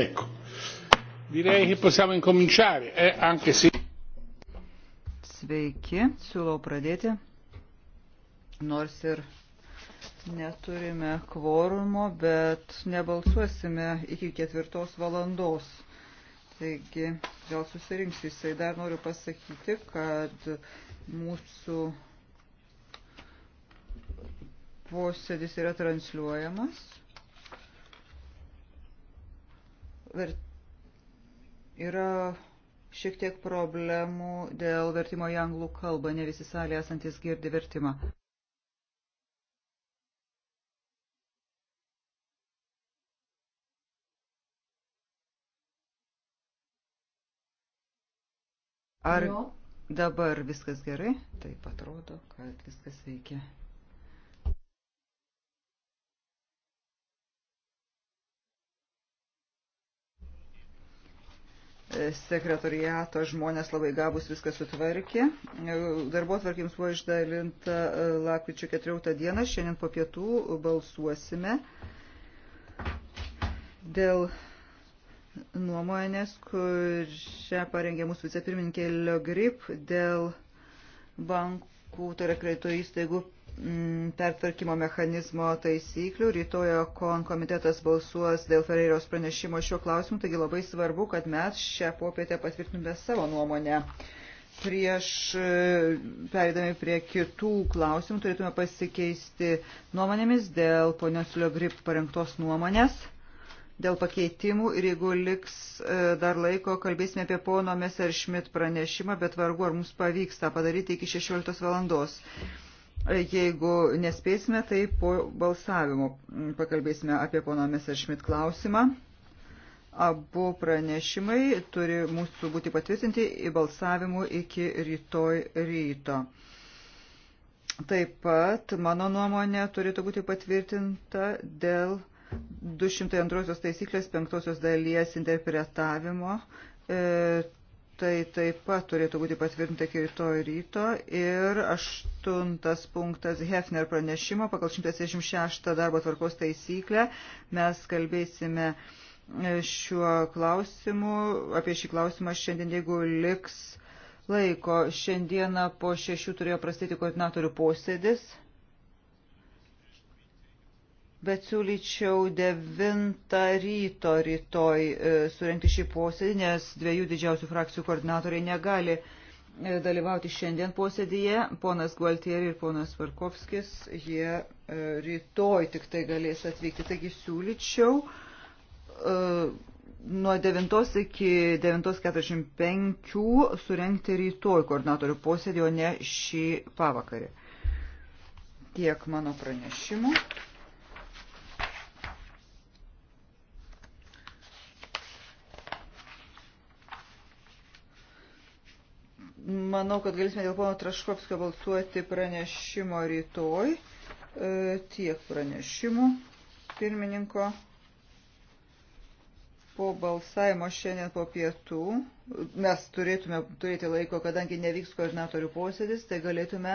Ecco, direi che possiamo incominciare, eh, anche se. Sveiki, siūlau pradėti. Nors ir neturime kvorumo, bet nebalsuosime iki ketvirtos valandos. Taigi, gal susirinks jisai. Dar noriu pasakyti, kad mūsų posėdis yra transliuojamas yra šiek tiek problemų dėl vertimo į anglų kalbą, ne visi salė esantis girdi vertimą. Ar dabar viskas gerai? Taip atrodo, kad viskas veikia. sekretoriato žmonės labai gabus viską sutvarkė. Darbo tvarkims buvo išdalinta e, lakryčio 14 dieną, šiandien po pietų balsuosime dėl nuomonės, kurią parengė mūsų vicepirmininkė Lio Grip dėl bankų, tai yra kredito įstaigų Mm, pertvarkymo mechanizmo taisyklių. Rytojo KON komitetas balsuos dėl Ferreiros pranešimo šiuo klausimu, taigi labai svarbu, kad mes šią popietę patvirtintume savo nuomonę. Prieš e, perėdami prie kitų klausimų turėtume pasikeisti nuomonėmis dėl ponios Liogrip parengtos nuomonės, dėl pakeitimų ir jeigu liks e, dar laiko, kalbėsime apie pono Meser Šmit pranešimą, bet vargu ar mums pavyks tą padaryti iki 16 valandos. Jeigu nespėsime, tai po balsavimo pakalbėsime apie pono Messerschmidt klausimą. Abu pranešimai turi mūsų būti patvirtinti į balsavimų iki rytoj ryto. Taip pat mano nuomonė turėtų būti patvirtinta dėl 202 taisyklės penktosios dalies interpretavimo. E, Tai taip pat turėtų būti patvirtinta iki rytoj ryto. Ir aštuntas punktas Hefner pranešimo pagal 176 darbo tvarkos taisyklę. Mes kalbėsime e, šiuo klausimu, apie šį klausimą šiandien, jeigu liks laiko. Šiandieną po šešių turėjo prasidėti koordinatorių posėdis bet siūlyčiau 9 ryto rytoj e, surenkti šį posėdį, nes dviejų didžiausių frakcijų koordinatoriai negali e, dalyvauti šiandien posėdyje. Ponas Gualtieri ir ponas Varkovskis, jie e, rytoj tik tai galės atvykti. Taigi siūlyčiau nuo 9 iki 9.45 surenkti rytoj koordinatorių posėdį, o ne šį pavakarį. Tiek mano pranešimų. Manau, kad galėsime dėl pono Traškovskio balsuoti pranešimo rytoj. E, tiek pranešimų pirmininko po balsavimo šiandien po pietų mes turėtume turėti laiko, kadangi nevyks koordinatorių posėdis, tai galėtume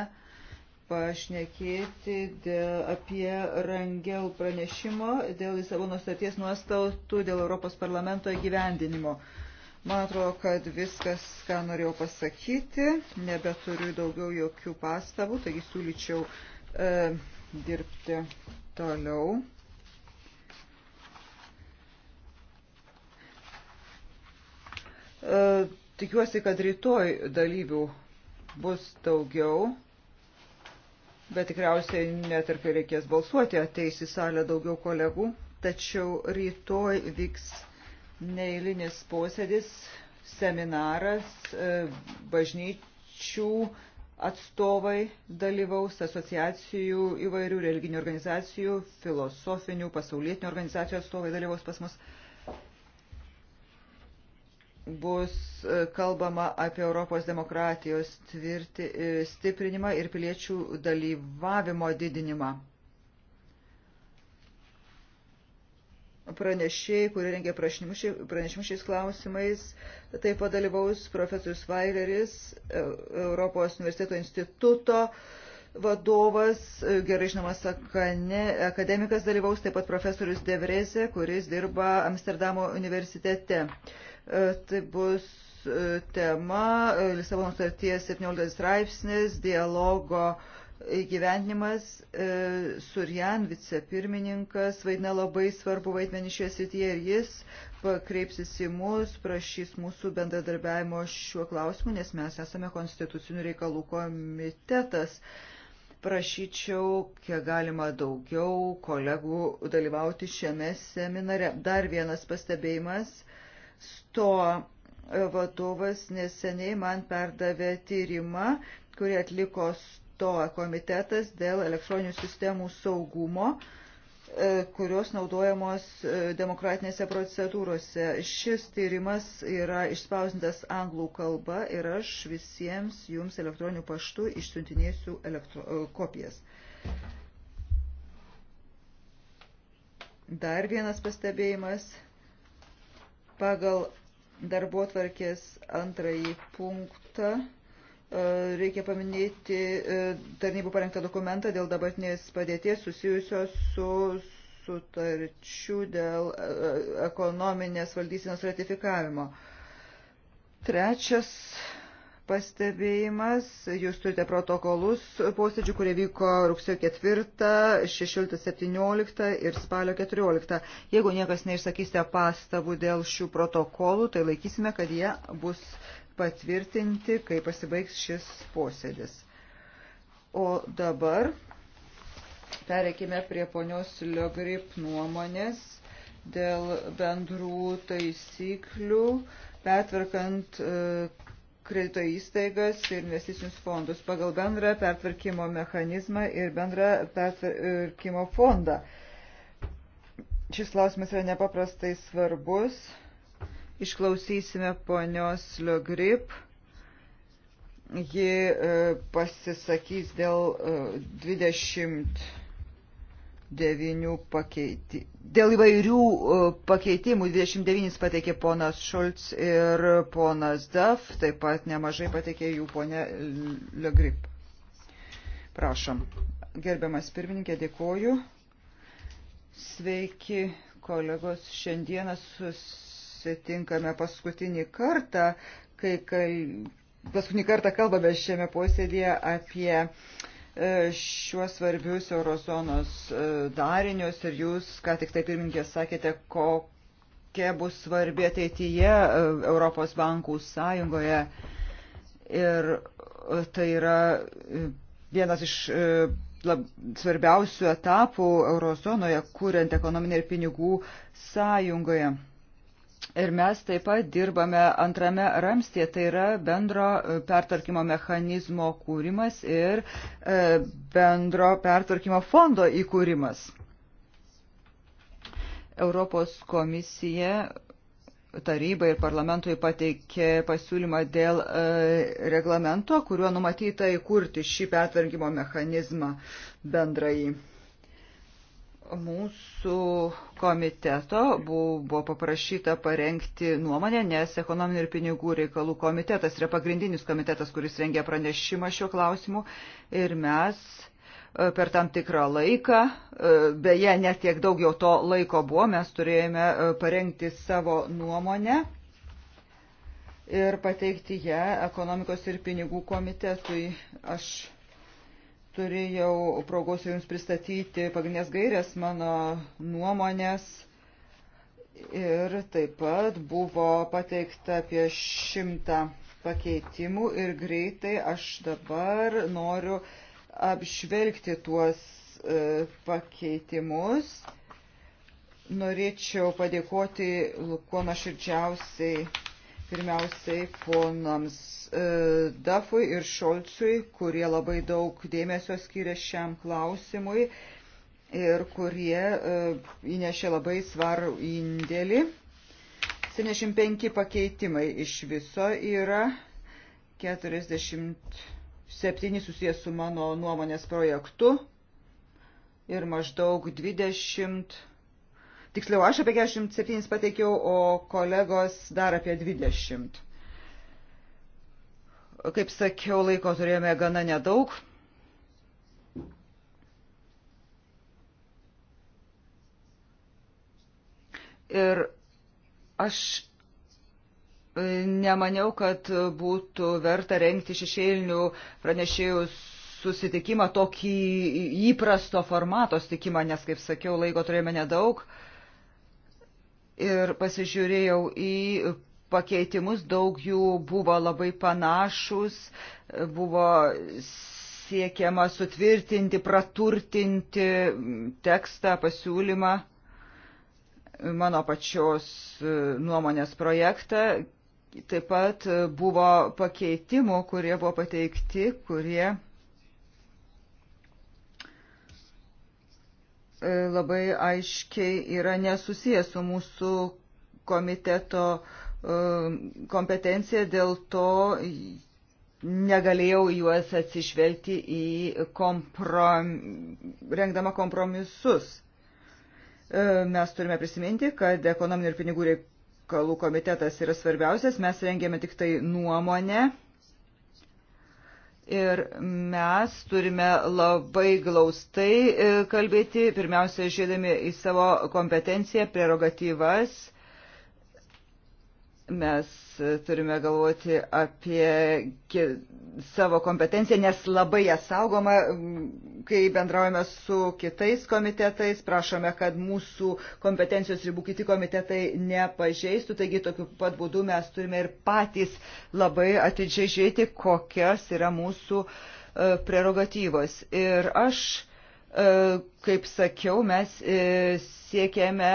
pašnekėti dėl, apie Rangel pranešimo dėl Lisabono starties nuostatų dėl Europos parlamento įgyvendinimo. Man atrodo, kad viskas, ką norėjau pasakyti, nebeturiu daugiau jokių pastabų, taigi siūlyčiau e, dirbti toliau. E, tikiuosi, kad rytoj dalyvių bus daugiau, bet tikriausiai net ir kai reikės balsuoti, ateis į salę daugiau kolegų, tačiau rytoj vyks neįlinis posėdis, seminaras, e, bažnyčių atstovai dalyvaus, asociacijų įvairių religinių organizacijų, filosofinių, pasaulietinių organizacijų atstovai dalyvaus pas mus. Bus e, kalbama apie Europos demokratijos tvirti, e, stiprinimą ir piliečių dalyvavimo didinimą. pranešėjai, kurie rengė pranešimus šiais klausimais. Taip pat dalyvaus profesorius Vaileris, e, Europos universiteto instituto vadovas, e, gerai žinomas akademikas dalyvaus, taip pat profesorius Devreze, kuris dirba Amsterdamo universitete. E, tai bus tema Lisabono starties 17 straipsnis, dialogo uh, įgyvendinimas e, Surjan vicepirmininkas vaidina labai svarbu vaidmenį šioje srityje ir jis pakreipsis į mus, prašys mūsų bendradarbiavimo šiuo klausimu, nes mes esame konstitucinių reikalų komitetas. Prašyčiau, kiek galima daugiau kolegų dalyvauti šiame seminare. Dar vienas pastebėjimas. Sto e, vadovas neseniai man perdavė tyrimą, kurį atliko TOA komitetas dėl elektroninių sistemų saugumo e, kurios naudojamos e, demokratinėse procedūrose. Šis tyrimas yra išspausintas anglų kalba ir aš visiems jums elektroniniu paštu išsiuntinėsiu elektro, e, kopijas. Dar vienas pastebėjimas. Pagal darbo tvarkės antrąjį punktą E, reikia paminėti e, tarnybų parengtą dokumentą dėl dabartinės padėties susijusios su sutarčių dėl e, ekonominės valdysinos ratifikavimo. Trečias pastebėjimas. Jūs turite protokolus posėdžių, kurie vyko rugsėjo 4, 16, 17 ir spalio 14. Jeigu niekas neišsakysite pastabų dėl šių protokolų, tai laikysime, kad jie bus patvirtinti, kai pasibaigs šis posėdis. O dabar pereikime prie ponios Liogrip nuomonės dėl bendrų taisyklių, pertvarkant e, kredito įstaigas ir investicinius fondus pagal bendrą pertvarkymo mechanizmą ir bendrą pertvarkymo fondą. Šis klausimas yra nepaprastai svarbus. Išklausysime ponios Liogrip. Ji e, pasisakys dėl 29 e, pakeitimų. Dėl įvairių e, pakeitimų 29 pateikė ponas Šulc ir ponas Daf, taip pat nemažai pateikė jų ponė Liogrip. Prašom. Gerbiamas pirmininkė, dėkoju. Sveiki, kolegos. Šiandieną sus susitinkame paskutinį kartą, kai kal... paskutinį kartą kalbame šiame posėdėje apie e, šiuos svarbius eurozonos e, darinius ir jūs, ką tik tai pirmininkė sakėte, kokia bus svarbi ateityje e, Europos bankų sąjungoje. Ir tai yra vienas iš lab, svarbiausių etapų eurozonoje, kuriant ekonominę ir pinigų sąjungoje. Ir mes taip pat dirbame antrame ramstėje, tai yra bendro e, pertvarkymo mechanizmo kūrimas ir e, bendro pertvarkymo fondo įkūrimas. Europos komisija tarybai ir parlamentui pateikė pasiūlymą dėl e, reglamento, kuriuo numatyta įkurti šį pertvarkymo mechanizmą bendrąjį mūsų komiteto buvo paprašyta parengti nuomonę, nes ekonominių ir pinigų reikalų komitetas yra pagrindinis komitetas, kuris rengia pranešimą šiuo klausimu. Ir mes e, per tam tikrą laiką, e, beje, net tiek daug jau to laiko buvo, mes turėjome e, parengti savo nuomonę ir pateikti ją ekonomikos ir pinigų komitetui. Aš turėjau progos jums pristatyti pagrindinės gairės mano nuomonės. Ir taip pat buvo pateikta apie šimtą pakeitimų ir greitai aš dabar noriu apžvelgti tuos e, pakeitimus. Norėčiau padėkoti kuo nuoširdžiausiai pirmiausiai ponams E, Dafui ir Šolcui, kurie labai daug dėmesio skiria šiam klausimui ir kurie e, įnešė labai svarų indėlį. 75 pakeitimai iš viso yra 47 susijęs su mano nuomonės projektu ir maždaug 20, tiksliau aš apie 47 pateikiau, o kolegos dar apie 20. Kaip sakiau, laiko turėjome gana nedaug. Ir aš e, nemaniau, kad būtų verta rengti šešėlinių pranešėjų susitikimą, tokį įprasto formato susitikimą, nes, kaip sakiau, laiko turėjome nedaug. Ir pasižiūrėjau į pakeitimus, daug jų buvo labai panašus, buvo siekiama sutvirtinti, praturtinti tekstą, pasiūlymą, mano pačios e, nuomonės projektą. Taip pat buvo pakeitimų, kurie buvo pateikti, kurie e, labai aiškiai yra nesusijęs su mūsų komiteto uh, Um, kompetencija, dėl to negalėjau juos atsižvelgti į komprom, rengdama kompromisus. Um, mes turime prisiminti, kad ekonominių ir pinigų reikalų komitetas yra svarbiausias, mes rengėme tik tai nuomonę Ir mes turime labai glaustai e, kalbėti, pirmiausia, žiūrėdami į savo kompetenciją, prerogatyvas mes turime galvoti apie savo kompetenciją, nes labai ją saugoma, kai bendraujame su kitais komitetais, prašome, kad mūsų kompetencijos ribų kiti komitetai nepažeistų, taigi tokiu pat būdu mes turime ir patys labai atidžiai žiūrėti, kokios yra mūsų e, prerogatyvos. Ir aš, e, kaip sakiau, mes e, siekėme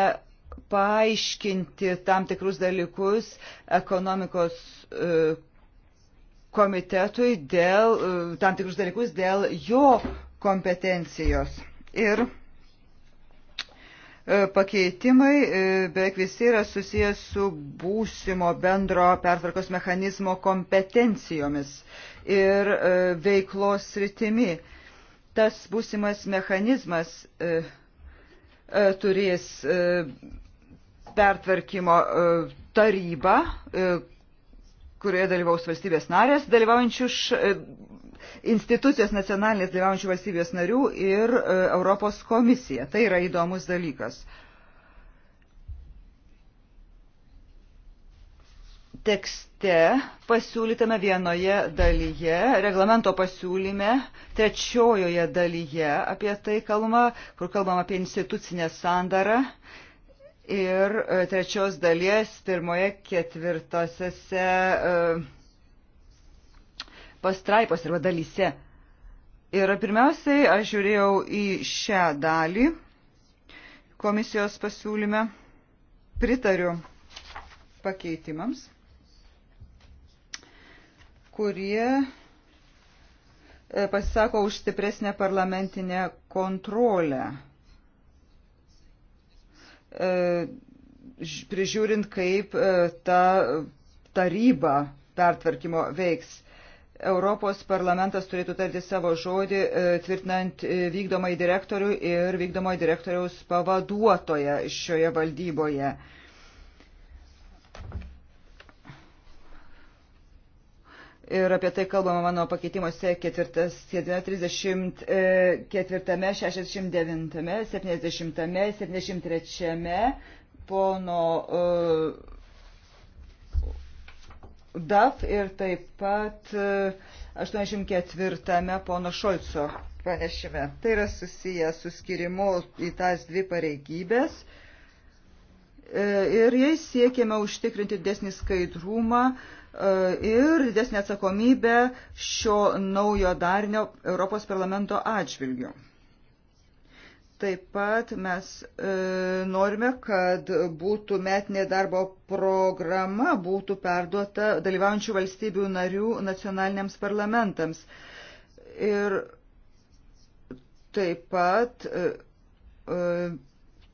paaiškinti tam tikrus dalykus ekonomikos e, komitetui dėl e, tam tikrus dalykus dėl jo kompetencijos. Ir e, pakeitimai beveik visi yra susijęs su būsimo bendro pertvarkos mechanizmo kompetencijomis ir veiklos sritimi. Tas būsimas mechanizmas E, turės e, pertvarkymo e, tarybą, kurioje dalyvaus valstybės narės, dalyvaujančių š... institucijas nacionalinės dalyvaujančių valstybės narių ir Europos komisija. Tai yra įdomus dalykas. tekste pasiūlytame vienoje dalyje, reglamento pasiūlyme, trečiojoje dalyje apie tai kalbama, kur kalbama apie institucinę sandarą. Ir e, trečios dalies pirmoje ketvirtosiose e, pastraipos arba dalyse. Ir pirmiausiai aš žiūrėjau į šią dalį komisijos pasiūlyme. Pritariu pakeitimams kurie e, pasisako už stipresnę parlamentinę kontrolę, e, prižiūrint, kaip e, ta taryba pertvarkymo veiks. Europos parlamentas turėtų tarti savo žodį, tvirtinant vykdomąjį direktorių ir vykdomojo direktoriaus pavaduotoją šioje valdyboje. Ir apie tai kalbama mano pakeitimuose 4, 34, 69, 70, 73 pono uh, e, DAF ir taip pat e, uh, 84 pono Šolco pranešime. Tai yra susiję su skirimu į tas dvi pareigybės. Uh, ir jais siekiame užtikrinti desnį skaidrumą uh, E, ir didesnė atsakomybė šio naujo darnio Europos parlamento atžvilgiu. Taip pat mes e, norime, kad būtų metinė darbo programa būtų perduota dalyvaujančių valstybių narių nacionaliniams parlamentams. Ir taip pat e, e,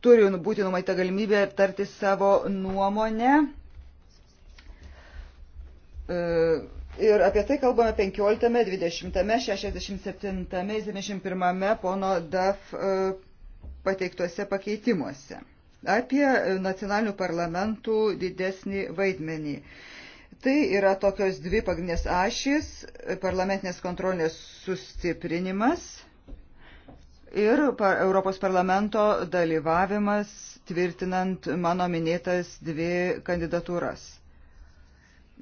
turi būti numatyta galimybė tarti savo nuomonę E, ir apie tai kalbame 15, 20, 67, 71 pono DAF e, pateiktuose pakeitimuose. Apie nacionalinių parlamentų didesnį vaidmenį. Tai yra tokios dvi pagrindinės ašys - parlamentinės kontrolės sustiprinimas ir Europos parlamento dalyvavimas tvirtinant mano minėtas dvi kandidatūras.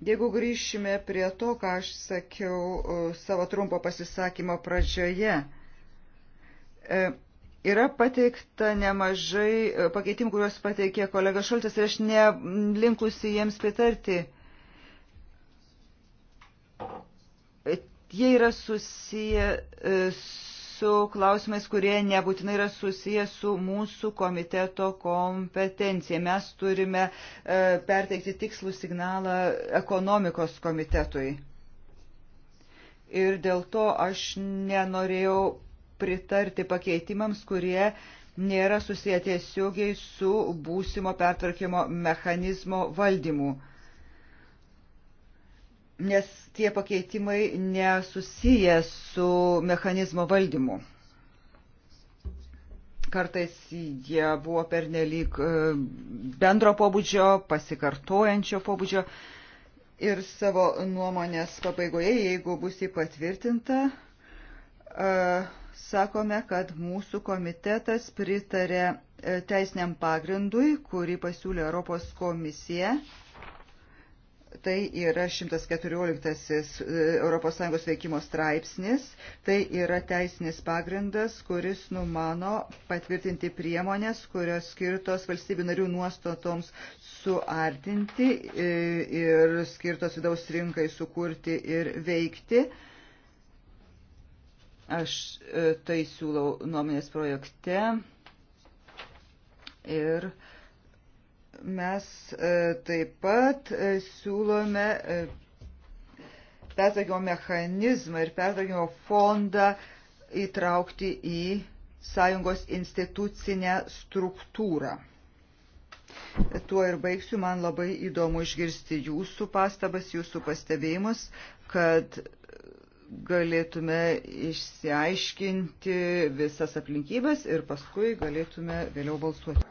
Jeigu grįšime prie to, ką aš sakiau e, savo trumpo pasisakymo pradžioje, e, yra pateikta nemažai e, pakeitimų, kuriuos pateikė kolega Šultas ir aš nelinkusi jiems pritarti. Jie yra susiję su su klausimais, kurie nebūtinai yra susijęs su mūsų komiteto kompetencija. Mes turime e, perteikti tikslų signalą ekonomikos komitetui. Ir dėl to aš nenorėjau pritarti pakeitimams, kurie nėra susiję tiesiogiai su būsimo pertvarkymo mechanizmo valdymu nes tie pakeitimai nesusiję su mechanizmo valdymu. Kartais jie buvo pernelyg e, bendro pobūdžio, pasikartojančio pobūdžio ir savo nuomonės pabaigoje, jeigu bus jį patvirtinta, e, sakome, kad mūsų komitetas pritarė e, teisiniam pagrindui, kurį pasiūlė Europos komisija Tai yra 114 e, ES veikimo straipsnis, tai yra teisinis pagrindas, kuris numano patvirtinti priemonės, kurios skirtos valstybių narių nuostatoms suartinti e, ir skirtos vidaus rinkai sukurti ir veikti. Aš e, tai siūlau nuomonės projekte ir uh, mes e, taip pat e, siūlome e, pertvarkymo mechanizmą ir pertvarkymo fondą įtraukti į sąjungos institucinę struktūrą. Tuo ir baigsiu, man labai įdomu išgirsti jūsų pastabas, jūsų pastebėjimus, kad galėtume išsiaiškinti visas aplinkybės ir paskui galėtume vėliau balsuoti.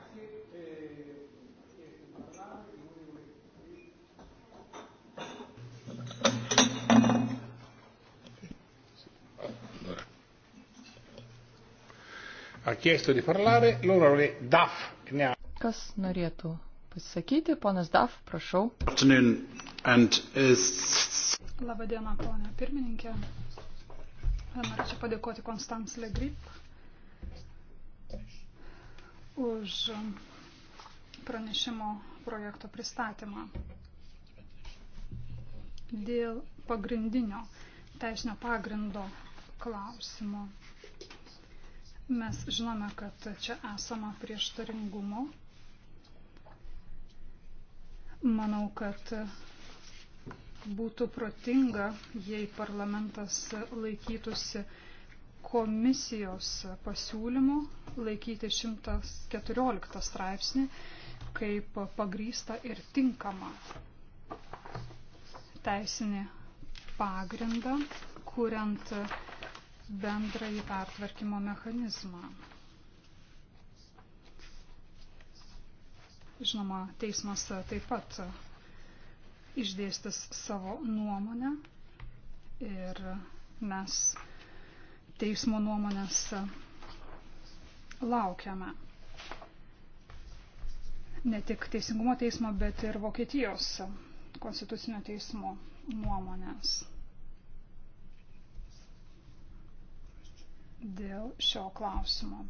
chiesto di parlare l'onorevole Duff. Kas norėtų pasisakyti? Ponas Duff, prašau. Is... Uh, Labadiena, ponė pirmininkė. Norėčiau padėkoti Konstans Legrip už pranešimo projekto pristatymą. Dėl pagrindinio teisinio pagrindo klausimo Mes žinome, kad čia esama prieštaringumo. Manau, kad būtų protinga, jei parlamentas laikytųsi komisijos pasiūlymų laikyti 114 straipsnį kaip pagrįsta ir tinkama teisinė pagrinda, kuriant bendrąjį pertvarkymo mechanizmą. Žinoma, teismas taip pat išdėstis savo nuomonę ir mes teismo nuomonės laukiame. Ne tik Teisingumo teismo, bet ir Vokietijos konstitucinio teismo nuomonės. dėl šio klausimo.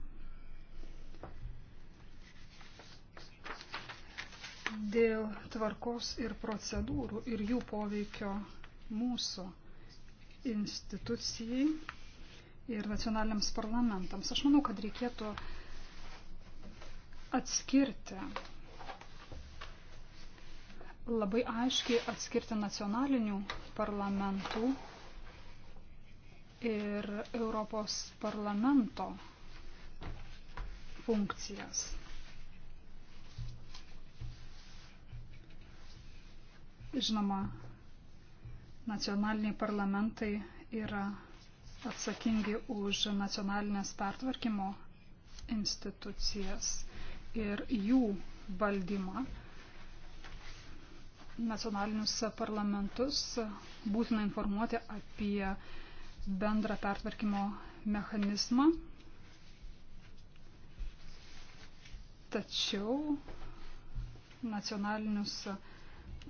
Dėl tvarkos ir procedūrų ir jų poveikio mūsų institucijai ir nacionaliniams parlamentams. Aš manau, kad reikėtų atskirti, labai aiškiai atskirti nacionalinių parlamentų ir Europos parlamento funkcijas. Žinoma, nacionaliniai parlamentai yra atsakingi už nacionalinės pertvarkymo institucijas ir jų valdymą nacionalinius parlamentus būtina informuoti apie bendrą pertvarkymo mechanizmą. Tačiau nacionalinius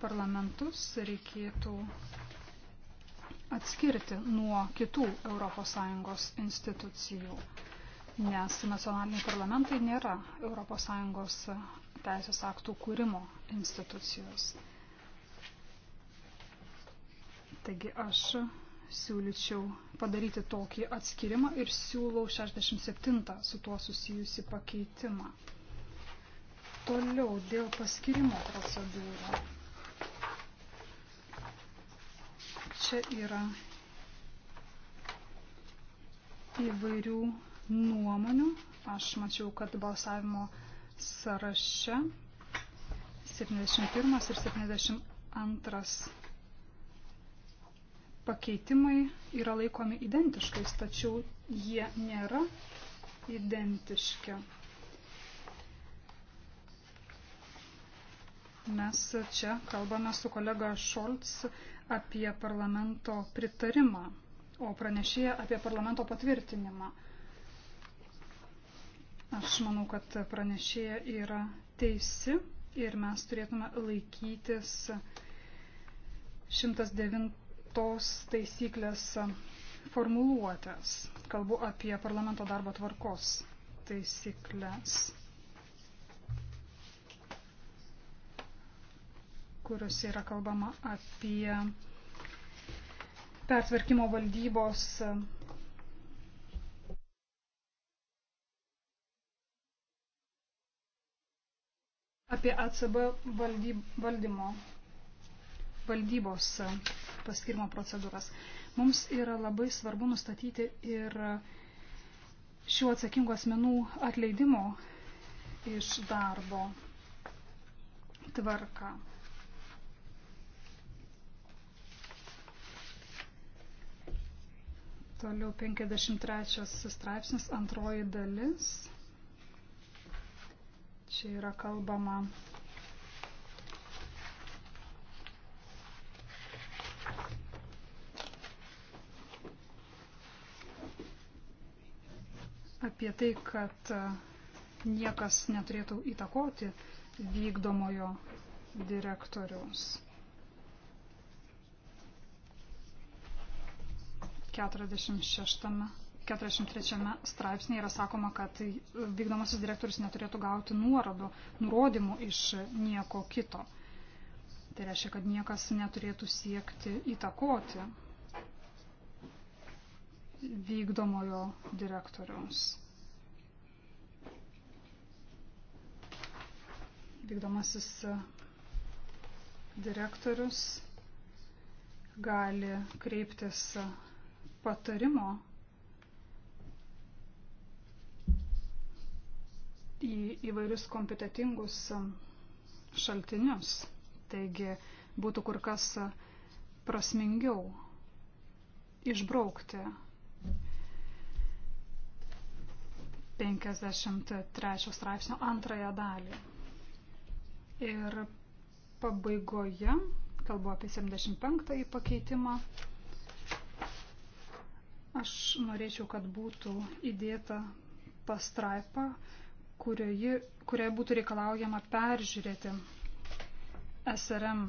parlamentus reikėtų atskirti nuo kitų ES institucijų, nes nacionaliniai parlamentai nėra ES teisės aktų kūrimo institucijos. Taigi aš siūlyčiau padaryti tokį atskirimą ir siūlau 67 su tuo susijusi pakeitimą. Toliau dėl paskirimo procedūrų. Čia yra įvairių nuomonių. Aš mačiau, kad balsavimo sąraše 71 ir 72 pakeitimai yra laikomi identiškais, tačiau jie nėra identiški. Mes čia kalbame su kolega Šolts apie parlamento pritarimą, o pranešėja apie parlamento patvirtinimą. Aš manau, kad pranešėja yra teisi ir mes turėtume laikytis 109 tos taisyklės formuluotės. Kalbu apie parlamento darbo tvarkos taisyklės, kuriuose yra kalbama apie pertvarkymo valdybos apie ACB valdyb, valdymo valdybos paskirimo procedūras. Mums yra labai svarbu nustatyti ir šių atsakingų asmenų atleidimo iš darbo tvarką. Toliau 53 straipsnis, antroji dalis. Čia yra kalbama apie tai, kad e, niekas neturėtų įtakoti vykdomojo direktoriaus. 46, 43 straipsnėje yra sakoma, kad vykdomasis direktorius neturėtų gauti nuorodų, nurodymų iš nieko kito. Tai reiškia, kad niekas neturėtų siekti įtakoti vykdomojo direktoriaus. Vykdomasis direktorius gali kreiptis patarimo į įvairius kompetitingus šaltinius. Taigi būtų kur kas prasmingiau išbraukti 53 straipsnio antrąją dalį. Ir pabaigoje, kalbu apie 75 pakeitimą, aš norėčiau, kad būtų įdėta pastraipa, kurioje, kurioje būtų reikalaujama peržiūrėti SRM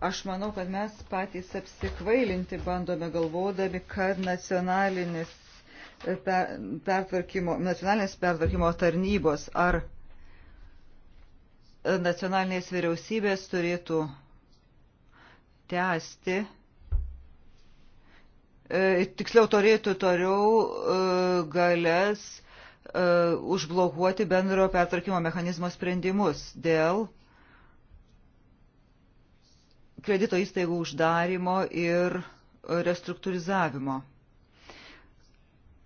Aš manau, kad mes patys apsikvailinti bandome galvodami, kad nacionalinis e, pertvarkymo, nacionalinės pertvarkymo tarnybos ar e, nacionalinės vyriausybės turėtų tęsti, e, tiksliau turėtų toliau galės užblokuoti bendro pertvarkymo mechanizmo sprendimus dėl kredito įstaigų uždarimo ir restruktūrizavimo.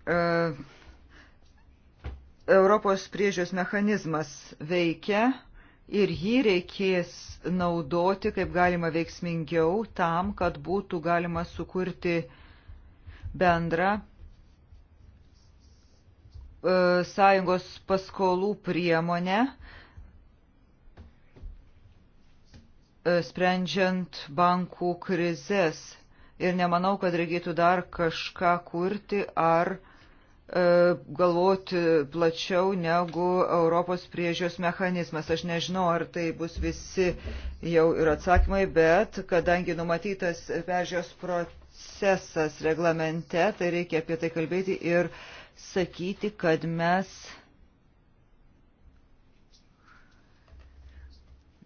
E, Europos priežios mechanizmas veikia ir jį reikės naudoti kaip galima veiksmingiau tam, kad būtų galima sukurti bendrą e, sąjungos paskolų priemonę, E, sprendžiant bankų krizės. Ir nemanau, kad reikėtų dar kažką kurti ar e, galvoti plačiau negu Europos priežios mechanizmas. Aš nežinau, ar tai bus visi jau ir atsakymai, bet kadangi numatytas peržios procesas reglamente, tai reikia apie tai kalbėti ir sakyti, kad mes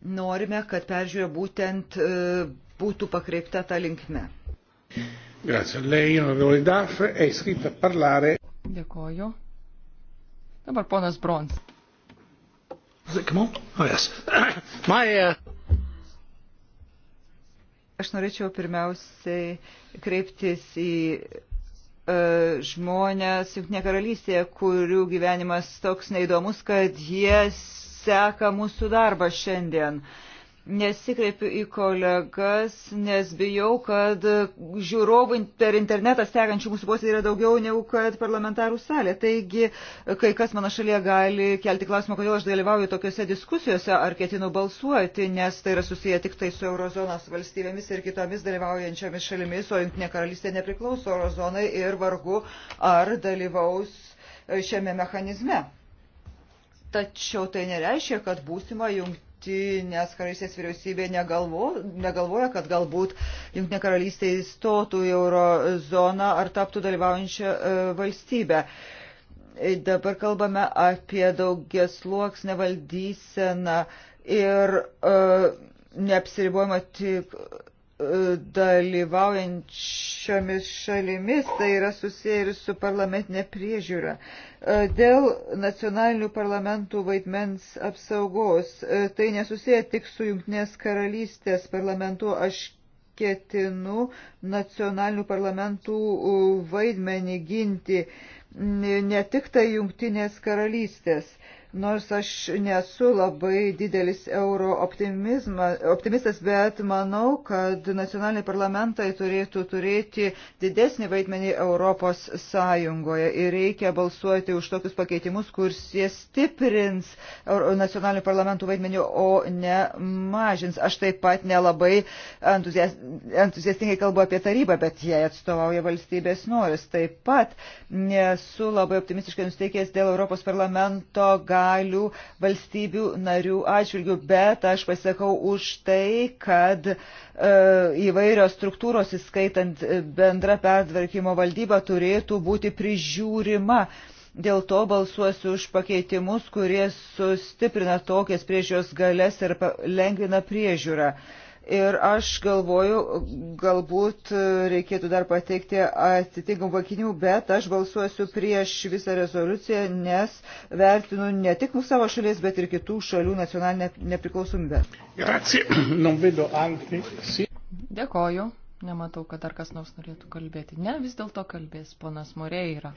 norime, kad peržiūrė būtent e, būtų pakreipta tą linkme. Dėkoju. Dabar ponas Brons. Oh, uh, Aš norėčiau pirmiausiai kreiptis į e, žmonės Junktinė karalystė, kurių gyvenimas toks neįdomus, kad jie seka mūsų darbą šiandien. Nesikreipiu į kolegas, nes bijau, kad žiūrovų per internetą sekančių mūsų posėdį yra daugiau negu kad parlamentarų salė. Taigi, kai kas mano šalyje gali kelti klausimą, kodėl aš dalyvauju tokiuose diskusijose ar ketinu balsuoti, nes tai yra susiję tik tai su eurozonos valstybėmis ir kitomis dalyvaujančiomis šalimis, o Junktinė karalystė nepriklauso eurozonai ir vargu ar dalyvaus šiame mechanizme. Tačiau tai nereiškia, kad būsima jungtinė jungtinės karalystės vyriausybė negalvo, negalvoja, kad galbūt jungtinė karalystė įstotų į eurozoną ar taptų dalyvaujančią e, valstybę. E, dabar kalbame apie daugias luoksnę valdyseną ir uh, neapsiribojama tik dalyvaujančiomis šalimis, tai yra susiję ir su parlamentinė priežiūra. E, dėl nacionalinių parlamentų vaidmens apsaugos, e, tai nesusiję tik su Junktinės karalystės parlamentu, aš ketinu nacionalinių parlamentų vaidmenį ginti ne tik tai Junktinės karalystės Nors aš nesu labai didelis euro optimistas, bet manau, kad nacionaliniai parlamentai turėtų turėti didesnį vaidmenį Europos Sąjungoje ir reikia balsuoti už tokius pakeitimus, kur jie stiprins nacionalinių parlamentų vaidmenį, o ne mažins. Aš taip pat nelabai entuziastingai kalbu apie tarybą, bet jie atstovauja valstybės noris. Taip pat nesu labai optimistiškai nusteikęs dėl Europos parlamento galių valstybių narių atžvilgių, bet aš pasakau už tai, kad e, įvairios struktūros, įskaitant e, bendrą pertvarkymo valdybą, turėtų būti prižiūrima. Dėl to balsuosiu už pakeitimus, kurie sustiprina tokias priežiūros galės ir lengvina priežiūrą. E, Ir aš galvoju, galbūt reikėtų dar pateikti atitinkamų pakinimų, bet aš balsuosiu prieš visą rezoliuciją, nes vertinu ne tik mūsų savo šalies, bet ir kitų šalių nacionalinę nepriklausomybę. Dėkoju. Nematau, kad dar kas nors norėtų kalbėti. Ne, vis dėlto kalbės ponas Moreira.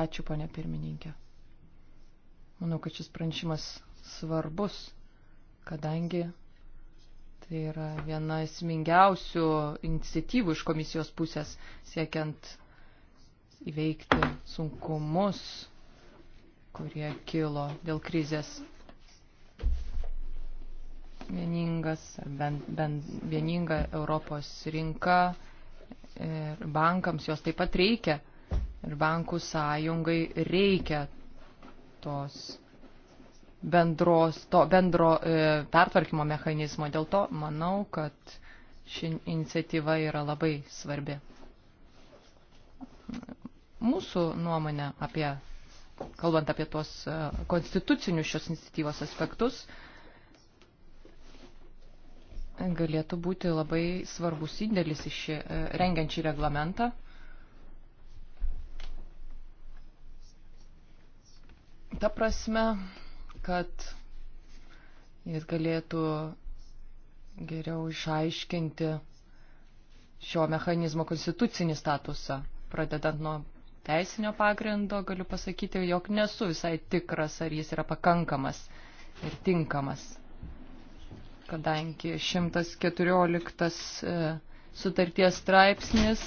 Ačiū, ponė pirmininkė. Manau, kad šis pranešimas svarbus, kadangi tai yra viena esmingiausių iniciatyvų iš komisijos pusės siekiant įveikti sunkumus, kurie kilo dėl krizės. Vieningas, bent, bent vieninga Europos rinka ir bankams jos taip pat reikia. Ir bankų sąjungai reikia tos bendros, to bendro e, pertvarkymo mechanizmo. Dėl to manau, kad ši iniciatyva yra labai svarbi. Mūsų nuomonė apie, kalbant apie tuos e, konstitucinius šios iniciatyvos aspektus, galėtų būti labai svarbus indėlis iš e, rengiančių reglamentą. Ta prasme, kad jis galėtų geriau išaiškinti šio mechanizmo konstitucinį statusą. Pradedant nuo teisinio pagrindo, galiu pasakyti, jog nesu visai tikras, ar jis yra pakankamas ir tinkamas, kadangi 114 e, sutarties straipsnis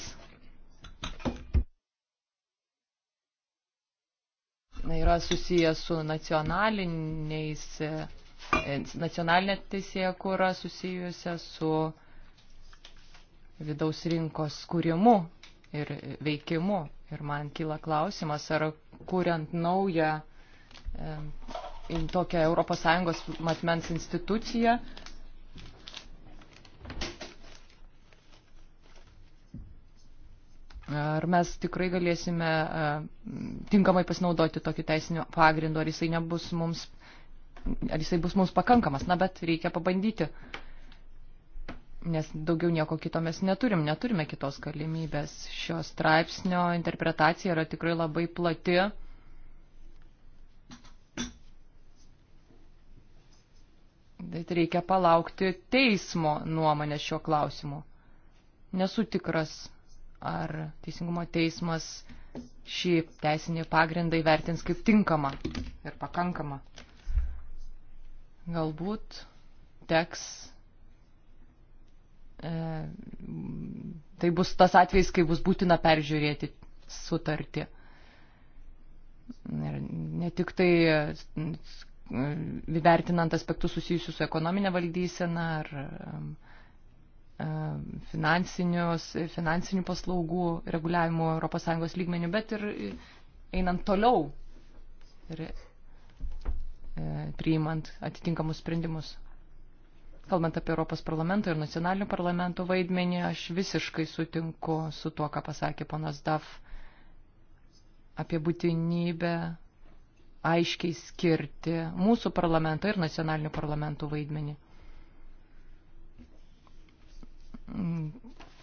yra susijęs su nacionaliniais, e, nacionalinė teisėja kūra susijusia su vidaus rinkos kūrimu ir veikimu. Ir man kyla klausimas, ar kuriant naują e, tokią ES matmens instituciją, Ar mes tikrai galėsime tinkamai pasinaudoti tokiu teisiniu pagrindu, ar jisai nebus mums, ar jisai bus mums pakankamas, na bet reikia pabandyti. Nes daugiau nieko kito mes neturim, neturime kitos galimybės. Šio straipsnio interpretacija yra tikrai labai plati. Bet reikia palaukti teismo nuomonės šiuo klausimu. Nesu tikras ar Teisingumo teismas šį teisinį pagrindą įvertins kaip tinkamą ir pakankamą. Galbūt teks. E, tai bus tas atvejs, kai bus būtina peržiūrėti sutartį. Ir ne tik tai įvertinant e, aspektus susijusius su ekonominė valdysena ar um, E, finansinių paslaugų reguliavimo ES lygmenių, bet ir einant toliau ir e, priimant atitinkamus sprendimus. Kalbant apie Europos parlamento ir nacionalinių parlamentų vaidmenį, aš visiškai sutinku su tuo, ką pasakė ponas Daf apie būtinybę aiškiai skirti mūsų parlamento ir nacionalinių parlamentų vaidmenį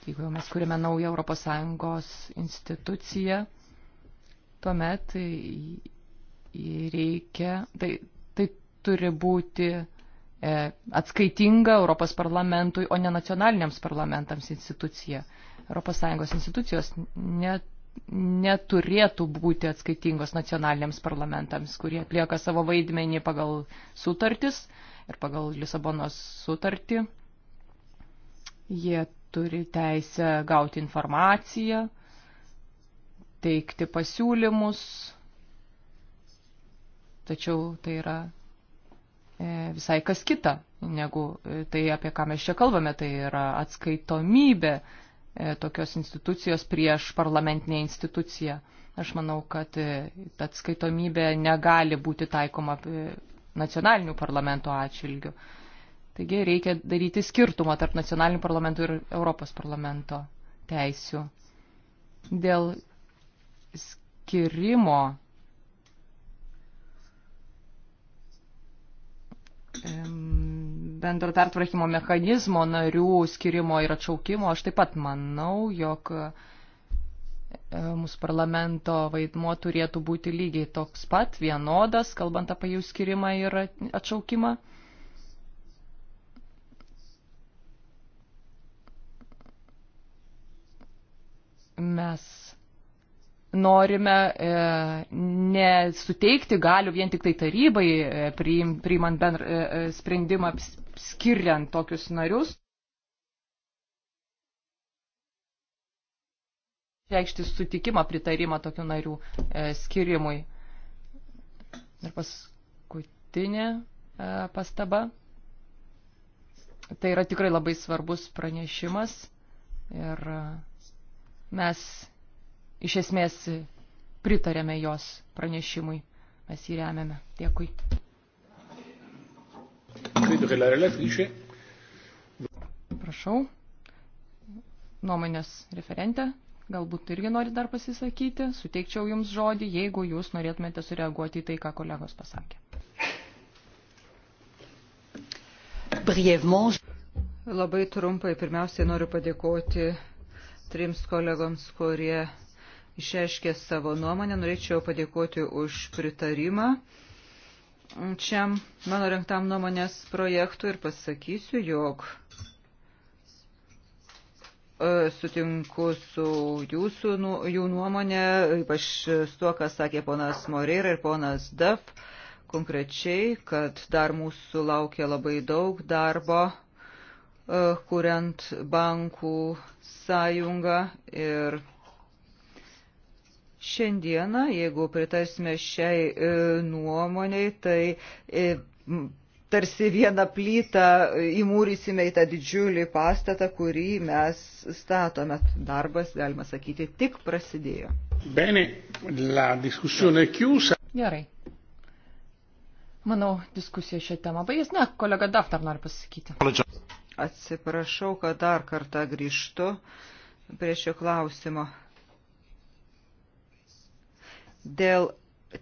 jeigu mes kūrėme naują ES instituciją, tuomet reikia, tai, tai turi būti e, atskaitinga Europos parlamentui, o ne nacionaliniams parlamentams institucija. ES institucijos net, neturėtų būti atskaitingos nacionaliniams parlamentams, kurie atlieka savo vaidmenį pagal sutartis ir pagal Lisabonos sutartį. Jie turi teisę gauti informaciją, teikti pasiūlymus, tačiau tai yra e, visai kas kita, negu e, tai, apie ką mes čia kalbame, tai yra atskaitomybė e, tokios institucijos prieš parlamentinę instituciją. Aš manau, kad ta atskaitomybė negali būti taikoma nacionalinių parlamento atšilgių. Taigi reikia daryti skirtumą tarp nacionalinių parlamentų ir Europos parlamento teisių. Dėl skirimo bendro pertvarkymo mechanizmo narių skirimo ir atšaukimo, aš taip pat manau, jog e, mūsų parlamento vaidmuo turėtų būti lygiai toks pat, vienodas, kalbant apie jų skirimą ir atšaukimą. mes norime e, nesuteikti galių vien tik tai tarybai, e, priim, priimant bendrą e, e, sprendimą, skiriant tokius narius. reikšti sutikimą, pritarimą tokių narių e, skirimui. Ir paskutinė e, pastaba. Tai yra tikrai labai svarbus pranešimas ir e, Mes iš esmės pritarėme jos pranešimui. Mes jį remiame. Dėkui. Prašau. Nuomonės referentė galbūt irgi norit dar pasisakyti, suteikčiau jums žodį, jeigu jūs norėtumėte sureaguoti į tai, ką kolegos pasakė. Brievement. Labai trumpai pirmiausiai noriu padėkoti trims kolegoms, kurie išreiškė savo nuomonę. Norėčiau padėkoti už pritarimą šiam mano renktam nuomonės projektui ir pasakysiu, jog e, sutinku su jūsų nu, jų nuomonė, ypač su tuo, ką sakė ponas Moreira ir ponas Daf, konkrečiai, kad dar mūsų laukia labai daug darbo E, kuriant bankų sąjungą ir šiandieną, jeigu pritarsime šiai e, nuomoniai, tai e, tarsi vieną plytą įmūrysime į tą didžiulį pastatą, kurį mes statome. Darbas, galima sakyti, tik prasidėjo. Bene, la diskusione chiusa. Gerai. Manau, diskusija šią temą baigės. Ne, kolega Daftar nori pasakyti. Atsiprašau, kad dar kartą grįžtu prie šio klausimo. Dėl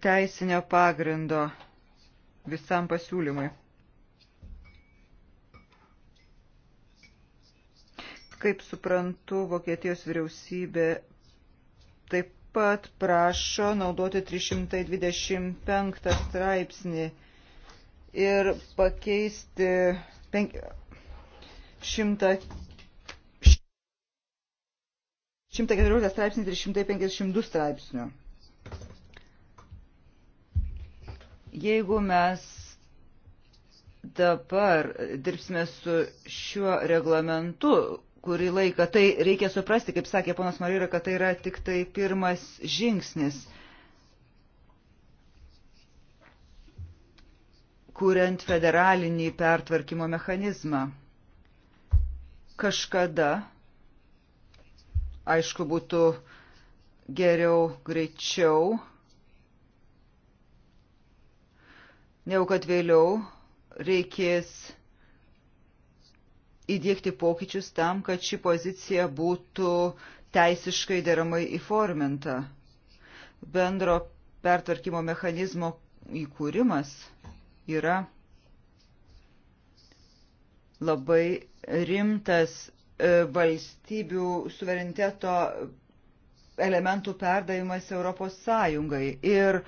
teisinio pagrindo visam pasiūlymui. Kaip suprantu, Vokietijos vyriausybė taip pat prašo naudoti 325 straipsnį ir pakeisti 5, 114 straipsnis ir 152 straipsnių. Jeigu mes dabar dirbsime su šiuo reglamentu, kurį laiką, tai reikia suprasti, kaip sakė ponas Marira, kad tai yra tik tai pirmas žingsnis. kuriant federalinį pertvarkymo mechanizmą. Kažkada, aišku, būtų geriau greičiau, negu kad vėliau reikės įdėkti pokyčius tam, kad ši pozicija būtų teisiškai deramai įforminta. Bendro pertvarkymo mechanizmo įkūrimas yra labai rimtas e, valstybių suvereniteto elementų perdavimas Europos Sąjungai. Ir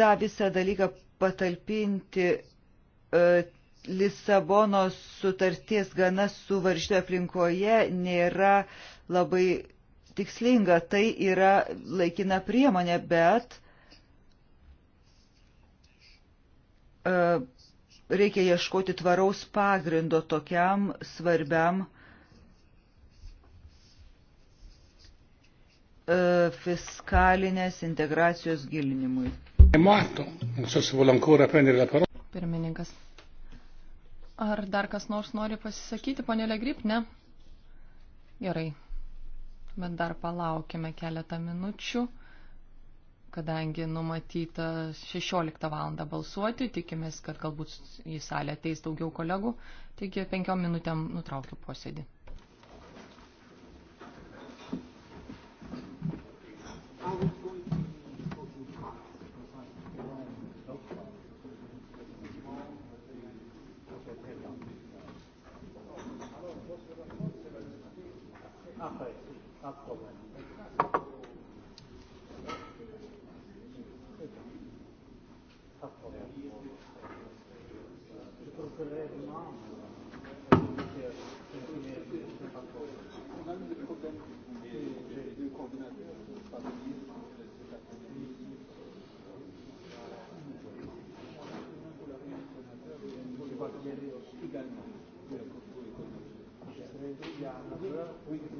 tą visą dalyką patalpinti e, Lisabonos sutarties gana suvaržytoje aplinkoje nėra labai tikslinga. Tai yra laikina priemonė, bet e, reikia ieškoti tvaraus pagrindo tokiam svarbiam e, fiskalinės integracijos gilinimui. Pirmininkas. Ar dar kas nors nori pasisakyti, ponė Legrip, ne? Gerai. Bet dar palaukime keletą minučių kadangi numatyta 16 val. balsuoti, tikimės, kad galbūt į salę ateis daugiau kolegų, taigi penkiom minutėm nutraukiu posėdį. yra puikiai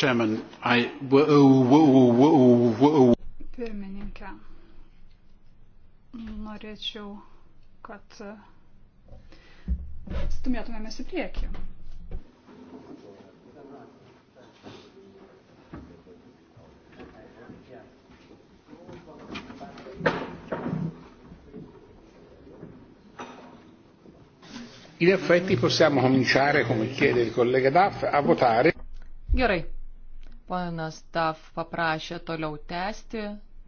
Chairman, I... Pirmininkė, norėčiau, kad e, stumėtumėmės į priekį. In effetti possiamo cominciare, come chiede il collega Daff, a votare. Gerai. Ponas Taf paprašė toliau tęsti,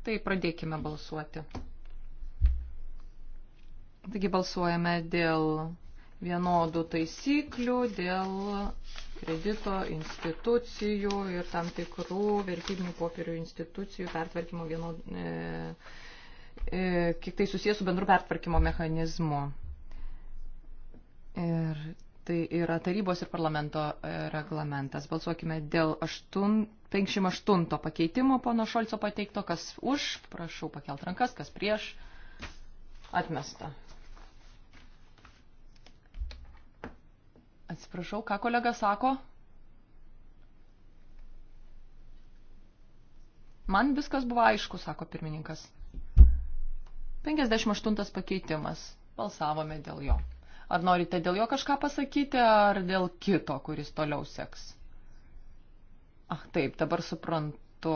tai pradėkime balsuoti. Taigi balsuojame dėl vienodų taisyklių, dėl kredito institucijų ir tam tikrų vertybinių popierių institucijų pertvarkymo vienodų, e, e, kiek tai susijęs su bendru pertvarkymo mechanizmu yra tarybos ir parlamento e, reglamentas. Balsuokime dėl 8, 58 pakeitimo pono Šolco pateikto, kas už, prašau pakelt rankas, kas prieš, atmesta. Atsiprašau, ką kolega sako? Man viskas buvo aišku, sako pirmininkas. 58 pakeitimas. Balsavome dėl jo. Ar norite dėl jo kažką pasakyti, ar dėl kito, kuris toliau seks? Ah, taip, dabar suprantu,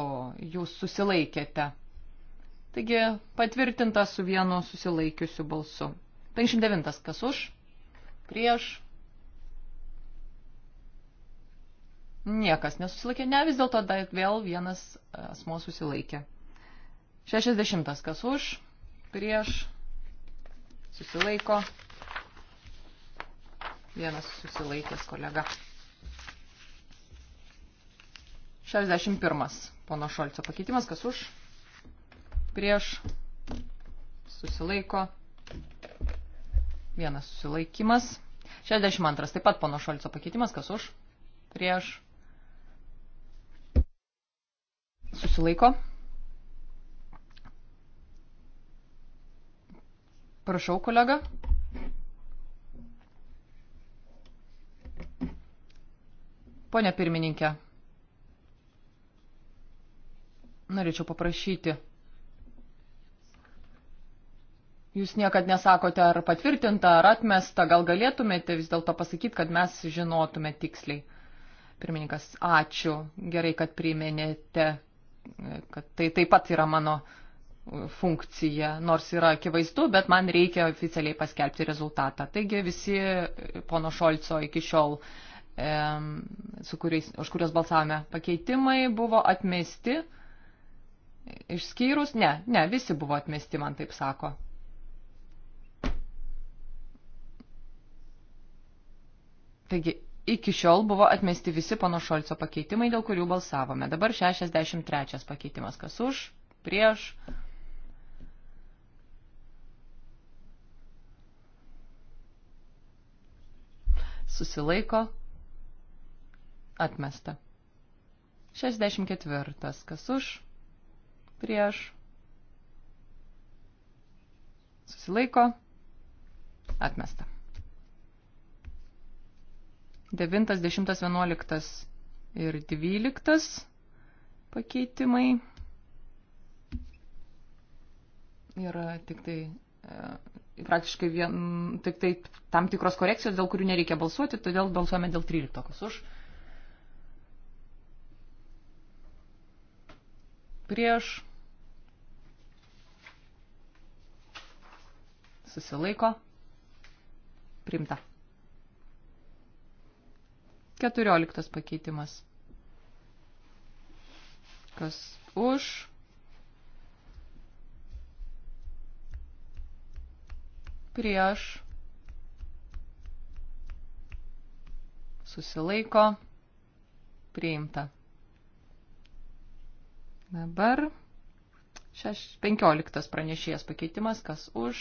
jūs susilaikėte. Taigi patvirtinta su vienu susilaikiusiu balsu. 59. Kas už? Prieš? Niekas nesusilaikė. Ne, vis dėlto vėl vienas asmo susilaikė. 60. Kas už? Prieš? Susilaiko vienas susilaikęs kolega. 61. Pono Šolco pakeitimas, kas už, prieš, susilaiko, vienas susilaikimas. 62. Taip pat pono Šolco pakeitimas, kas už, prieš, susilaiko. Prašau, kolega. Pone pirmininkė, norėčiau paprašyti. Jūs niekad nesakote, ar patvirtinta, ar atmesta, gal galėtumėte vis dėlto pasakyti, kad mes žinotume tiksliai. Pirmininkas, ačiū, gerai, kad priminėte, kad tai taip pat yra mano funkcija, nors yra akivaizdu, bet man reikia oficialiai paskelbti rezultatą. Taigi visi pono Šolco iki šiol su kuriais, už kuriuos balsavome. Pakeitimai buvo atmesti, išskyrus, ne, ne, visi buvo atmesti, man taip sako. Taigi, iki šiol buvo atmesti visi pono Šolco pakeitimai, dėl kurių balsavome. Dabar 63 pakeitimas, kas už, prieš. Susilaiko Atmesta. 64. Kas už? Prieš. Susilaiko. Atmesta. 9, 10, 11 ir 12 pakeitimai yra tik tai e, praktiškai vien, tik tai tam tikros korekcijos, dėl kurių nereikia balsuoti, todėl balsuojame dėl 13 už prieš, susilaiko, primta. Keturioliktas pakeitimas. Kas už? Prieš. Susilaiko. Priimta. Dabar 15 pranešėjas pakeitimas, kas už,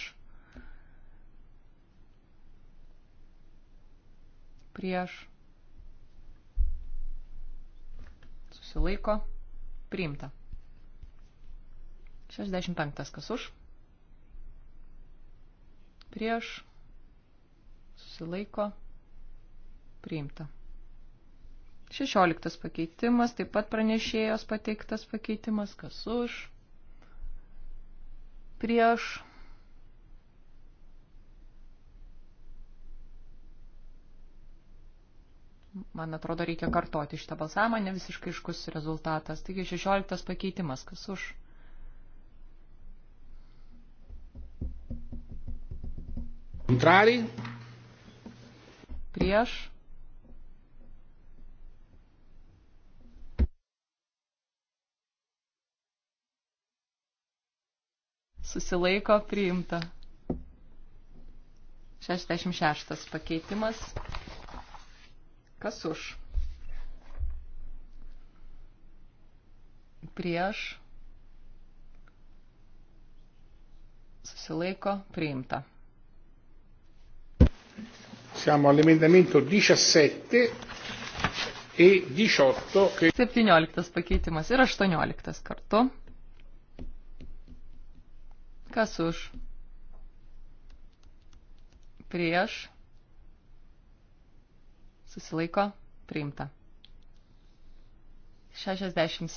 prieš, susilaiko, priimta. 65 kas už, prieš, susilaiko, priimta. 16 pakeitimas, taip pat pranešėjos pateiktas pakeitimas, kas už, prieš. Man atrodo, reikia kartoti šitą balsavimą, ne visiškai iškus rezultatas. Taigi 16 pakeitimas, kas už. Contrari. Prieš. susilaiko priimta. 66 pakeitimas. Kas už? Prieš. Susilaiko priimta. Siamo all'emendamento 17 e 18. Che... 17 pakeitimas ir 18 kartu. Kas už? Prieš. Susilaiko. Priimta. 67.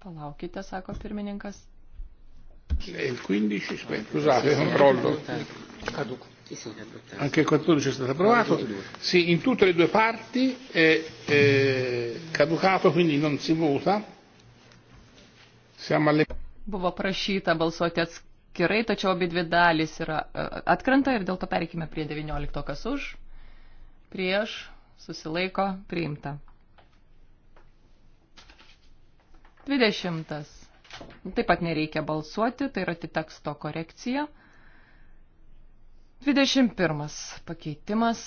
Palaukite, sako pirmininkas. E il 15, aspetta, scusate, controllo. Anche il 14 è stato approvato. Sì, in tutte le due parti è eh, caducato, quindi non si vota. Buvo prašyta balsuoti atskirai, tačiau abi dvi dalys yra e, atkrenta ir dėl to pereikime prie 19, kas už, prieš, susilaiko, priimta. 20. Taip pat nereikia balsuoti, tai yra teksto korekcija. 21. Pakeitimas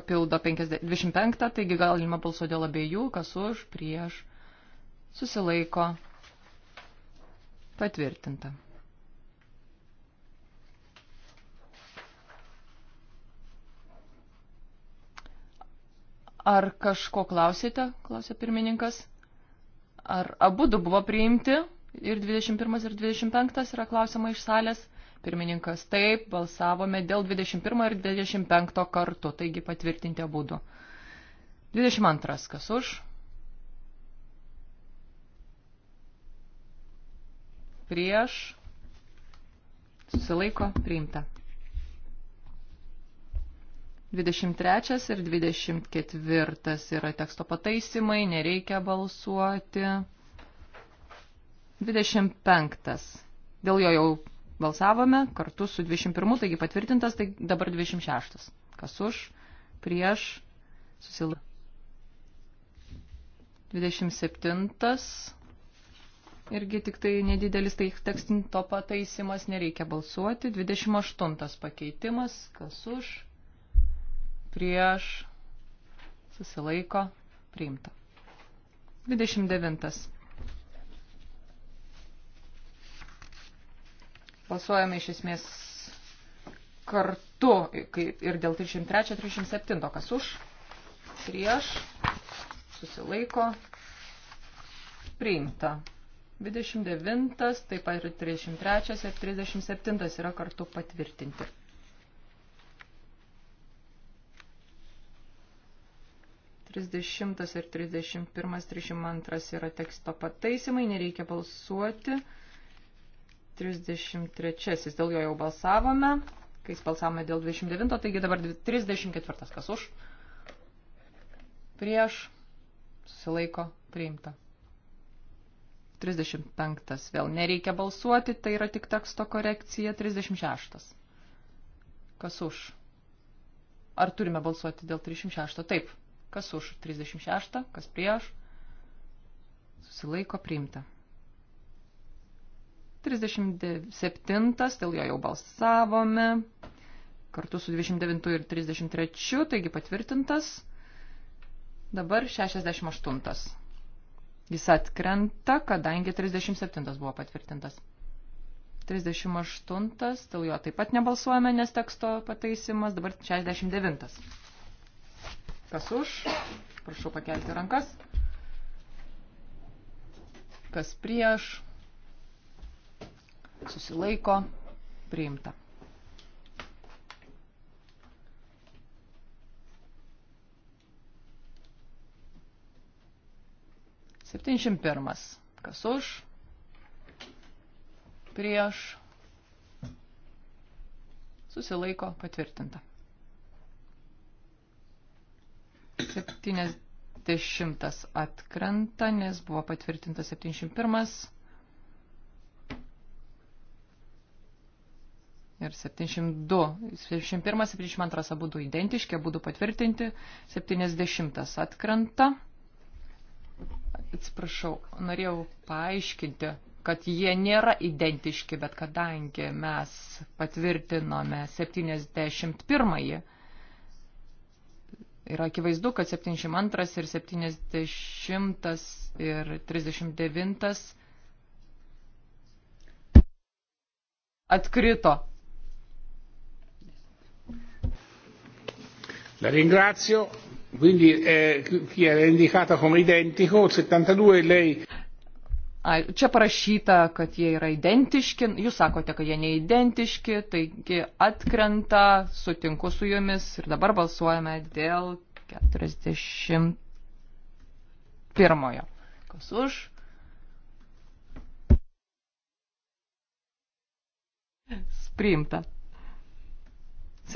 papildo 25, taigi galima balsuoti dėl abiejų, kas už, prieš, susilaiko, patvirtinta. Ar kažko klausėte, klausė pirmininkas? Ar abu du buvo priimti ir 21 ir 25 yra klausima iš salės? Pirmininkas taip, balsavome dėl 21 ir 25 kartų, taigi patvirtinti abu. 22. Kas už? Prieš. Susilaiko. Priimta. 23 ir 24 yra teksto pataisimai, nereikia balsuoti. 25. Dėl jo jau Balsavome kartu su 21, taigi patvirtintas, tai dabar 26. Kas už, prieš, susilaikė. 27. Irgi tik tai nedidelis tai tekstinto pataisimas, nereikia balsuoti. 28 pakeitimas, kas už, prieš, susilaiko, priimta. 29 Balsuojame iš esmės kartu ir dėl 303-307, kas už, prieš, susilaiko, priimta. 29, taip pat ir 33 ir 37 yra kartu patvirtinti. Trisdešimtas ir trisdešimt pirmas, trisdešimt antras yra teksto pataisimai, nereikia balsuoti. 33. Dėl jo jau balsavome. Kai balsavome dėl 29, taigi dabar 34. Kas už? Prieš. Susilaiko. Priimta. 35. Vėl nereikia balsuoti, tai yra tik teksto korekcija. 36. Kas už? Ar turime balsuoti dėl 36? Taip. Kas už 36, kas prieš? Susilaiko priimta. 37, dėl jo jau balsavome, kartu su 29 ir 33, taigi patvirtintas. Dabar 68. Jis atkrenta, kadangi 37 buvo patvirtintas. 38, dėl jo taip pat nebalsuojame, nes teksto pataisimas, dabar 69. Kas už? Prašau pakelti rankas. Kas prieš? susilaiko, priimta. Septyniasdešimt pirmas. Kas už? Prieš. Susilaiko patvirtinta. Septyniasdešimtas atkrenta, nes buvo patvirtinta septyniasdešimt pirmas. ir 702. 71, 72 abu du identiški, abu du patvirtinti, 70 atkrenta. Atsiprašau, norėjau paaiškinti, kad jie nėra identiški, bet kadangi mes patvirtinome 71 yra akivaizdu, kad 72 ir 70 ir 39 atkrito. la ringrazio quindi eh, chi era indicata come identico 72 lei Ai, Čia parašyta, kad jie yra identiški, jūs sakote, kad jie neidentiški, taigi atkrenta, sutinku su jumis ir dabar balsuojame dėl 41. Kas už? Priimta.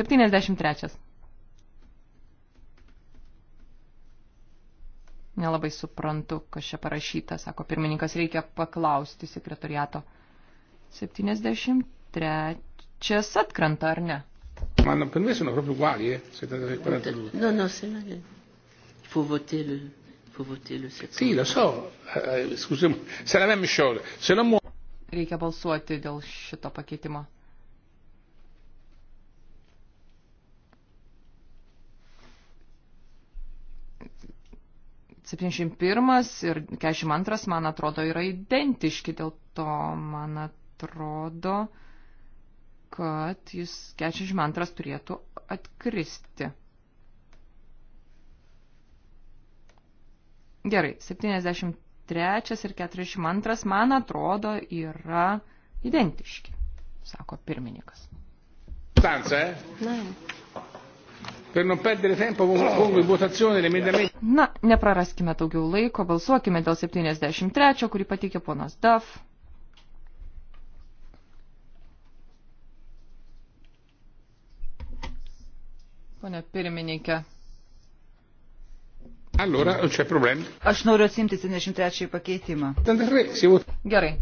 73. Nelabai suprantu, kas čia parašyta, sako pirmininkas, reikia paklausti sekretoriato. 73 atkrenta, ar ne? Man per me sono proprio uguali, eh? 73 42. No, no, c'est eh. là. Il faut voter le, faut voter le 7. Sì, lo so. Uh, eh, eh, Scusiamo, c'est la même chose. Se non mu... Reikia balsuoti dėl šito pakeitimo. 71 ir 42, man atrodo, yra identiški, dėl to man atrodo, kad jis 42 turėtų atkristi. Gerai, 73 ir 42, man atrodo, yra identiški, sako pirmininkas. Stanca? Ne. Per non perdere tempo con la votazione dell'emendamento. Na, nepraraskime daugiau laiko, balsuokime dėl 73, kurį pateikė ponas Duff. Pone pirmininkė. Allora, c'è problem. Aš noriu atsimti 73 pakeitimą. Gerai,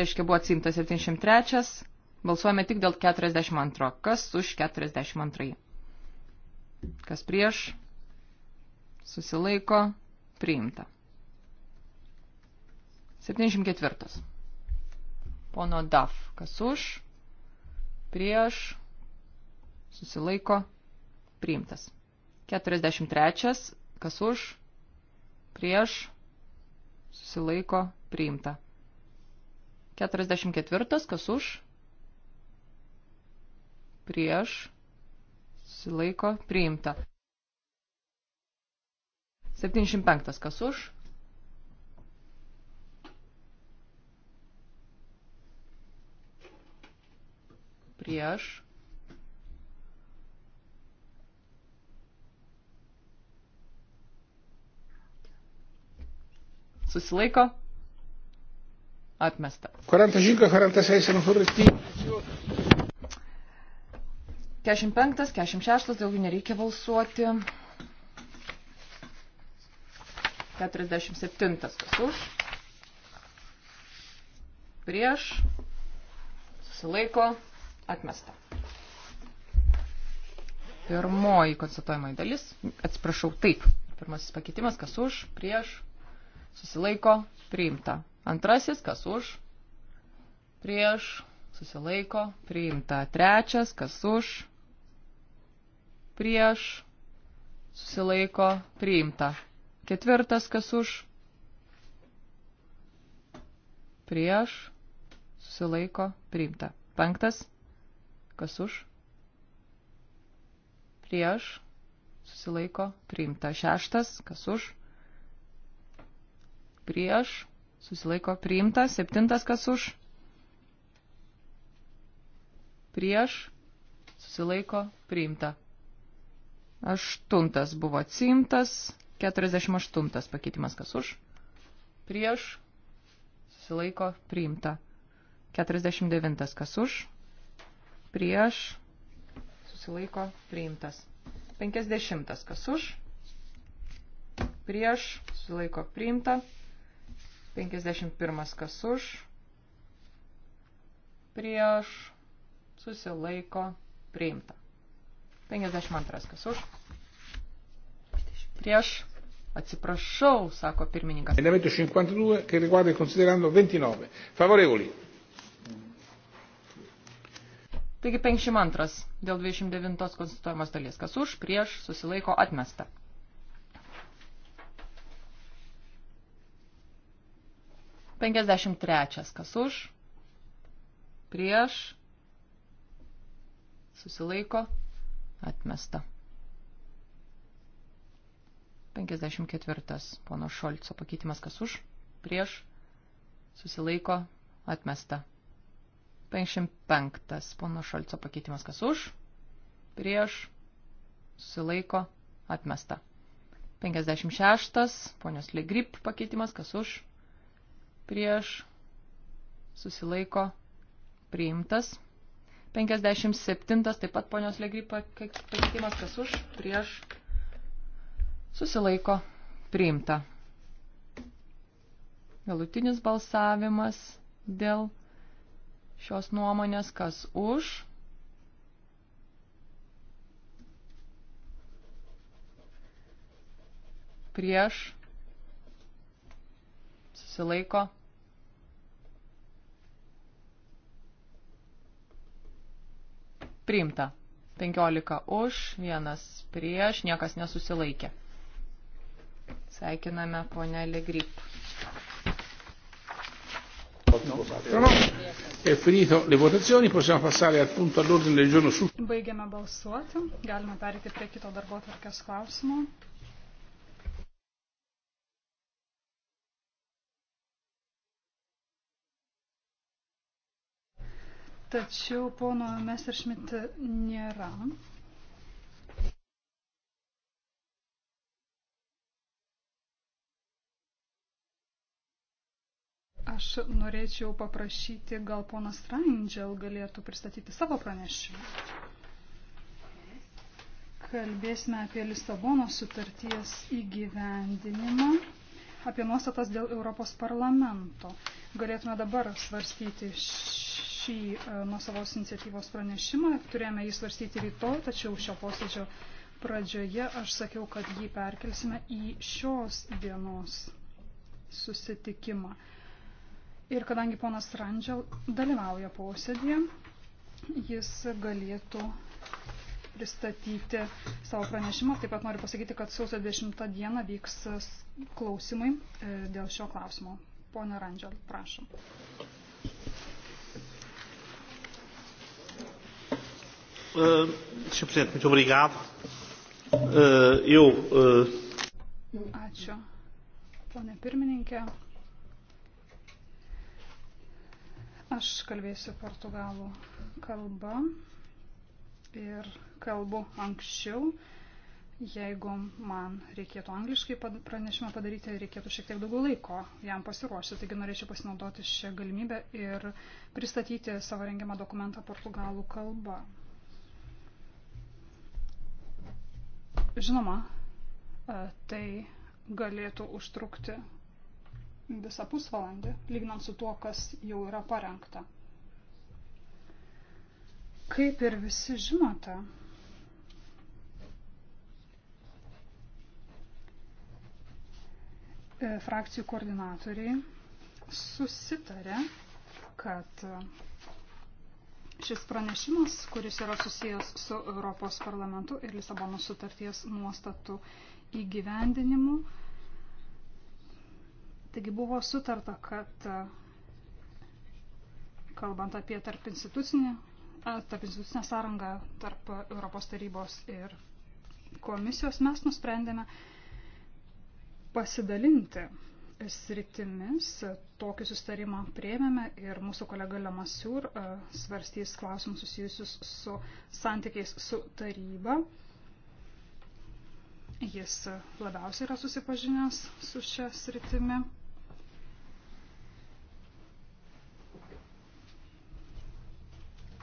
reiškia buvo atsimtas 73, balsuojame tik dėl 42. Kas už 42? Kas prieš? Susilaiko. Priimta. 74. Pono Daf. Kas už? Prieš. Susilaiko. Priimtas. 43. Kas už? Prieš. Susilaiko. Priimta. 44. Kas už? Prieš susilaiko priimta. 75 kas už. Prieš. Susilaiko. Atmesta. 45-46 sono correttivi 45, 46, daugiau nereikia balsuoti. 47 kas už. Prieš. Susilaiko. Atmesta. Pirmoji konstatuojamoji dalis. Atsiprašau, taip. Pirmasis pakeitimas, kas už, prieš, susilaiko, priimta. Antrasis, kas už, prieš, susilaiko, priimta. Trečias, kas už, prieš, susilaiko, priimta. Ketvirtas, kas už, prieš, susilaiko, priimta. Penktas, kas už, prieš, susilaiko, priimta. Šeštas, kas už, prieš, susilaiko, priimta. Septintas, kas už, prieš, susilaiko, priimta. Aštuntas buvo atsimtas. 48 pakeitimas kas už. Prieš. Susilaiko priimta. 49 kas už. Prieš. Susilaiko priimtas. 50 kas už. Prieš. Susilaiko priimta. 51 kas už. Prieš. Susilaiko priimta. 52. Kas už? Prieš. Atsiprašau, sako pirmininkas. Elemento 52 che riguarda il considerando 29. Favorevoli. Taigi 52 dėl 29 konstituojamos dalies. Kas už, prieš, susilaiko, atmesta. Penkiasdešimt trečias. Kas už, prieš, susilaiko, atmesta Atmesta. 54. Pono Šolco pakeitimas kas už, prieš, susilaiko, atmesta. 55. Pono Šolco pakeitimas kas už, prieš, susilaiko, atmesta. 56. Ponios Legrip pakeitimas kas už, prieš, susilaiko, priimtas. 57, taip pat ponios Legry pakeitimas, kas už, prieš, susilaiko, priimta. Galutinis balsavimas dėl šios nuomonės, kas už. Prieš susilaiko Priimta. 15 už, vienas prieš, niekas nesusilaikė. Sveikiname ponę Legrip. Baigiame balsuoti, galime perėti prie kito darbo tvarkės klausimo. Tačiau pono Messerschmitt nėra. Aš norėčiau paprašyti, gal ponas Rangel galėtų pristatyti savo pranešimą. Kalbėsime apie Lisabono sutarties įgyvendinimą, apie nuostatas dėl Europos parlamento. Galėtume dabar svarstyti šį šį e, nuosavos iniciatyvos pranešimą. Turėjome jį svarstyti rytoj, tačiau šio posėdžio pradžioje aš sakiau, kad jį perkelsime į šios dienos susitikimą. Ir kadangi ponas Randžel dalyvauja posėdėje, jis galėtų pristatyti savo pranešimą. Taip pat noriu pasakyti, kad sausio 10 dieną vyks klausimai e, dėl šio klausimo. Pone Randžel, prašom. Uh, Sr. Presidente, muito obrigado. Uh, eu. Uh... Ačiū, ponė pirmininkė. Aš kalbėsiu portugalų kalba ir kalbu anksčiau. Jeigu man reikėtų angliškai pranešimą padaryti, reikėtų šiek tiek daugiau laiko jam pasiruošti. Taigi norėčiau pasinaudoti šią galimybę ir pristatyti savo rengimą dokumentą portugalų kalba. Žinoma, e, tai galėtų užtrukti visą pusvalandį, lygnant su tuo, kas jau yra parengta. Kaip ir visi žinote, e, frakcijų koordinatoriai susitarė, kad Šis pranešimas, kuris yra susijęs su Europos parlamentu ir Lisabono sutarties nuostatų įgyvendinimu. Taigi buvo sutarta, kad e, kalbant apie tarp institucinę, tarp institucinę sąrangą tarp Europos tarybos ir komisijos, mes nusprendėme pasidalinti sritimis. Tokį sustarimą prieimėme ir mūsų kolega Lemasiur e, svarstys klausimus susijusius su santykiais su taryba. Jis labiausiai yra susipažinęs su šia sritimi.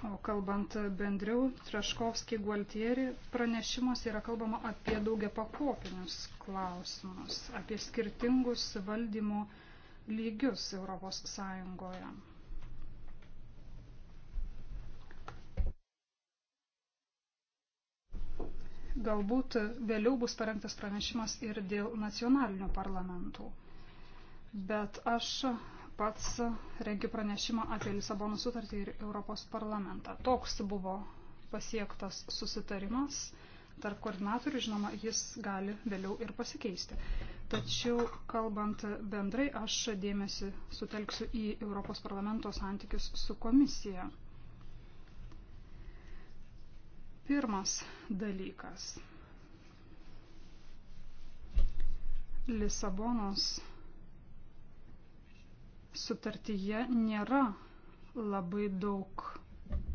O kalbant bendriau, Traškovski Gualtieri pranešimas yra kalbama apie daugia pakopinius klausimus, apie skirtingus valdymo lygius Europos Sąjungoje. Galbūt vėliau bus parengtas pranešimas ir dėl nacionalinių parlamentų. Bet aš pats rengiu pranešimą apie Lisabono sutartį ir Europos parlamentą. Toks buvo pasiektas susitarimas tarp koordinatorių, žinoma, jis gali vėliau ir pasikeisti. Tačiau, kalbant bendrai, aš dėmesį sutelksiu į Europos parlamento santykius su komisija. Pirmas dalykas. Lisabonos sutartyje nėra labai daug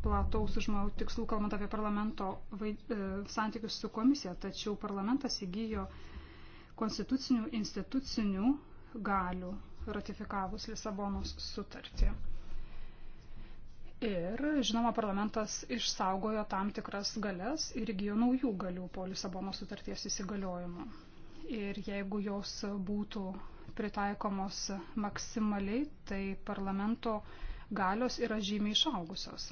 plataus užmojų tikslų, kalbant apie parlamento vaid, e, santykius su komisija, tačiau parlamentas įgyjo konstitucinių institucinių galių ratifikavus Lisabonos sutartį. Ir, žinoma, parlamentas išsaugojo tam tikras galės ir įgyjo naujų galių po Lisabono sutarties įsigaliojimo. Ir jeigu jos būtų pritaikomos maksimaliai, tai parlamento galios yra žymiai išaugusios.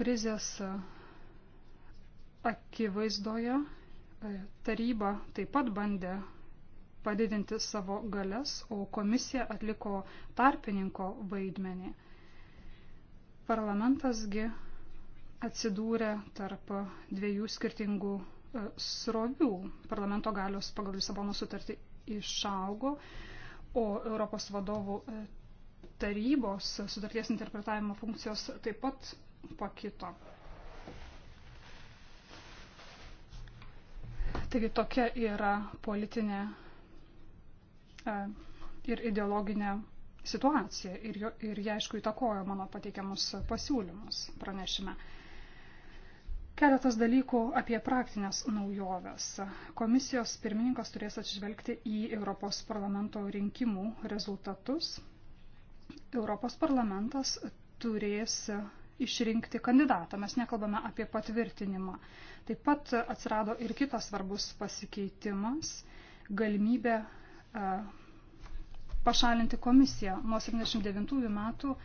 Krizės akivaizdoje e, taryba taip pat bandė padidinti savo galias, o komisija atliko tarpininko vaidmenį. Parlamentasgi atsidūrė tarp dviejų skirtingų e, srovių. Parlamento galios pagal Lisabono sutartį išaugo, o Europos vadovų e, tarybos sutarties interpretavimo funkcijos taip pat pakito. Taigi tokia yra politinė e, ir ideologinė situacija ir, jo, ir jie aišku įtakojo mano pateikiamus pasiūlymus pranešime. Keletas dalykų apie praktinės naujoves. Komisijos pirmininkas turės atsižvelgti į Europos parlamento rinkimų rezultatus. Europos parlamentas turės išrinkti kandidatą. Mes nekalbame apie patvirtinimą. Taip pat atsirado ir kitas svarbus pasikeitimas - galimybė e, pašalinti komisiją. Nuo 79 metų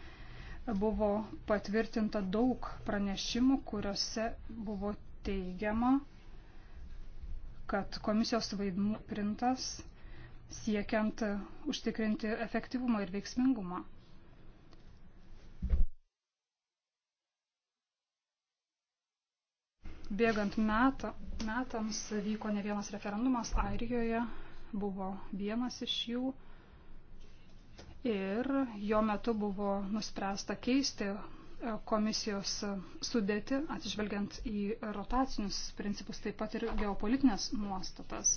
buvo patvirtinta daug pranešimų, kuriuose buvo teigiama, kad komisijos vaidmų printas siekiant užtikrinti efektyvumą ir veiksmingumą. Bėgant metą, metams vyko ne vienas referendumas Airijoje, buvo vienas iš jų ir jo metu buvo nuspręsta keisti e, komisijos sudėti, atsižvelgiant į rotacinius principus, taip pat ir geopolitinės nuostatas.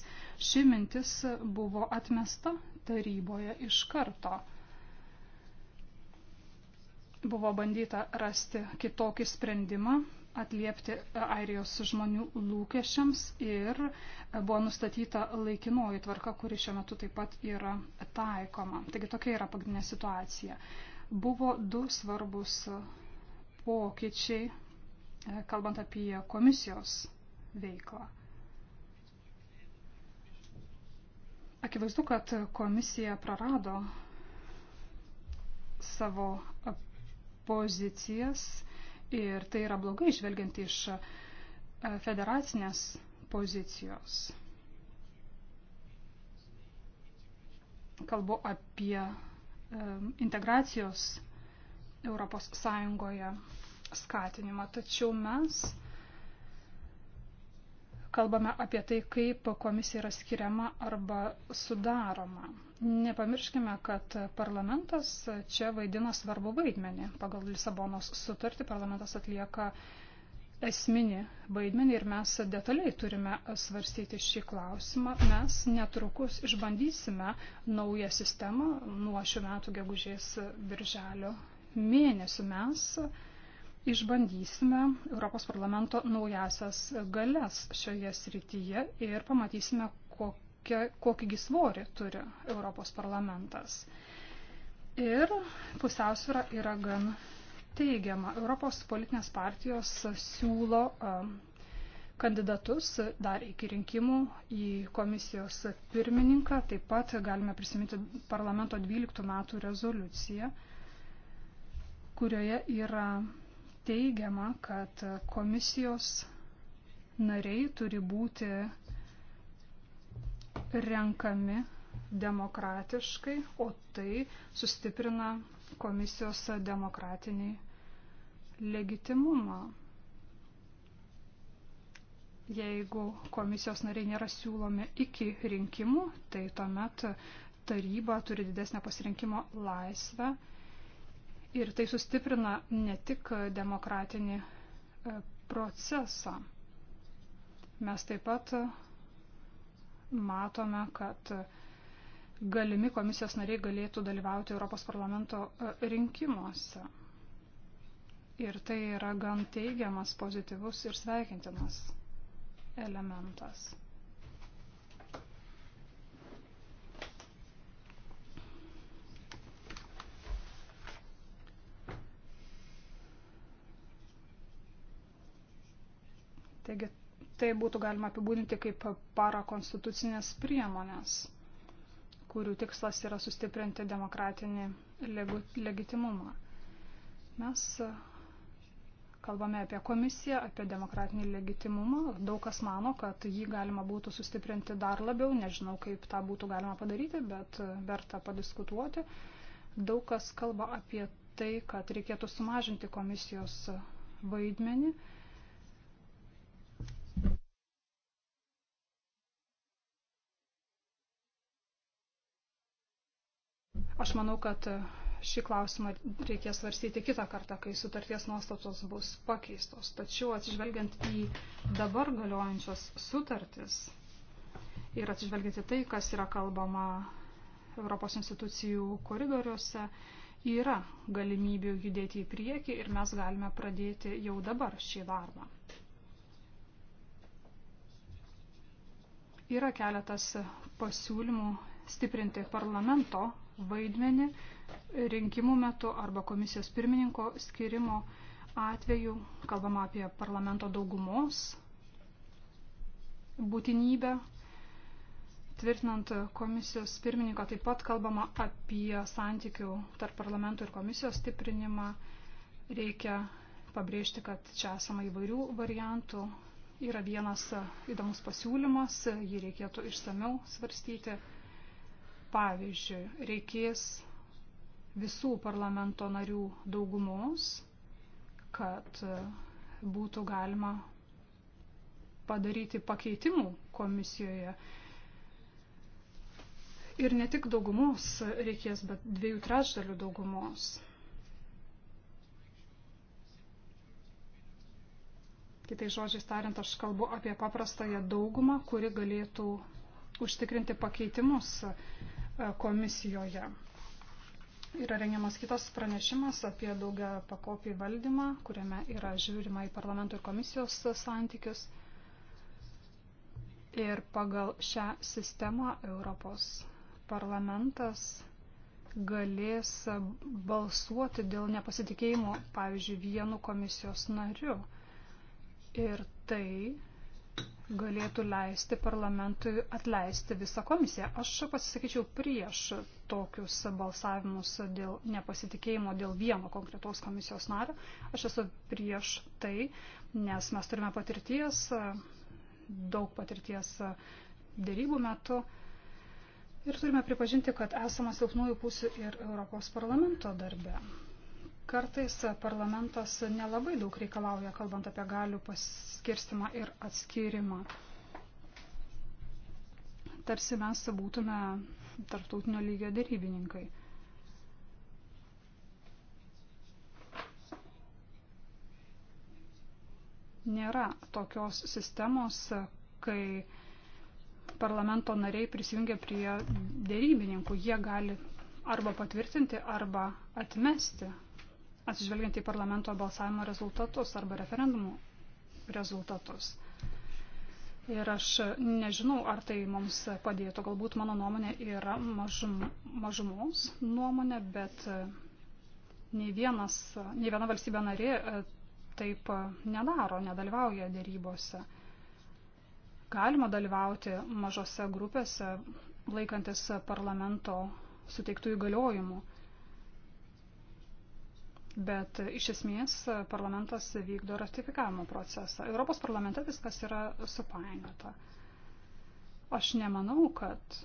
Ši mintis buvo atmesta taryboje iš karto. Buvo bandyta rasti kitokį sprendimą, atliepti e, Airijos žmonių lūkesčiams ir e, buvo nustatyta laikinoji tvarka, kuri šiuo metu taip pat yra taikoma. Taigi tokia yra pagrindinė situacija. Buvo du svarbus e, pokyčiai, kalbant apie komisijos veiklą. Akivaizdu, kad komisija prarado savo pozicijas Ir tai yra blogai žvelgiant iš e, federacinės pozicijos. Kalbu apie e, integracijos Europos Sąjungoje skatinimą, tačiau mes kalbame apie tai, kaip komisija yra skiriama arba sudaroma. Nepamirškime, kad parlamentas čia vaidina svarbu vaidmenį. Pagal Lisabonos sutartį parlamentas atlieka esminį vaidmenį ir mes detaliai turime svarstyti šį klausimą. Mes netrukus išbandysime naują sistemą nuo šių metų gegužės birželio mėnesių. Mes išbandysime Europos parlamento naujasias galias šioje srityje ir pamatysime, kokia, kokįgi svorį turi Europos parlamentas. Ir pusiausvyrą yra gan teigiama. Europos politinės partijos siūlo um, kandidatus dar iki rinkimų į komisijos pirmininką. Taip pat galime prisiminti parlamento 12 metų rezoliuciją, kurioje yra teigiama, kad komisijos nariai turi būti renkami demokratiškai, o tai sustiprina komisijos demokratinį legitimumą. Jeigu komisijos nariai nėra siūlomi iki rinkimų, tai tuomet taryba turi didesnę pasirinkimo laisvę Ir tai sustiprina ne tik demokratinį e, procesą. Mes taip pat e, matome, kad galimi komisijos nariai galėtų dalyvauti Europos parlamento e, rinkimuose. Ir tai yra gan teigiamas, pozityvus ir sveikintinas elementas. Taigi tai būtų galima apibūdinti kaip parakonstitucinės priemonės, kurių tikslas yra sustiprinti demokratinį legitimumą. Mes e, kalbame apie komisiją, apie demokratinį legitimumą. Daug kas mano, kad jį galima būtų sustiprinti dar labiau. Nežinau, kaip tą būtų galima padaryti, bet e, verta padiskutuoti. Daug kas kalba apie tai, kad reikėtų sumažinti komisijos e, vaidmenį Aš manau, kad e, šį klausimą reikės svarstyti kitą kartą, kai sutarties nuostatos bus pakeistos. Tačiau atsižvelgiant į dabar galiojančias sutartis ir atsižvelgiant į tai, kas yra kalbama Europos institucijų koridoriuose, yra galimybių judėti į priekį ir mes galime pradėti jau dabar šį darbą. Yra keletas pasiūlymų stiprinti parlamento vaidmenį rinkimų metu arba komisijos pirmininko skirimo atveju, kalbama apie parlamento daugumos būtinybę. Tvirtinant komisijos pirmininką taip pat kalbama apie santykių tarp parlamento ir komisijos stiprinimą. Reikia pabrėžti, kad čia esama įvairių variantų. Yra vienas įdomus pasiūlymas, jį reikėtų išsameu svarstyti. Pavyzdžiui, reikės visų parlamento narių daugumos, kad e, būtų galima padaryti pakeitimų komisijoje. Ir ne tik daugumos reikės, bet dviejų trečdalių daugumos. Kitai žodžiais tariant, aš kalbu apie paprastąją daugumą, kuri galėtų užtikrinti pakeitimus E, komisijoje. Yra rengiamas kitas pranešimas apie daugia pakopį valdymą, kuriame yra žiūrima į parlamento ir komisijos santykius. Ir pagal šią sistemą Europos parlamentas galės balsuoti dėl nepasitikėjimo, pavyzdžiui, vienu komisijos nariu. Ir tai galėtų leisti parlamentui atleisti visą komisiją. Aš pasisakyčiau prieš tokius balsavimus dėl nepasitikėjimo dėl vieno konkretaus komisijos nario. Aš esu prieš tai, nes mes turime patirties, daug patirties dėrybų metu. Ir turime pripažinti, kad esama silpnųjų pusių ir Europos parlamento darbe. Kartais parlamentas nelabai daug reikalauja, kalbant apie galių paskirstimą ir atskirimą. Tarsi mes būtume tarptautinio lygio dėrybininkai. Nėra tokios sistemos, kai parlamento nariai prisijungia prie dėrybininkų. Jie gali arba patvirtinti, arba atmesti atsižvelgiant į parlamento balsavimo rezultatus arba referendumų rezultatus. Ir aš nežinau, ar tai mums padėtų. Galbūt mano nuomonė yra mažum, mažumos nuomonė, bet e, nei, vienas, nei viena valstybė narė e, taip nedaro, nedalyvauja dėrybose. Galima dalyvauti mažose grupėse, laikantis parlamento suteiktų įgaliojimų. Bet e, iš esmės e, parlamentas vykdo ratifikavimo procesą. Europos parlamente viskas yra supainiota. Aš nemanau, kad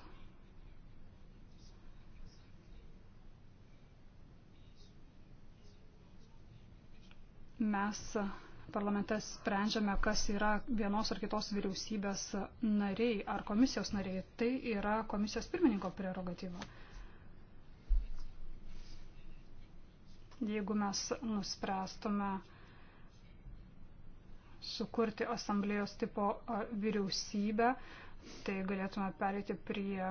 mes parlamente sprendžiame, kas yra vienos ar kitos vyriausybės nariai ar komisijos nariai. Tai yra komisijos pirmininko prerogatyva. jeigu mes nuspręstume sukurti asamblėjos tipo vyriausybę, tai galėtume pereiti prie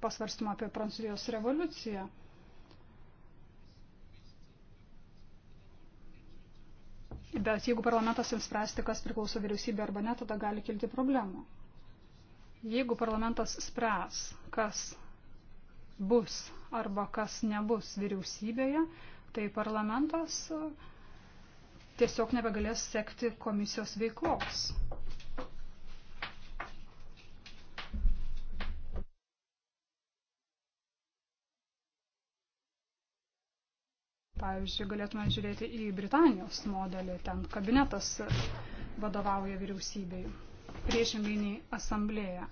pasvarstymą apie Prancūzijos revoliuciją. Bet jeigu parlamentas jums spręsti, kas priklauso vyriausybė arba ne, tada gali kilti problemų. Jeigu parlamentas spręs, kas bus arba kas nebus vyriausybėje, tai parlamentas e, tiesiog nebegalės sekti komisijos veiklos. Pavyzdžiui, galėtume žiūrėti į Britanijos modelį, ten kabinetas vadovauja vyriausybei, priešingai nei asamblėje.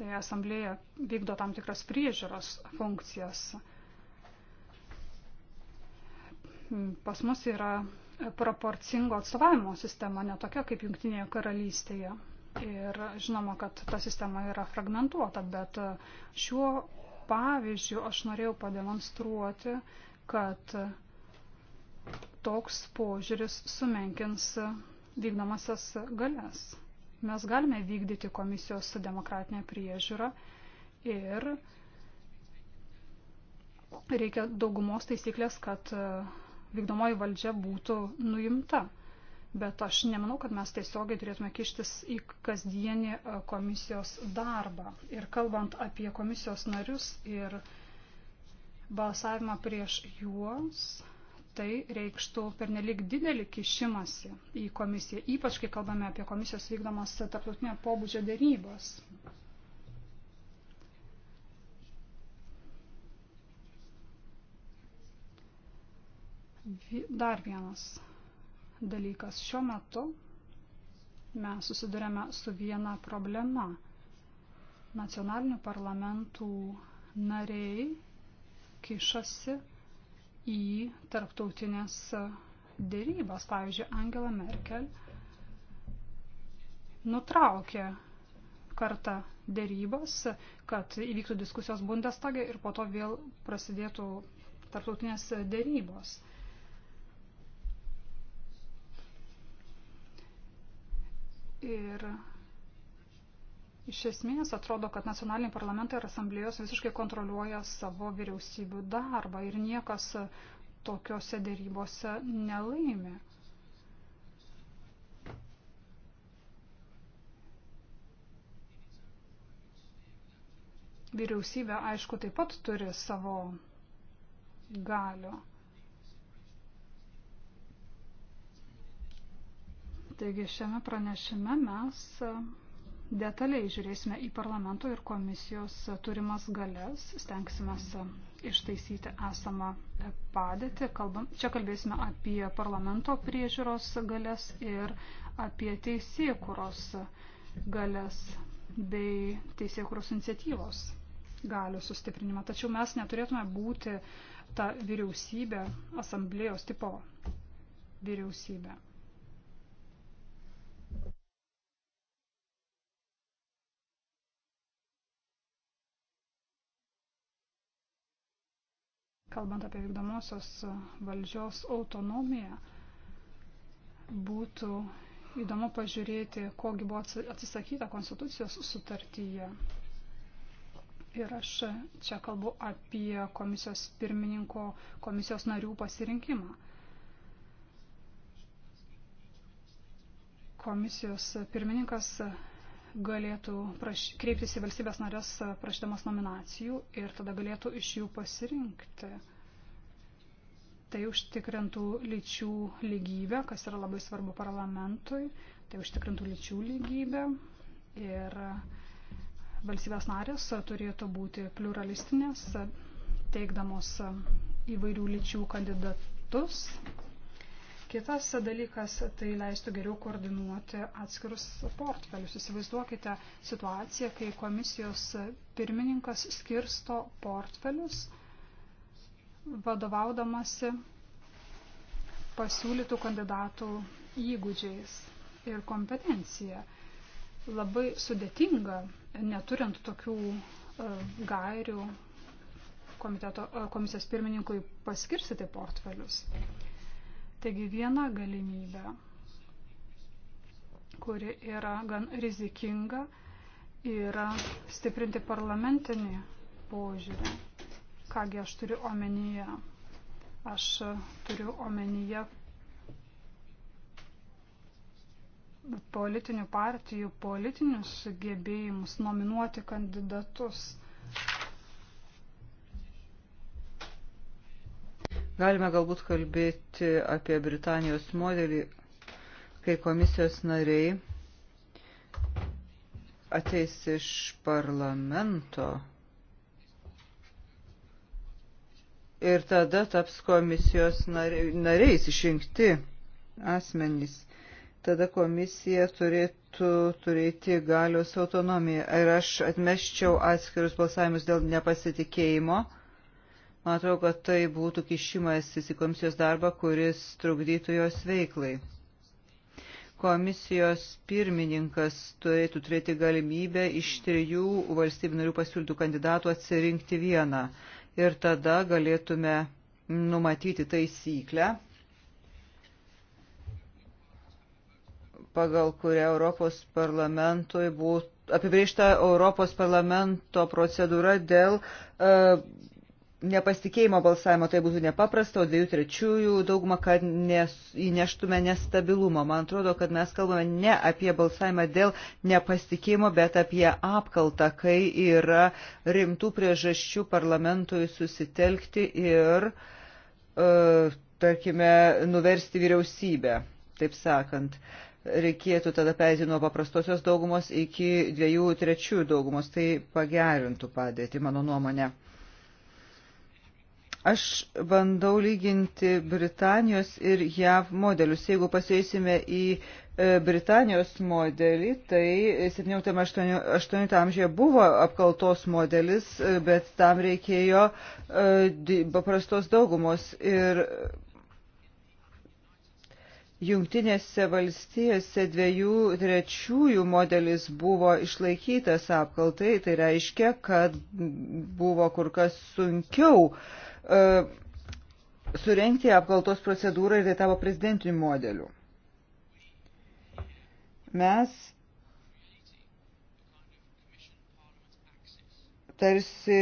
Tai asamblėje vykdo tam tikras priežiūros funkcijas. Mm, pas mus yra e, proporcingo atstovavimo sistema, netokia kaip Junktinėje karalystėje. Ir žinoma, kad ta sistema yra fragmentuota, bet e, šiuo pavyzdžiu aš norėjau pademonstruoti, kad e, toks požiūris sumenkins vykdomasias galės. Mes galime vykdyti komisijos demokratinę priežiūrą ir reikia daugumos taisyklės, kad vykdomoji valdžia būtų nuimta. Bet aš nemanau, kad mes tiesiogiai turėtume kištis į kasdienį e, komisijos darbą. Ir kalbant apie komisijos narius ir balsavimą prieš juos, tai reikštų pernelik didelį kišimąsi į komisiją, ypač kai kalbame apie komisijos vykdomas tarptautinio pobūdžio dėrybos. Dar vienas dalykas. Šiuo metu mes susidurėme su viena problema. Nacionalinių parlamentų nariai kišasi į tarptautinės dėrybas. Pavyzdžiui, Angela Merkel nutraukė kartą dėrybas, kad įvyktų diskusijos Bundestagė ir po to vėl prasidėtų tarptautinės dėrybos. Ir iš esmės atrodo, kad nacionaliniai parlamentai ir asamblėjos visiškai kontroliuoja savo vyriausybių darbą ir niekas tokiuose dėrybose nelaimi. Vyriausybė, aišku, taip pat turi savo galių. Taigi šiame pranešime mes e, detaliai žiūrėsime į parlamento ir komisijos turimas galės, stengsime ištaisyti esamą padėtį. Kalbam, čia kalbėsime apie parlamento priežiūros galės ir apie teisėkuros galės bei teisėkuros iniciatyvos galių sustiprinimą. Tačiau mes neturėtume būti ta vyriausybė, asamblėjos tipo vyriausybė. kalbant apie vykdomosios valdžios autonomiją, būtų įdomu pažiūrėti, kogi buvo atsisakyta konstitucijos sutartyje. Ir aš čia kalbu apie komisijos pirmininko, komisijos narių pasirinkimą. Komisijos pirmininkas galėtų praš, kreiptis į valstybės narės prašydamas nominacijų ir tada galėtų iš jų pasirinkti. Tai užtikrintų lyčių lygybę, kas yra labai svarbu parlamentui, tai užtikrintų lyčių lygybę ir valstybės narės turėtų būti pluralistinės, teikdamos įvairių lyčių kandidatus Kitas dalykas - tai leistų geriau koordinuoti atskirus portfelius. Įsivaizduokite situaciją, kai komisijos pirmininkas skirsto portfelius vadovaudamasi pasiūlytų kandidatų įgūdžiais ir kompetencija. Labai sudėtinga, neturint tokių e, gairių komiteto, e, komisijos pirmininkui paskirsyti portfelius. Taigi viena galimybė, kuri yra gan rizikinga, yra stiprinti parlamentinį požiūrį. Kągi aš turiu omenyje? Aš turiu omenyje politinių partijų politinius gebėjimus nominuoti kandidatus Galime galbūt kalbėti apie Britanijos modelį, kai komisijos nariai ateis iš parlamento ir tada taps komisijos nariais išrinkti asmenys. Tada komisija turėtų turėti galios autonomiją. Ir aš atmeščiau atskirius balsavimus dėl nepasitikėjimo Man atrodo, kad tai būtų kišimasis į komisijos darbą, kuris trukdytų jos veiklai. Komisijos pirmininkas turėtų turėti galimybę iš trijų valstybių narių pasiūlytų kandidatų atsirinkti vieną. Ir tada galėtume numatyti taisyklę, pagal kurią Europos parlamentui būtų apibriešta Europos parlamento procedūra dėl e, nepasikeimo balsavimo tai būtų nepaprasta, o dviejų trečiųjų daugumą, kad nes, įneštume nestabilumą. Man atrodo, kad mes kalbame ne apie balsavimą dėl nepasikeimo, bet apie apkaltą, kai yra rimtų priežasčių parlamentui susitelkti ir, e, tarkime, nuversti vyriausybę, taip sakant. Reikėtų tada peiti nuo paprastosios daugumos iki dviejų trečiųjų daugumos, tai pagerintų padėti, mano nuomonė. Aš bandau lyginti Britanijos ir JAV modelius. Jeigu pasieisime į e, Britanijos modelį, tai 17-18 amžiuje buvo apkaltos modelis, e, bet tam reikėjo e, paprastos daugumos. Ir Jungtinėse valstijose dviejų trečiųjų modelis buvo išlaikytas apkaltai, tai reiškia, kad buvo kur kas sunkiau uh, E, surenkti apkaltos procedūrą ir tai tapo prezidentiniu modeliu. Mes tarsi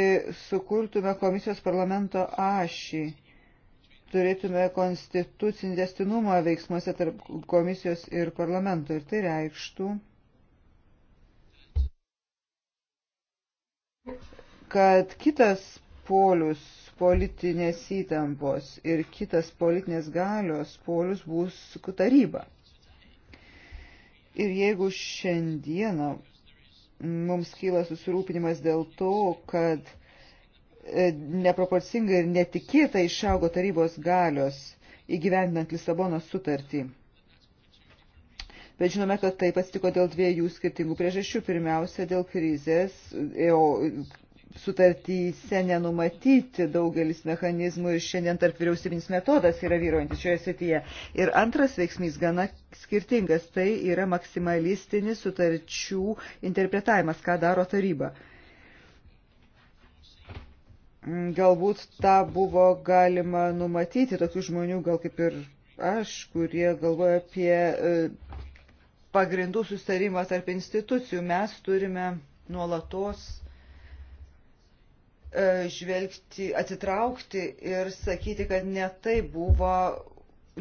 sukurtume komisijos parlamento ašį, turėtume konstitucinį destinumą veiksmuose tarp komisijos ir parlamento ir tai reikštų, kad kitas polius politinės įtampos ir kitas politinės galios polius bus taryba. Ir jeigu šiandieną mums kyla susirūpinimas dėl to, kad e, neproporcingai ir netikėtai išaugo tarybos galios įgyvendinant Lisabono sutartį. Bet žinome, kad taip atsitiko dėl dviejų skirtingų priežasčių. Pirmiausia, dėl krizės, e, sutartyse nenumatyti daugelis mechanizmų ir šiandien tarp vyriausybinis metodas yra vyruojantis šioje srityje. Ir antras veiksmys gana skirtingas, tai yra maksimalistinis sutarčių interpretavimas, ką daro taryba. Galbūt tą buvo galima numatyti, tokių žmonių gal kaip ir aš, kurie galvoja apie e, pagrindų sustarimą tarp institucijų. Mes turime nuolatos E, žvelgti, atsitraukti ir sakyti, kad netai buvo,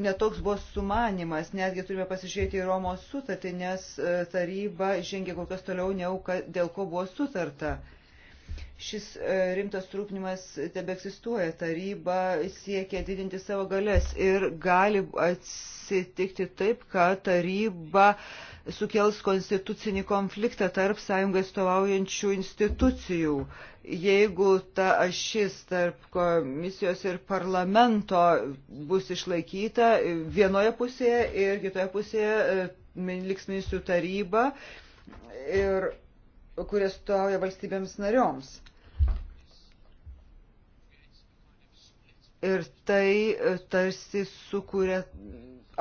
netoks buvo sumanimas, netgi turime pasižiūrėti į Romos sutartį, nes e, taryba žengė kol kas toliau, negu dėl ko buvo sutarta. E, šis e, rimtas trūknimas tebe egzistuoja. Taryba siekia didinti savo galės ir gali atsitikti taip, kad taryba sukels konstitucinį konfliktą tarp sąjungai stovaujančių institucijų. Jeigu ta ašis tarp komisijos ir parlamento bus išlaikyta vienoje pusėje ir kitoje pusėje e, liks ministrų taryba ir kurie stovauja valstybėms narioms. Ir tai e, tarsi sukuria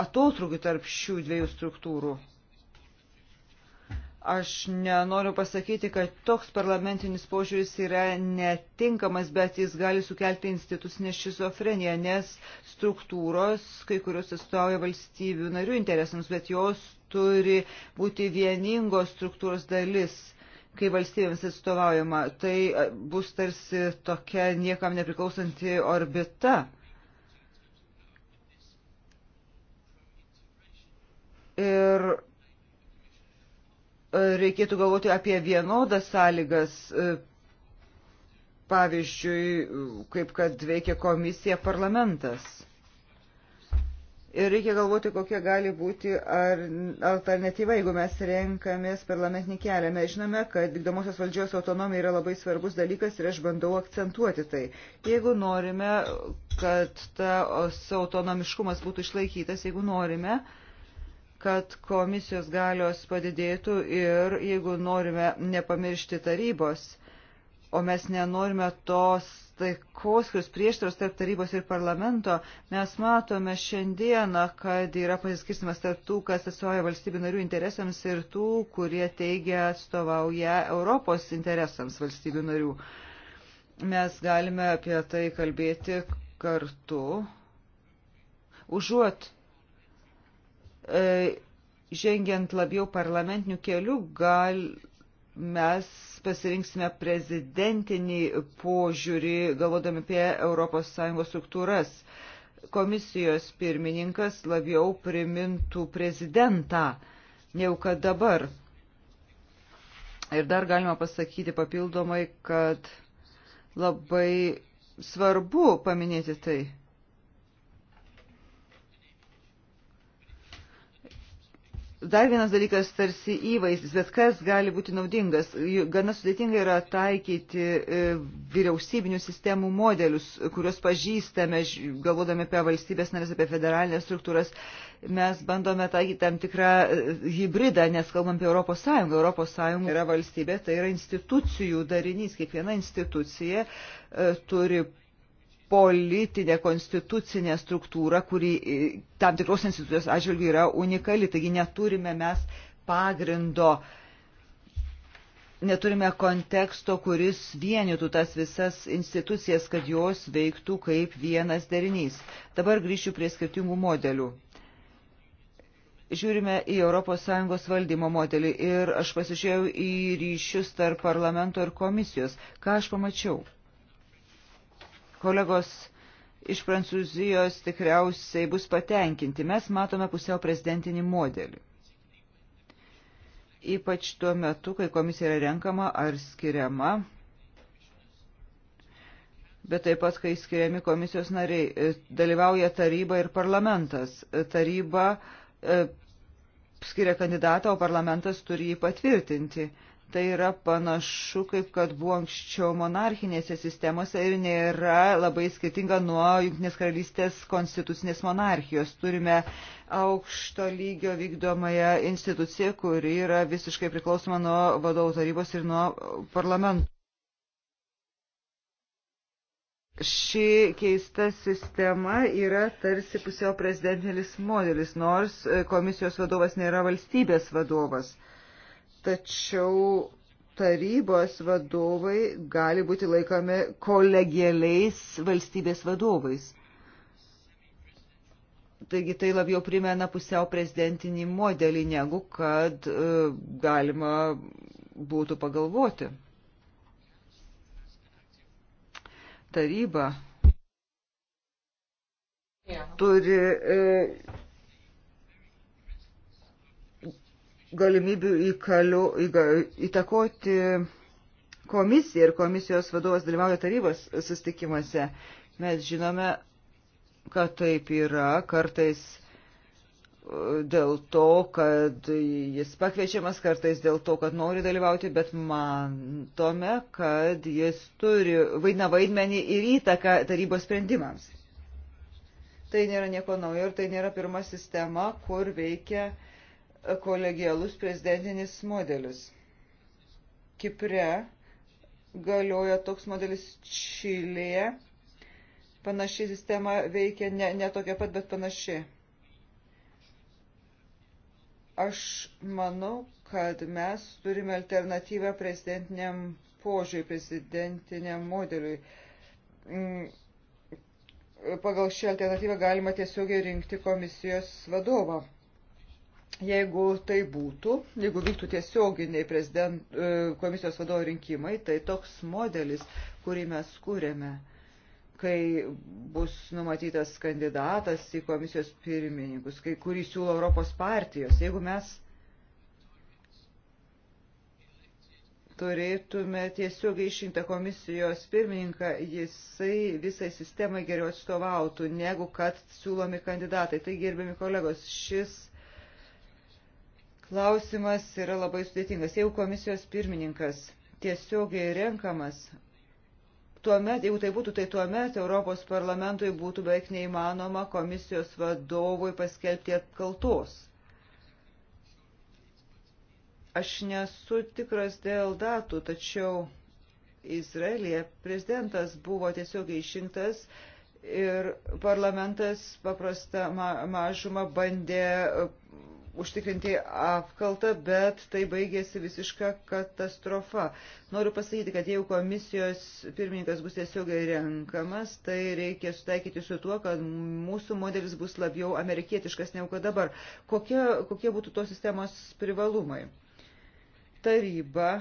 atotrukį tarp šių dviejų struktūrų. Aš nenoriu pasakyti, kad toks parlamentinis požiūris yra netinkamas, bet jis gali sukelti institucinę šizofreniją, nes struktūros, kai kurios atstovauja valstybių narių interesams, bet jos turi būti vieningos struktūros dalis kai valstybėms atstovaujama, tai e, bus tarsi tokia niekam nepriklausanti orbita. Ir e, reikėtų galvoti apie vienodas sąlygas, e, pavyzdžiui, kaip kad veikia komisija parlamentas. Ir reikia galvoti, kokia gali būti alternatyva, jeigu mes renkamės parlamentinį kelią. Mes žinome, kad vykdomosios valdžios autonomija yra labai svarbus dalykas ir aš bandau akcentuoti tai. Jeigu norime, kad tas autonomiškumas būtų išlaikytas, jeigu norime, kad komisijos galios padidėtų ir jeigu norime nepamiršti tarybos o mes nenorime tos taikos, kuris prieštaros tarp tarybos ir parlamento. Mes matome šiandieną, kad yra pasiskirstimas tarp tų, kas atstovauja valstybių narių interesams ir tų, kurie teigia atstovauja Europos interesams valstybių narių. Mes galime apie tai kalbėti kartu, užuot e, žengiant labiau parlamentiniu keliu, gal, mes pasirinksime prezidentinį požiūrį, galvodami apie ES struktūras. Komisijos pirmininkas labiau primintų prezidentą, jau kad dabar. Ir dar galima pasakyti papildomai, kad labai svarbu paminėti tai. Dar vienas dalykas tarsi įvaizdis, bet kas gali būti naudingas. Gana sudėtinga yra taikyti e, vyriausybinių sistemų modelius, kuriuos pažįstame, galvodami apie valstybės narės, apie federalinės struktūras. Mes bandome taikyti tam tikrą e, hybridą, nes kalbam apie Europos Sąjungą. Europos Sąjunga yra valstybė, tai yra institucijų darinys. Kiekviena institucija e, turi politinė konstitucinė struktūra, kuri e, tam tikros institucijos atžvilgių yra unikali. Taigi neturime mes pagrindo, neturime konteksto, kuris vienytų tas visas institucijas, kad jos veiktų kaip vienas derinys. Dabar grįšiu prie skirtingų modelių. Žiūrime į ES valdymo modelį ir aš pasižiūrėjau į ryšius tarp parlamento ir komisijos. Ką aš pamačiau? Kolegos iš Prancūzijos tikriausiai bus patenkinti. Mes matome pusiau prezidentinį modelį. Ypač tuo metu, kai komisija yra renkama ar skiriama, bet taip pat, kai skiriami komisijos nariai, e, dalyvauja taryba ir parlamentas. E, taryba e, skiria kandidatą, o parlamentas turi jį patvirtinti. Tai yra panašu, kaip kad buvo anksčiau monarchinėse sistemose ir nėra labai skirtinga nuo Junktinės karalystės konstitucinės monarchijos. Turime aukšto lygio vykdomąją instituciją, kuri yra visiškai priklausoma nuo vadovų tarybos ir nuo parlamentų. ši keista sistema yra tarsi pusiau prezidentinis modelis, nors komisijos vadovas nėra valstybės vadovas tačiau tarybos vadovai gali būti laikomi kolegialiais valstybės vadovais. Taigi tai labiau primena pusiau prezidentinį modelį, negu kad e, galima būtų pagalvoti. Taryba turi e, galimybių įkaliu, įga, įtakoti komisiją ir komisijos vadovas dalyvauja tarybos sustikimuose. Mes žinome, kad taip yra kartais e, dėl to, kad jis pakviečiamas, kartais dėl to, kad nori dalyvauti, bet matome, kad jis turi vaidina vaidmenį ir įtaką tarybos sprendimams. Tai nėra nieko naujo ir tai nėra pirma sistema, kur veikia uh, kolegialus prezidentinis modelis. Kipre galioja toks modelis Čilėje. Panaši sistema veikia ne, ne tokia pat, bet panaši. Aš manau, kad mes turime alternatyvą prezidentiniam požiūriui, prezidentiniam modeliui. Mm, pagal šią alternatyvą galima tiesiogiai rinkti komisijos vadovą. Jeigu tai būtų, jeigu vyktų tiesioginiai prezident, e, komisijos vadovo rinkimai, tai toks modelis, kurį mes kūrėme, kai bus numatytas kandidatas į komisijos pirmininkus, kai kurį siūlo Europos partijos, jeigu mes turėtume tiesiog išrinktą komisijos pirmininką, jisai visai sistemai geriau atstovautų, negu kad siūlomi kandidatai. Tai gerbiami kolegos, šis Klausimas yra labai sudėtingas. Jeigu komisijos pirmininkas tiesiogiai renkamas, tuomet, jeigu tai būtų, tai tuomet Europos parlamentui būtų beveik neįmanoma komisijos vadovui paskelbti atkaltos. Aš nesu tikras dėl datų, tačiau Izraelija prezidentas buvo tiesiogiai išrinktas ir parlamentas paprastą ma mažumą bandė užtikrinti apkaltą, bet tai baigėsi visiška katastrofa. Noriu pasakyti, kad jeigu komisijos pirmininkas bus tiesiogiai renkamas, tai reikia sutaikyti su tuo, kad mūsų modelis bus labiau amerikietiškas negu kad dabar. Kokie, kokie būtų tos sistemos privalumai? Taryba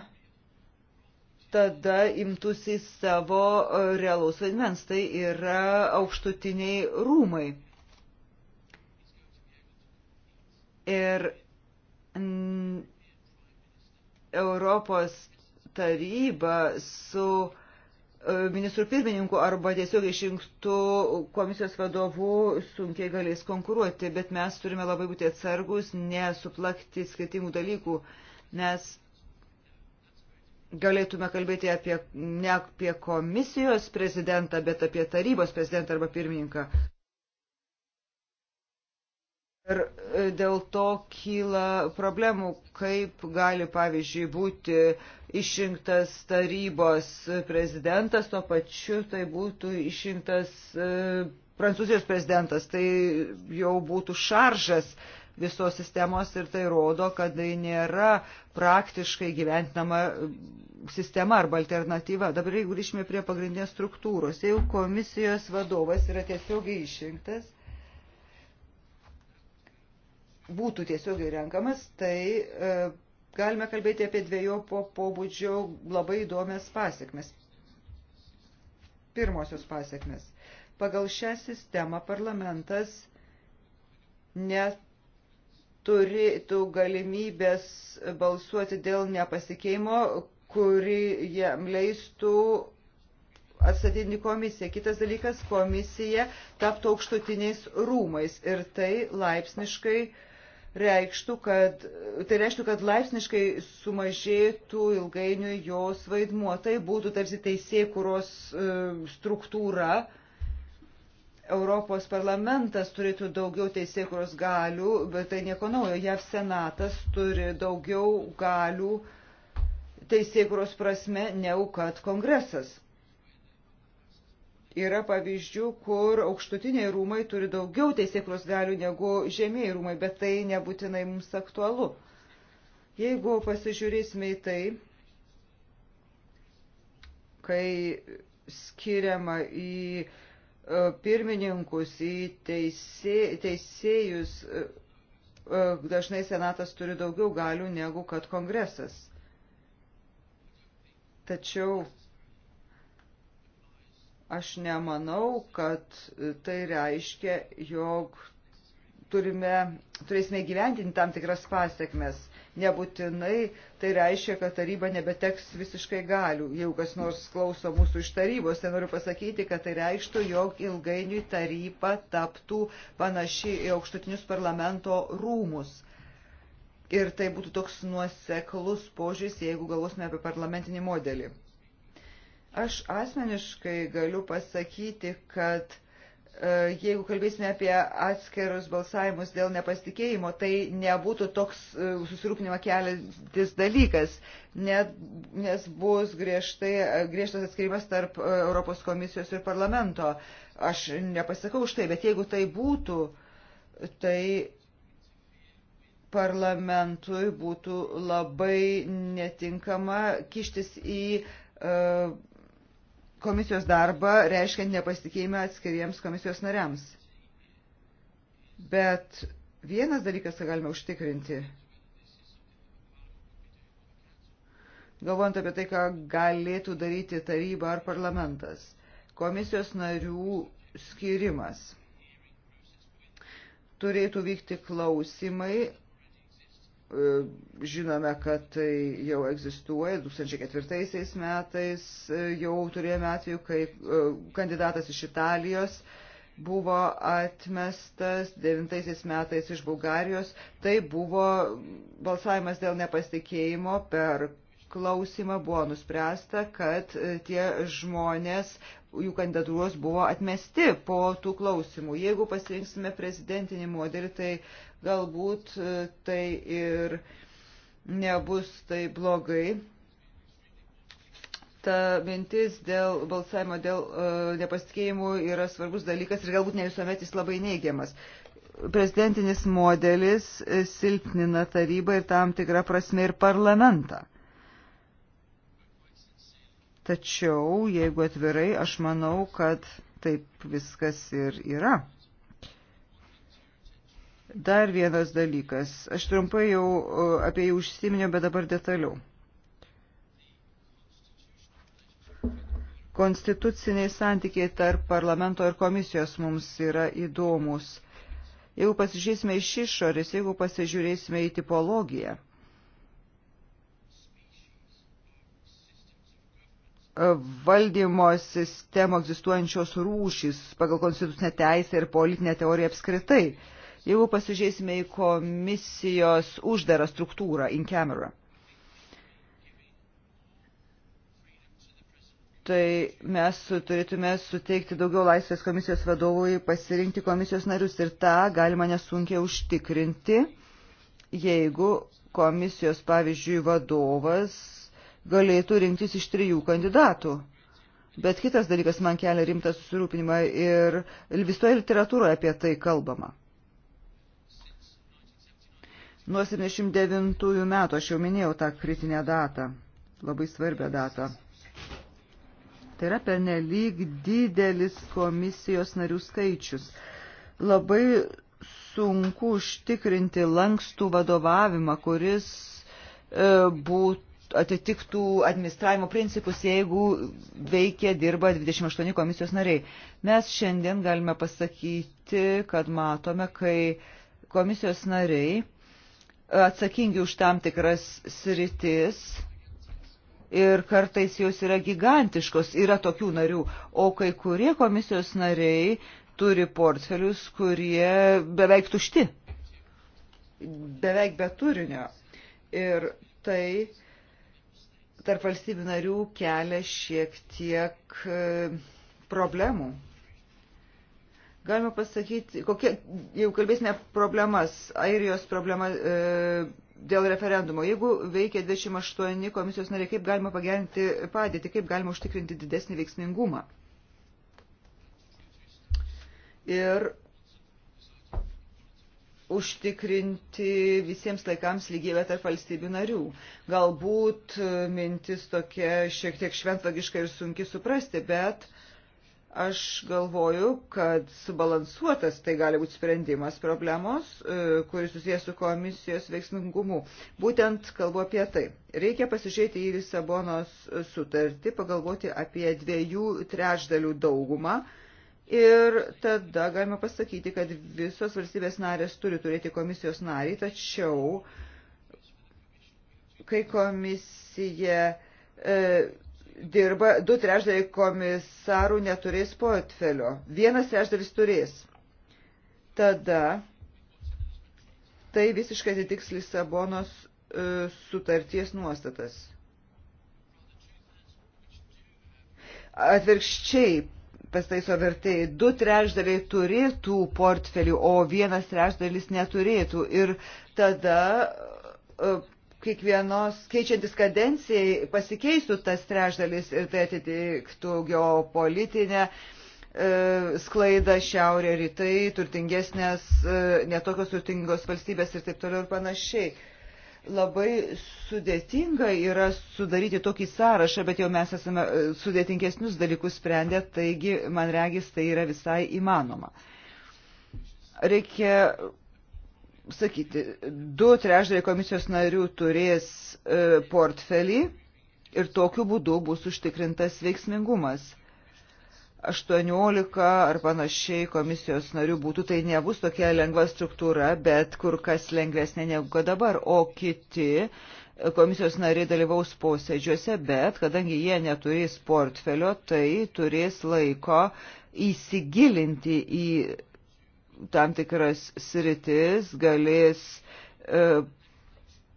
tada imtųsi savo e, realaus vaidmens, tai yra aukštutiniai rūmai Ir Europos taryba su e, ministrų pirmininku arba tiesiog išrinktų komisijos vadovu sunkiai galės konkuruoti, bet mes turime labai būti atsargus, nesuplakti skirtingų dalykų, nes galėtume kalbėti apie, ne apie komisijos prezidentą, bet apie tarybos prezidentą arba pirmininką. Ir e, dėl to kyla problemų, kaip gali, pavyzdžiui, būti išrinktas tarybos prezidentas, tuo pačiu tai būtų išrinktas e, prancūzijos prezidentas. Tai jau būtų šaržas visos sistemos ir tai rodo, kad tai nėra praktiškai gyventinama e, sistema arba alternatyva. Dabar jeigu grįžtume prie pagrindinės struktūros, jeigu komisijos vadovas yra tiesiogiai išrinktas, būtų tiesiogiai renkamas, tai e, galime kalbėti apie dviejopo pobūdžio labai įdomias pasiekmes. Pirmosios pasiekmes. Pagal šią sistemą parlamentas neturėtų galimybės balsuoti dėl nepasikeimo, kuri jam leistų atstatydinti komisiją. Kitas dalykas, komisija taptų aukštutiniais rūmais ir tai laipsniškai uh, reikštų, kad, tai reikštų, kad laipsniškai sumažėtų ilgainiui jos vaidmuo. Tai būtų tarsi teisėkuros e, struktūra. Europos parlamentas turėtų daugiau teisėkuros galių, bet tai nieko naujo. JAV senatas turi daugiau galių teisėkuros prasme, negu kad kongresas. Yra pavyzdžių, kur aukštutiniai rūmai turi daugiau teisėklos galių negu žemieji rūmai, bet tai nebūtinai mums aktualu. Jeigu pasižiūrėsime į tai, kai skiriama į e, pirmininkus, į teisė, teisėjus, e, e, dažnai senatas turi daugiau galių negu kad kongresas. Tačiau Aš nemanau, kad tai reiškia, jog turime, turėsime gyventinti tam tikras pasiekmes. Nebūtinai tai reiškia, kad taryba nebeteks visiškai galių. Jeigu kas nors klauso mūsų iš tarybos, tai noriu pasakyti, kad tai reikštų, jog ilgainiui taryba taptų panaši į aukštutinius parlamento rūmus. Ir tai būtų toks nuoseklus požiūris, jeigu galvosime apie parlamentinį modelį. Aš asmeniškai galiu pasakyti, kad e, jeigu kalbėsime apie atskirus balsavimus dėl nepasitikėjimo, tai nebūtų toks e, susirūpinimą keliantis dalykas, net, nes bus griežtai, e, griežtas atskirimas tarp Europos komisijos ir parlamento. Aš nepasakau už tai, bet jeigu tai būtų, tai parlamentui būtų labai netinkama kištis į uh, komisijos darbą, reiškiant nepasitikėjimą atskiriems komisijos nariams. Bet vienas dalykas, ką galime užtikrinti, galvojant apie tai, ką galėtų daryti taryba ar parlamentas, komisijos narių skirimas. Turėtų vykti klausimai E, žinome, kad tai jau egzistuoja. 2004 metais e, jau turėjome atveju, kai e, kandidatas iš Italijos buvo atmestas, 9 metais iš Bulgarijos. Tai buvo balsavimas dėl nepasitikėjimo per klausimą buvo nuspręsta, kad tie žmonės, jų kandidatūros buvo atmesti po tų klausimų. Jeigu pasirinksime prezidentinį modelį, tai Galbūt e, tai ir nebus tai blogai. Ta mintis dėl balsavimo, dėl uh, nepasitikėjimų yra svarbus dalykas ir galbūt ne visuomet jis labai neigiamas. Prezidentinis modelis silpnina tarybą ir tam tikrą prasme ir parlamentą. Tačiau, jeigu atvirai, aš manau, kad taip viskas ir yra. Dar vienas dalykas. Aš trumpai jau apie jį užsiminiau, bet dabar detaliau. Konstituciniai santykiai tarp parlamento ir komisijos mums yra įdomus. Jeigu pasižiūrėsime iš išorės, jeigu pasižiūrėsime į tipologiją, valdymo sistemo egzistuojančios rūšys pagal konstitucinę teisę ir politinę teoriją apskritai. Jeigu pasižiūrėsime į komisijos uždarą struktūrą in camera, tai mes turėtume suteikti daugiau laisvės komisijos vadovui pasirinkti komisijos narius ir tą galima nesunkiai užtikrinti, jeigu komisijos, pavyzdžiui, vadovas galėtų rinktis iš trijų kandidatų. Bet kitas dalykas man kelia rimtą susirūpinimą ir visoje literatūroje apie tai kalbama. Nuo 79 metų aš jau minėjau tą kritinę datą, labai svarbią datą. Tai yra pernelyg didelis komisijos narių skaičius. Labai sunku užtikrinti lankstų vadovavimą, kuris e, būt, atitiktų administravimo principus, jeigu veikia, dirba 28 komisijos nariai. Mes šiandien galime pasakyti, kad matome, kai komisijos nariai atsakingi už tam tikras sritis ir kartais jos yra gigantiškos, yra tokių narių, o kai kurie komisijos nariai turi portfelius, kurie beveik tušti, beveik be turinio. Ir tai tarp valstybių narių kelia šiek tiek e, problemų. Galima pasakyti, kokie, jau kalbėsime problemas, Airijos problema e, dėl referendumo. Jeigu veikia 28 komisijos nariai, kaip galima pagerinti padėtį, kaip galima užtikrinti didesnį veiksmingumą. Ir užtikrinti visiems laikams lygybę tarp valstybių narių. Galbūt mintis tokia šiek tiek šventvagiška ir sunki suprasti, bet Aš galvoju, kad subalansuotas tai gali būti sprendimas problemos, e, kuris susijęs su komisijos veiksmingumu. Būtent kalbu apie tai. Reikia pasižiūrėti į Lisabonos sutartį, pagalvoti apie dviejų trečdalių daugumą. Ir tada galima pasakyti, kad visos valstybės narės turi turėti komisijos narį, tačiau kai komisija e, dirba, du trešdaliai komisarų neturės portfelio, vienas trešdalis turės. Tada tai visiškai atitiks Lisabonos e, sutarties nuostatas. Atvirkščiai, pastaiso vertėjai, du trešdaliai turėtų portfelių, o vienas trešdalis neturėtų. Ir tada e, kiekvienos keičiantis kadencijai pasikeistų tas trešdalis ir tai atitiktų geopolitinę e, sklaida šiaurė rytai, turtingesnės, e, netokios turtingos valstybės ir taip toliau ir panašiai. Labai sudėtinga yra sudaryti tokį sąrašą, bet jau mes esame e, sudėtingesnius dalykus sprendę, taigi man regis tai yra visai įmanoma. Reikia sakyti, du trešdėliai komisijos narių turės e, portfelį ir tokiu būdu bus užtikrintas veiksmingumas. 18 ar panašiai komisijos narių būtų, tai nebus tokia lengva struktūra, bet kur kas lengvesnė negu dabar, o kiti e, komisijos nariai dalyvaus posėdžiuose, bet kadangi jie neturės portfelio, tai turės laiko įsigilinti į tam tikras sritis, galės e,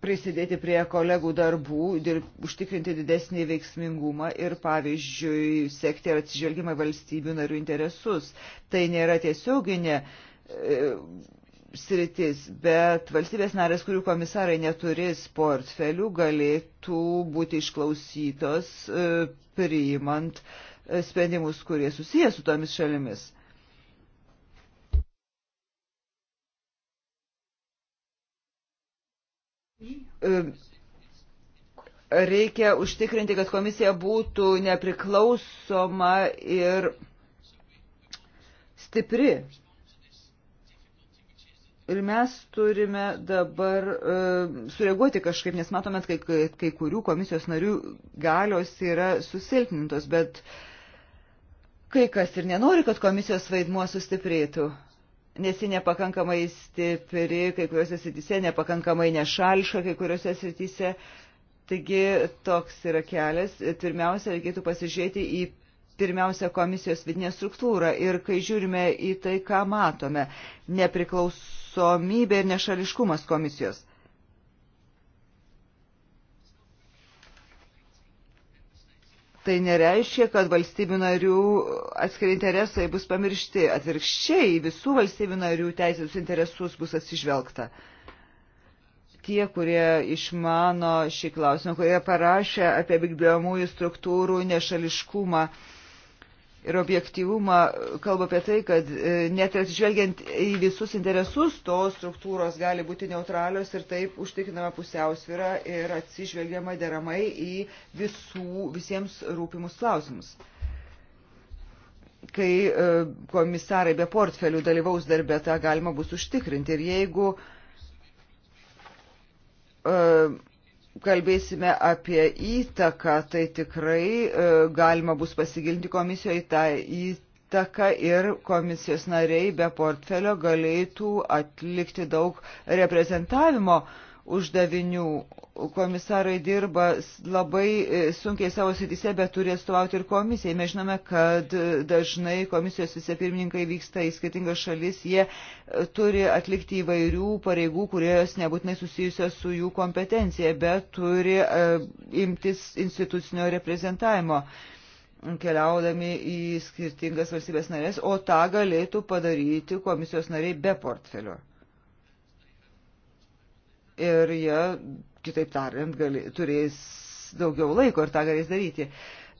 prisidėti prie kolegų darbų, dirb, užtikrinti didesnį veiksmingumą ir, pavyzdžiui, sekti ar atsižvelgimą valstybių narių interesus. Tai nėra tiesioginė. E, sritis, bet valstybės narės, kurių komisarai neturės portfelių, galėtų būti išklausytos e, priimant e, sprendimus, kurie susijęs su tomis šalimis. reikia užtikrinti, kad komisija būtų nepriklausoma ir stipri. Ir mes turime dabar uh, sureaguoti kažkaip, nes matome, kai, kai, kai kurių komisijos narių galios yra susilpnintos, bet kai kas ir nenori, kad komisijos vaidmuo sustiprėtų. Uh, nes ji nepakankamai stipri, kai kuriuose srityse nepakankamai nešališka, kai kuriuose srityse. Taigi toks yra kelias. Pirmiausia, reikėtų pasižiūrėti į pirmiausia komisijos vidinę struktūrą ir kai žiūrime į tai, ką matome, nepriklausomybė ir nešališkumas komisijos. tai nereiškia, kad valstybių narių atskiri interesai bus pamiršti. Atvirkščiai, visų valstybių narių teisės interesus bus atsižvelgta tie, kurie išmano šį klausimą, kurie parašė apie vykdomųjų struktūrų nešališkumą, ir objektivumą kalba apie tai, kad e, net ir atsižvelgiant į visus interesus, tos struktūros gali būti neutralios ir taip užtikrinama pusiausvyrą ir atsižvelgiama deramai į visų, visiems rūpimus klausimus kai e, komisarai be portfelių dalyvaus darbę, tą galima bus užtikrinti. Ir jeigu e, kalbėsime apie įtaką, tai tikrai e, galima bus pasigilinti komisijoje tą įtaką ir komisijos nariai be portfelio galėtų atlikti daug reprezentavimo uždavinių, komisarai dirba labai e, sunkiai savo sitise, bet turi atstovauti ir komisijai. Mes žinome, kad e, dažnai komisijos vicepirmininkai vyksta į skirtingas šalis, jie e, turi atlikti įvairių pareigų, kurios nebūtinai susijusios su jų kompetencija, bet turi imtis institucinio reprezentavimo keliaudami į skirtingas valstybės narės, o tą galėtų padaryti komisijos nariai be portfelio ir jie, kitaip tariant, gali, turės daugiau laiko ir tą galės daryti.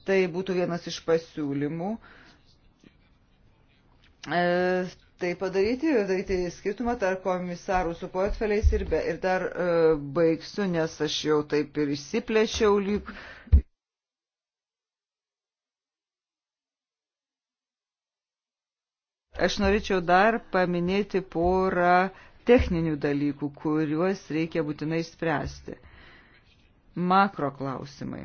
Tai būtų vienas iš pasiūlymų. E, tai padaryti ir daryti skirtumą tarp komisarų su portfeliais ir be. Ir dar e, baigsiu, nes aš jau taip ir išsiplėšiau lyg. Aš norėčiau dar paminėti porą e, techninių dalykų, kuriuos reikia būtinai spręsti. Makro klausimai.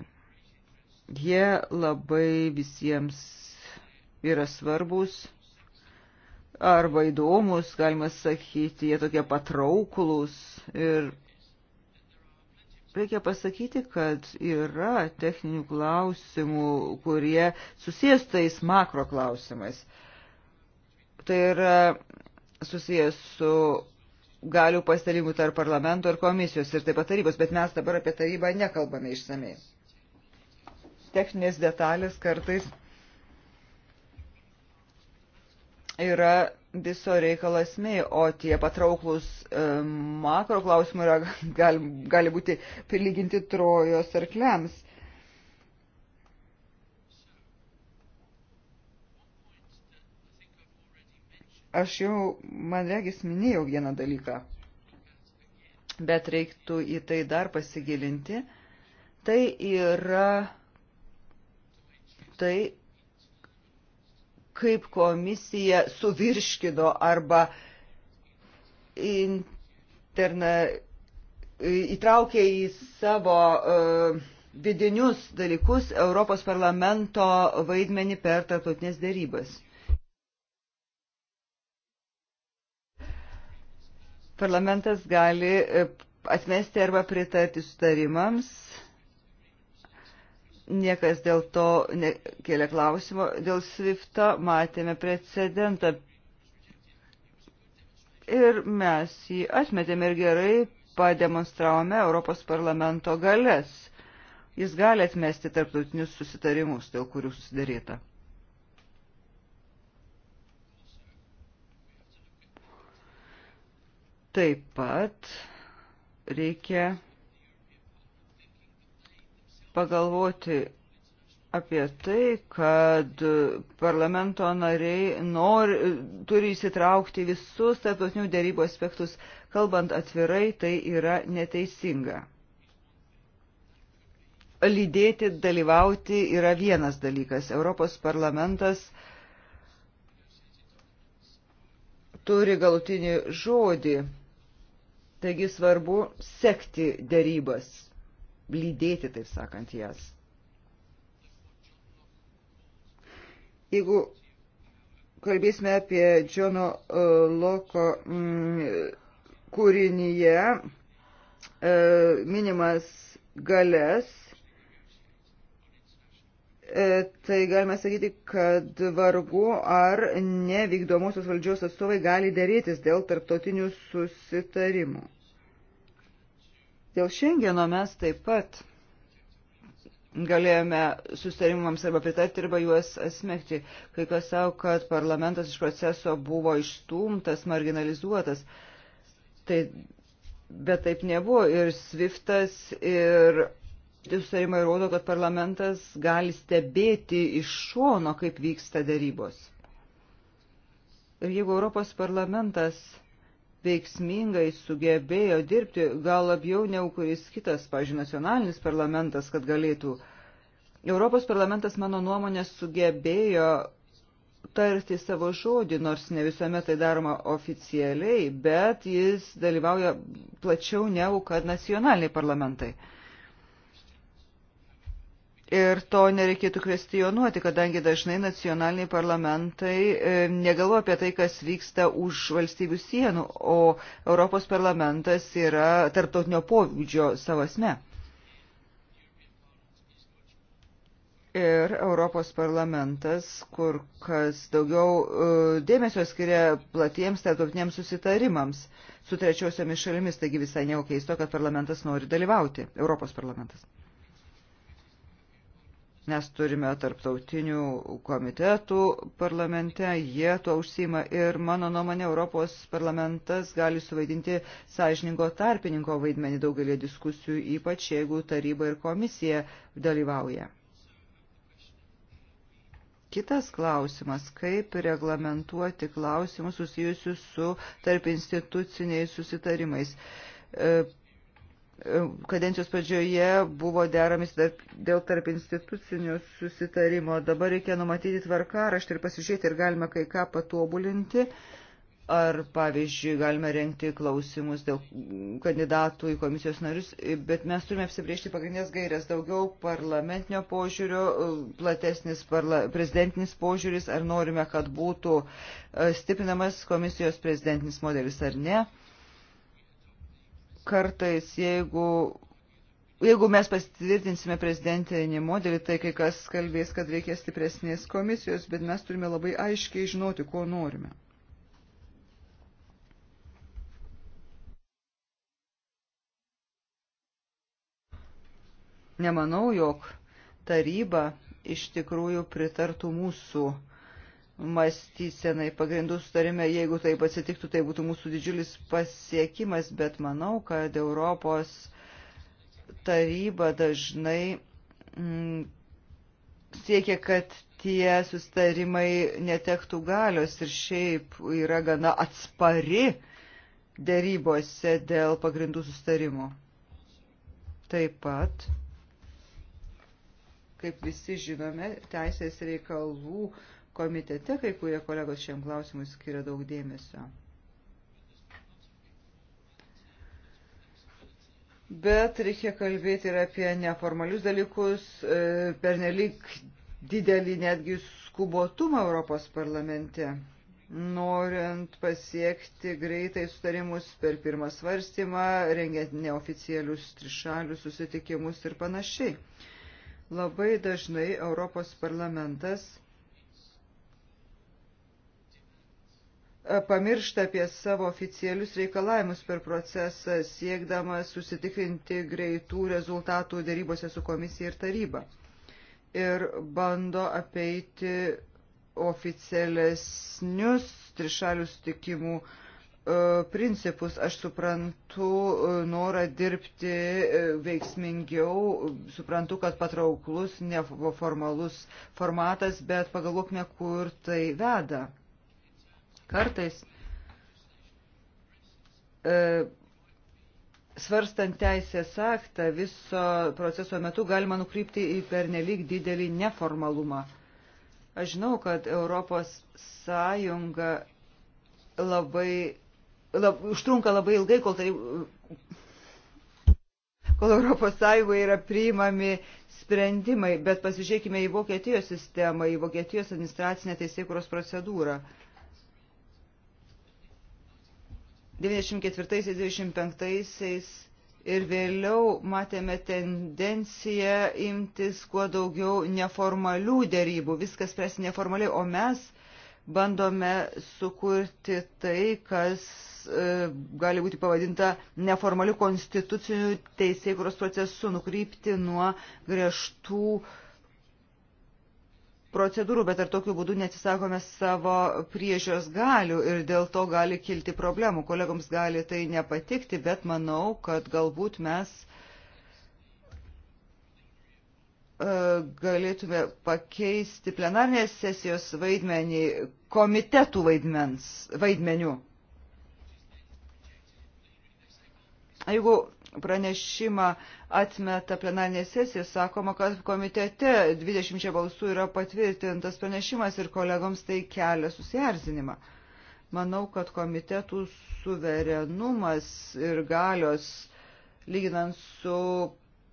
Jie labai visiems yra svarbus arba įdomus, galima sakyti, jie tokie patrauklus ir reikia pasakyti, kad yra techninių klausimų, kurie susijęs tais makro klausimais. Tai yra susijęs su galių pasidalimų tarp parlamento ir komisijos ir taip pat tarybos, bet mes dabar apie tarybą nekalbame išsamei. Techninės detalės kartais yra viso reikalo esmė, o tie patrauklus e, makro klausimai yra, gali, gali būti prilyginti trojos arkliams. Aš jau, man regis, minėjau vieną dalyką, bet reiktų į tai dar pasigilinti. Tai yra tai, kaip komisija suvirškino arba interna, įtraukė į savo uh, vidinius dalykus Europos parlamento vaidmenį per tarptautinės dėrybas. Uh, Parlamentas gali e, atmesti arba pritarti sutarimams. Niekas dėl to nekėlė klausimo. Dėl SWIFT'o matėme precedentą ir mes jį atmetėme ir gerai pademonstravome Europos parlamento galės. Jis gali atmesti tarptautinius susitarimus, dėl kurių susidaryta. Taip pat reikia pagalvoti apie tai, kad parlamento nariai nori, turi įsitraukti visus tarptautinių dėrybų aspektus. Kalbant atvirai, tai yra neteisinga. Lydėti, dalyvauti yra vienas dalykas. Europos parlamentas turi galutinį žodį Taigi svarbu sekti dėrybas, lydėti, taip sakant, jas. Jeigu kalbėsime apie Džono uh, Loko mm, kūrinyje uh, minimas galės, e, tai galime sakyti, kad vargu ar nevykdomosios valdžios atstovai gali dėrėtis dėl tarptautinių susitarimų. Dėl šiandieno mes taip pat galėjome sustarimams arba pritarti, arba juos asmekti. Kai kas savo, kad parlamentas iš proceso buvo išstumtas, marginalizuotas. Tai, bet taip nebuvo. Ir Sviftas, ir sustarimai rodo, kad parlamentas gali stebėti iš šono, kaip vyksta darybos. Ir jeigu Europos parlamentas veiksmingai sugebėjo dirbti, gal labiau negu kuris kitas, pažiūrėjau, nacionalinis parlamentas, kad galėtų. Europos parlamentas, mano nuomonė, sugebėjo tarti savo žodį, nors ne visuomet tai daroma oficialiai, bet jis dalyvauja plačiau negu kad nacionaliniai parlamentai. Ir to nereikėtų kvestionuoti, kadangi dažnai nacionaliniai parlamentai e, negalvo apie tai, kas vyksta už valstybių sienų, o Europos parlamentas yra tarptautinio pobūdžio savasme. Ir Europos parlamentas kur kas daugiau e, dėmesio skiria platiems tarptautiniams susitarimams su trečiosiomis šalimis, taigi visai neokeisto, kad parlamentas nori dalyvauti, Europos parlamentas. Mes turime tarptautinių komitetų parlamente, jie to užsima ir mano nuomonė Europos parlamentas gali suvaidinti sąžiningo tarpininko vaidmenį daugelį diskusijų, ypač jeigu taryba ir komisija dalyvauja. Kitas klausimas, kaip reglamentuoti klausimus susijusius su tarp instituciniais susitarimais. E, kadencijos pradžioje buvo deramis dėl tarp institucinių susitarimo. Dabar reikia numatyti tvarkaraštį ir pasižiūrėti, ar galima kai ką patobulinti. Ar, pavyzdžiui, galime renkti klausimus dėl kandidatų į komisijos narius, bet mes turime apsibriežti pagrindinės gairias daugiau parlamentinio požiūrio, platesnis parla, prezidentinis požiūris, ar norime, kad būtų e, stiprinamas komisijos prezidentinis modelis ar ne kartais, jeigu, jeigu mes pasitvirtinsime prezidentinį modelį, tai kai kas kalbės, kad reikia stipresnės komisijos, bet mes turime labai aiškiai žinoti, ko norime. Nemanau, jog taryba iš tikrųjų pritartų mūsų uh, mąstysenai pagrindų sutarime. Jeigu taip atsitiktų, tai būtų mūsų didžiulis pasiekimas, bet manau, kad Europos taryba dažnai mm, siekia, kad tie sustarimai netektų galios ir šiaip yra gana atspari dėrybose dėl pagrindų sustarimų. Taip pat, kaip visi žinome, teisės reikalų komitete kai kurie kolegos šiam klausimui skiria daug dėmesio. Bet reikia kalbėti ir apie neformalius dalykus, e, pernelyg didelį netgi skubotumą Europos parlamente, norint pasiekti greitai sutarimus per pirmą svarstymą, rengiant neoficialius trišalius susitikimus ir panašiai. Labai dažnai Europos parlamentas pamiršta apie savo oficialius reikalavimus per procesą, siekdama susitikrinti greitų rezultatų dėrybose su komisija ir taryba. Ir bando apeiti oficialesnius trišalių sutikimų e, principus. Aš suprantu e, norą dirbti e, veiksmingiau, suprantu, kad patrauklus, neformalus formatas, bet pagalvokime, kur tai veda. Kartais e, svarstant teisės aktą viso proceso metu galima nukrypti į pernelyg didelį neformalumą. Aš žinau, kad Europos Sąjunga labai, lab, užtrunka labai ilgai, kol tai kol Europos Sąjungoje yra priimami sprendimai, bet pasižiūrėkime į Vokietijos sistemą, į Vokietijos administracinę teisėkuros procedūrą. Uh, 94-95 ir vėliau matėme tendenciją imtis kuo daugiau neformalių dėrybų, viskas spręsti neformaliai, o mes bandome sukurti tai, kas e, gali būti pavadinta neformaliu konstituciniu teisėkuros procesu, nukrypti nuo griežtų e, procedūrų, bet ar tokiu būdu neatsisakome savo priežios galių ir dėl to gali kilti problemų. Kolegoms gali tai nepatikti, bet manau, kad galbūt mes e, galėtume pakeisti plenarnės sesijos vaidmenį komitetų vaidmens, vaidmenių. Jeigu pranešimą atmeta plenarinė sesija, sakoma, kad komitete 20 balsų yra patvirtintas pranešimas ir kolegoms tai kelia susierzinimą. Manau, kad komitetų suverenumas ir galios, lyginant su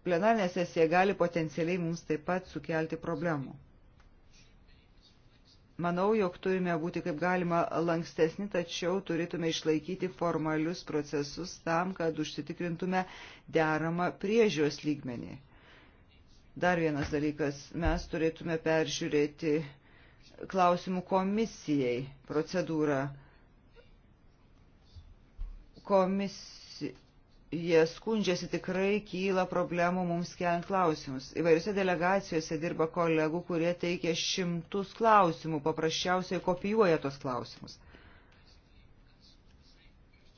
plenarinė sesija, gali potencialiai mums taip pat sukelti problemų. Manau, jog turime būti kaip galima lankstesni, tačiau turėtume išlaikyti formalius procesus tam, kad užsitikrintume deramą priežios lygmenį. Dar vienas dalykas, mes turėtume peržiūrėti klausimų komisijai procedūrą. Komis, jie skundžiasi tikrai kyla problemų mums keliant klausimus. Įvairiose delegacijose dirba kolegų, kurie teikia šimtus klausimų, paprasčiausiai kopijuoja tos klausimus.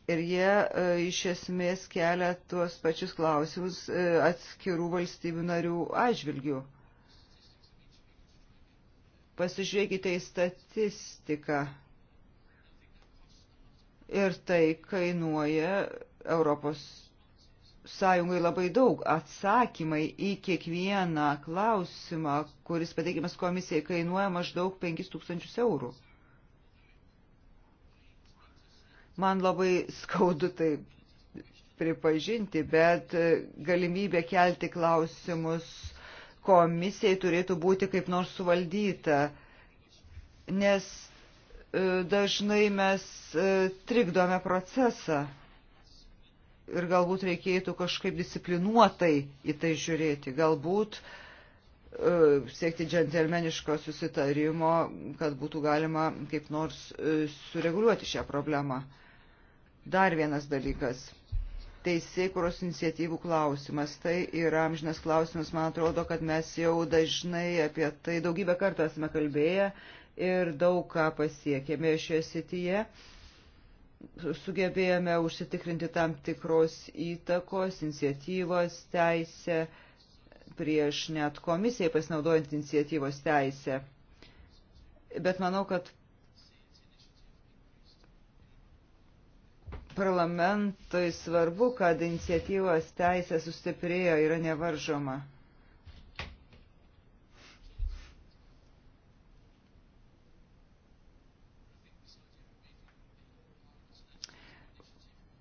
Ir jie e, iš esmės kelia tuos pačius klausimus e, atskirų valstybių narių atžvilgių. Pasižiūrėkite į statistiką. Ir tai kainuoja Europos Sąjungai labai daug atsakymai į kiekvieną klausimą, kuris pateikiamas komisijai, kainuoja maždaug 5000 eurų. Man labai skaudu tai pripažinti, bet galimybė kelti klausimus komisijai turėtų būti kaip nors suvaldyta, nes e, dažnai mes e, trikdome procesą ir galbūt reikėtų kažkaip disciplinuotai į tai žiūrėti. Galbūt e, siekti džentelmeniško susitarimo, kad būtų galima kaip nors e, sureguliuoti šią problemą. Dar vienas dalykas. Teisėkuros iniciatyvų klausimas. Tai yra amžinas klausimas. Man atrodo, kad mes jau dažnai apie tai daugybę kartų esame kalbėję ir daug ką pasiekėme šioje sityje. Uh, sugebėjome užsitikrinti tam tikros įtakos, iniciatyvos teisę, prieš net komisijai pasinaudojant iniciatyvos teisę. Bet manau, kad parlamentui svarbu, kad iniciatyvos teisė sustiprėjo, yra nevaržoma.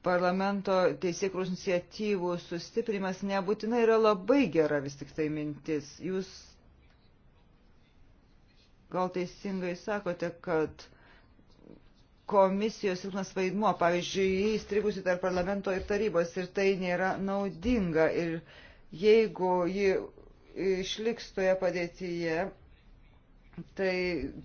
parlamento teisėkrus iniciatyvų sustiprimas nebūtinai yra labai gera vis tik tai mintis. Jūs gal teisingai sakote, kad komisijos silpnas vaidmuo, pavyzdžiui, jį įstrigusi tarp parlamento ir tarybos ir tai nėra naudinga. Ir jeigu ji išliks toje padėtyje, tai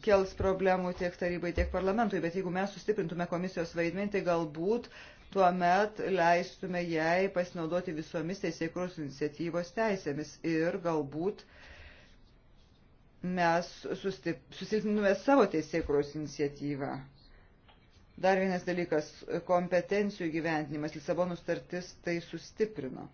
kels problemų tiek tarybai, tiek parlamentui. Bet jeigu mes sustiprintume komisijos vaidmenį, tai galbūt tuomet leistume jai pasinaudoti visomis teisėkros iniciatyvos teisėmis ir galbūt mes susilpninume savo teisėkros iniciatyvą. Dar vienas dalykas - kompetencijų gyventinimas. Lisabonų startis tai sustiprino.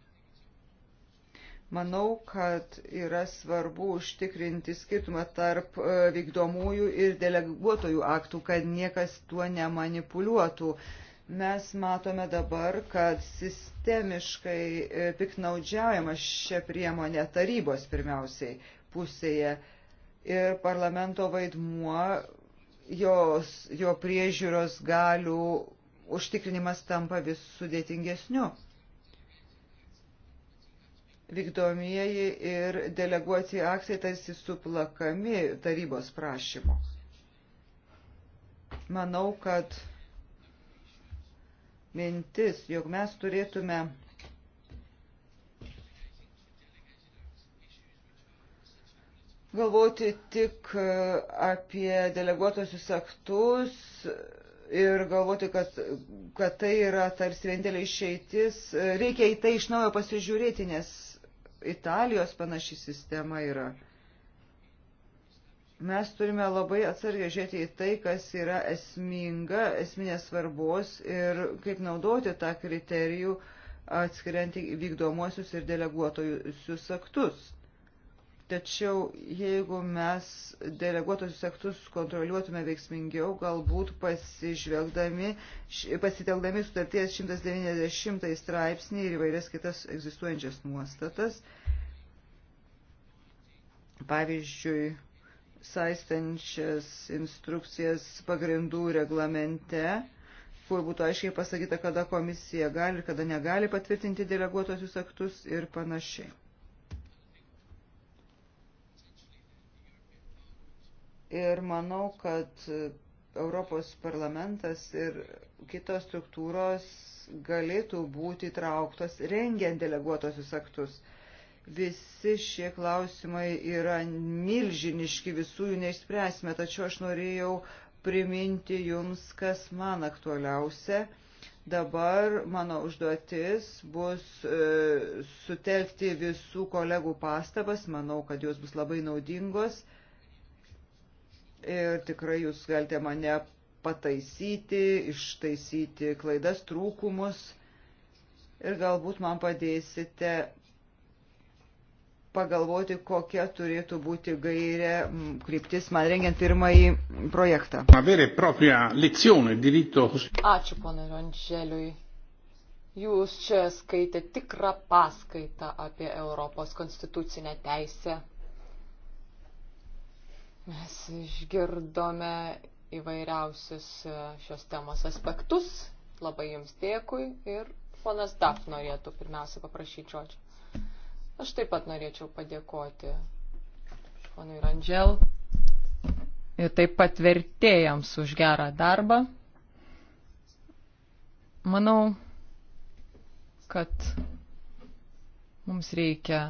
Manau, kad yra svarbu užtikrinti skirtumą tarp e, vykdomųjų ir deleguotojų aktų, kad niekas tuo nemanipuliuotų. Mes matome dabar, kad sistemiškai e, piknaudžiaujama šią priemonę tarybos pirmiausiai pusėje ir parlamento vaidmuo, jos, jo priežiūros galių užtikrinimas tampa vis sudėtingesniu vykdomieji ir deleguoti aktai tarsi suplakami tarybos prašymo. Manau, kad mintis, jog mes turėtume galvoti tik apie deleguotosius aktus ir galvoti, kad, kad tai yra tarsi vienintelė išeitis. Reikia į tai iš naujo pasižiūrėti, nes Italijos panaši sistema yra. Mes turime labai atsargiai žiūrėti į tai, kas yra esminga, esminės svarbos ir kaip naudoti tą kriterijų atskiriant vykdomuosius ir deleguotojusius aktus. Tačiau jeigu mes deleguotusius aktus kontroliuotume veiksmingiau, galbūt pasitelkdami sutarties 190 straipsnį ir įvairias kitas egzistuojančias nuostatas, pavyzdžiui, saistančias instrukcijas pagrindų reglamente, kur būtų aiškiai pasakyta, kada komisija gali ir kada negali patvirtinti deleguotosius aktus ir panašiai. Ir manau, kad Europos parlamentas ir kitos struktūros galėtų būti įtrauktos rengiant deleguotosius aktus. Visi šie klausimai yra milžiniški, visų jų neišspręsime, tačiau aš norėjau priminti jums, kas man aktualiausia. Dabar mano užduotis bus e, sutelkti visų kolegų pastabas, manau, kad jos bus labai naudingos ir tikrai jūs galite mane pataisyti, ištaisyti klaidas, trūkumus ir galbūt man padėsite pagalvoti, kokia turėtų būti gairė kryptis man rengiant pirmąjį projektą. Ačiū, ponai Rončeliui. Jūs čia skaitė tikrą paskaitą apie Europos konstitucinę teisę. Mes išgirdome įvairiausius e, šios temos aspektus. Labai jums dėkui ir ponas Daf norėtų pirmiausia paprašyti žodžio. Aš taip pat norėčiau padėkoti ponui Randžel ir taip pat vertėjams už gerą darbą. Manau, kad mums reikia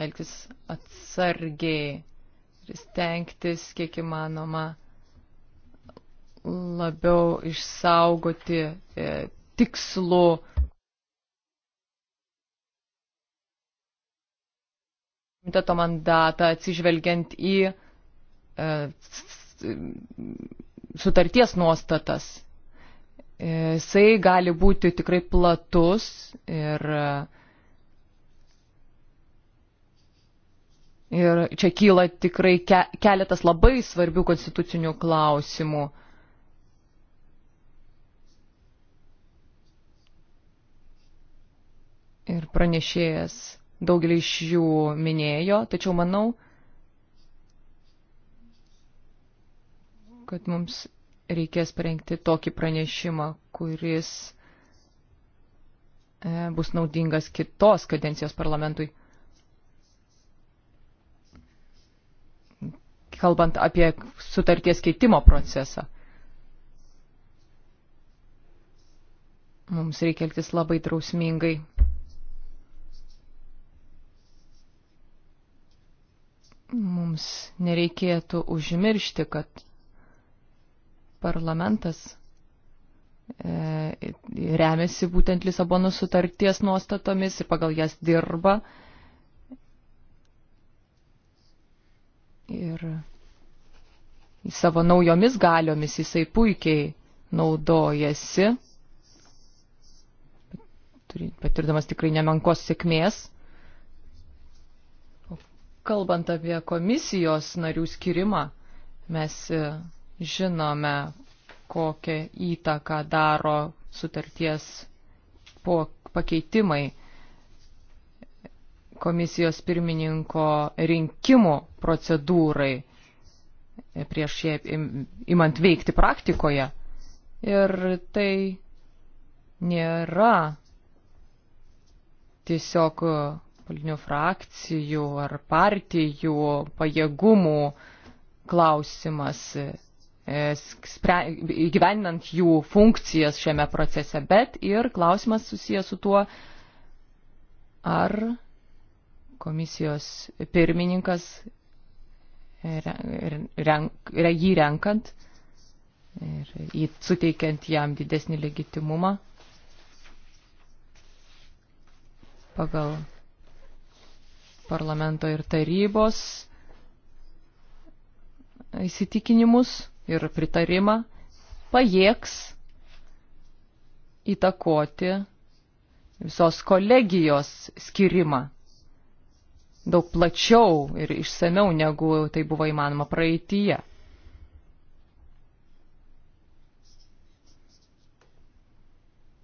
elgtis atsargiai ir stengtis, kiek įmanoma, labiau išsaugoti e, tikslų komiteto mandatą atsižvelgiant į e, sutarties nuostatas. E, jisai gali būti tikrai platus ir e, Ir čia kyla tikrai ke, keletas labai svarbių konstitucinių klausimų. Ir pranešėjas daugelį iš jų minėjo, tačiau manau, kad mums reikės parengti tokį pranešimą, kuris e, bus naudingas kitos kadencijos parlamentui. Kalbant apie sutarties keitimo procesą. Mums reikia elgtis labai drausmingai. mums nereikėtų užmiršti, kad parlamentas e, remiasi būtent Lisabonos sutarties nuostatomis ir pagal jas dirba. Ir savo naujomis galiomis jisai puikiai naudojasi, patirdamas tikrai nemenkos sėkmės. Kalbant apie komisijos narių skirimą, mes e, žinome, kokią įtaką daro sutarties po pakeitimai komisijos pirmininko rinkimų procedūrai e, prieš jie imant veikti praktikoje. Ir tai nėra tiesiog politinių frakcijų ar partijų pajėgumų klausimas, e, gyveninant jų funkcijas šiame procese, bet ir klausimas susijęs su tuo, ar komisijos pirmininkas renk, jį renkant ir jį suteikiant jam didesnį legitimumą pagal parlamento ir tarybos įsitikinimus ir pritarimą pajėgs įtakoti visos kolegijos skirimą daug plačiau ir išsameu, negu tai buvo įmanoma praeityje.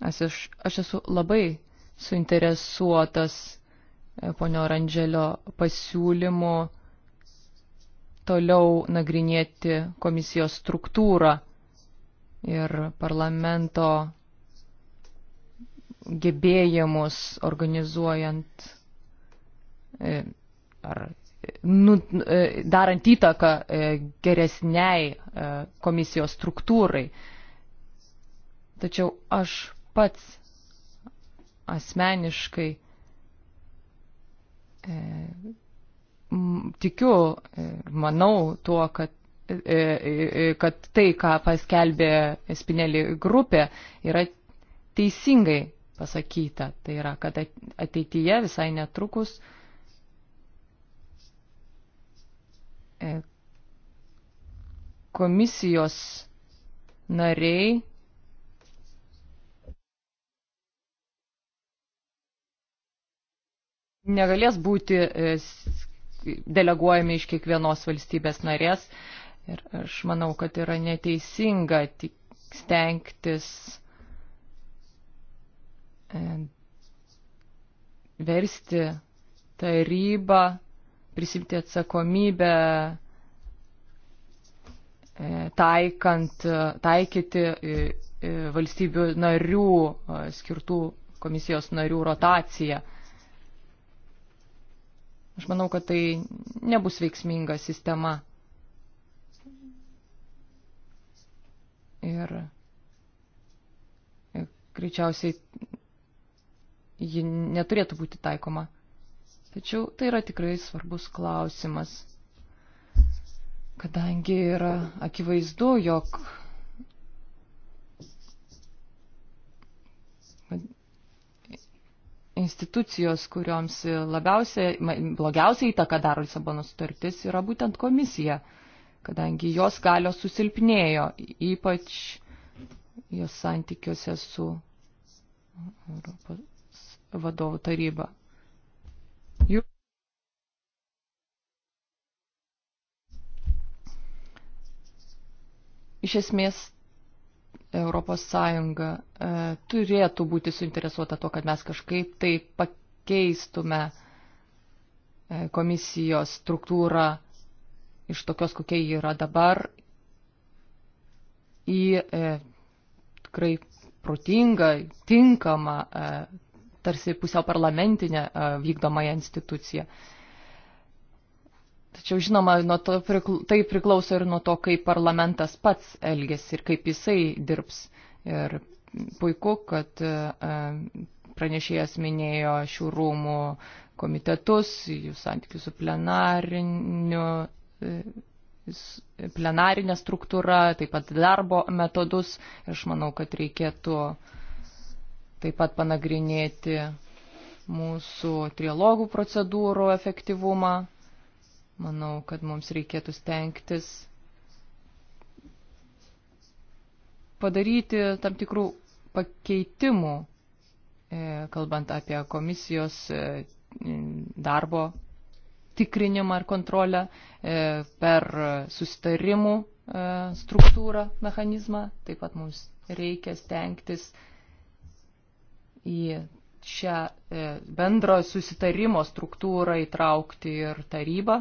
Aš, aš esu labai suinteresuotas E, ponio Randželio pasiūlymu toliau nagrinėti komisijos struktūrą ir parlamento gebėjimus organizuojant e, ar nu, e, darant įtaką geresniai komisijos struktūrai. Tačiau aš pats asmeniškai E, tikiu, e, manau tuo, kad e, kad tai, ką paskelbė Spinelį grupė, yra teisingai pasakyta. Tai yra, kad ateityje visai netrukus komisijos nariai negalės būti e, deleguojami iš kiekvienos valstybės narės. Ir aš manau, kad yra neteisinga stengtis e, versti tarybą, prisimti atsakomybę, e, taikant, taikyti valstybių narių skirtų komisijos narių rotaciją. Aš manau, kad tai nebus veiksminga sistema. Ir greičiausiai ji neturėtų būti taikoma. Tačiau tai yra tikrai svarbus klausimas, kadangi yra akivaizdu, jog institucijos, kurioms labiausiai, blogiausiai įtaką daro Lisabono sutartis, yra būtent komisija, kadangi jos galios susilpnėjo, ypač jos santykiuose su Europos vadovų taryba. Jų... Iš esmės Europos Sąjunga e, turėtų būti suinteresuota to, kad mes kažkaip tai pakeistume e, komisijos struktūrą iš tokios, kokia ji yra dabar, į e, tikrai protingą, tinkamą, e, tarsi pusiau parlamentinę e, vykdomąją instituciją. E, Tačiau, žinoma, nuo to prikl tai priklauso ir nuo to, kaip parlamentas pats elgesi ir kaip jisai dirbs. Ir puiku, kad e, pranešėjas minėjo šių rūmų komitetus, jų santykių su plenariniu e, plenarinė struktūra, taip pat darbo metodus. Ir aš manau, kad reikėtų taip pat panagrinėti mūsų trialogų procedūrų efektyvumą Manau, kad mums reikėtų stengtis padaryti tam tikrų pakeitimų, e, kalbant apie komisijos e, darbo tikrinimą ir kontrolę e, per sustarimų struktūrą, mechanizmą. Taip pat mums reikia stengtis į šią bendro susitarimo struktūrą įtraukti ir tarybą.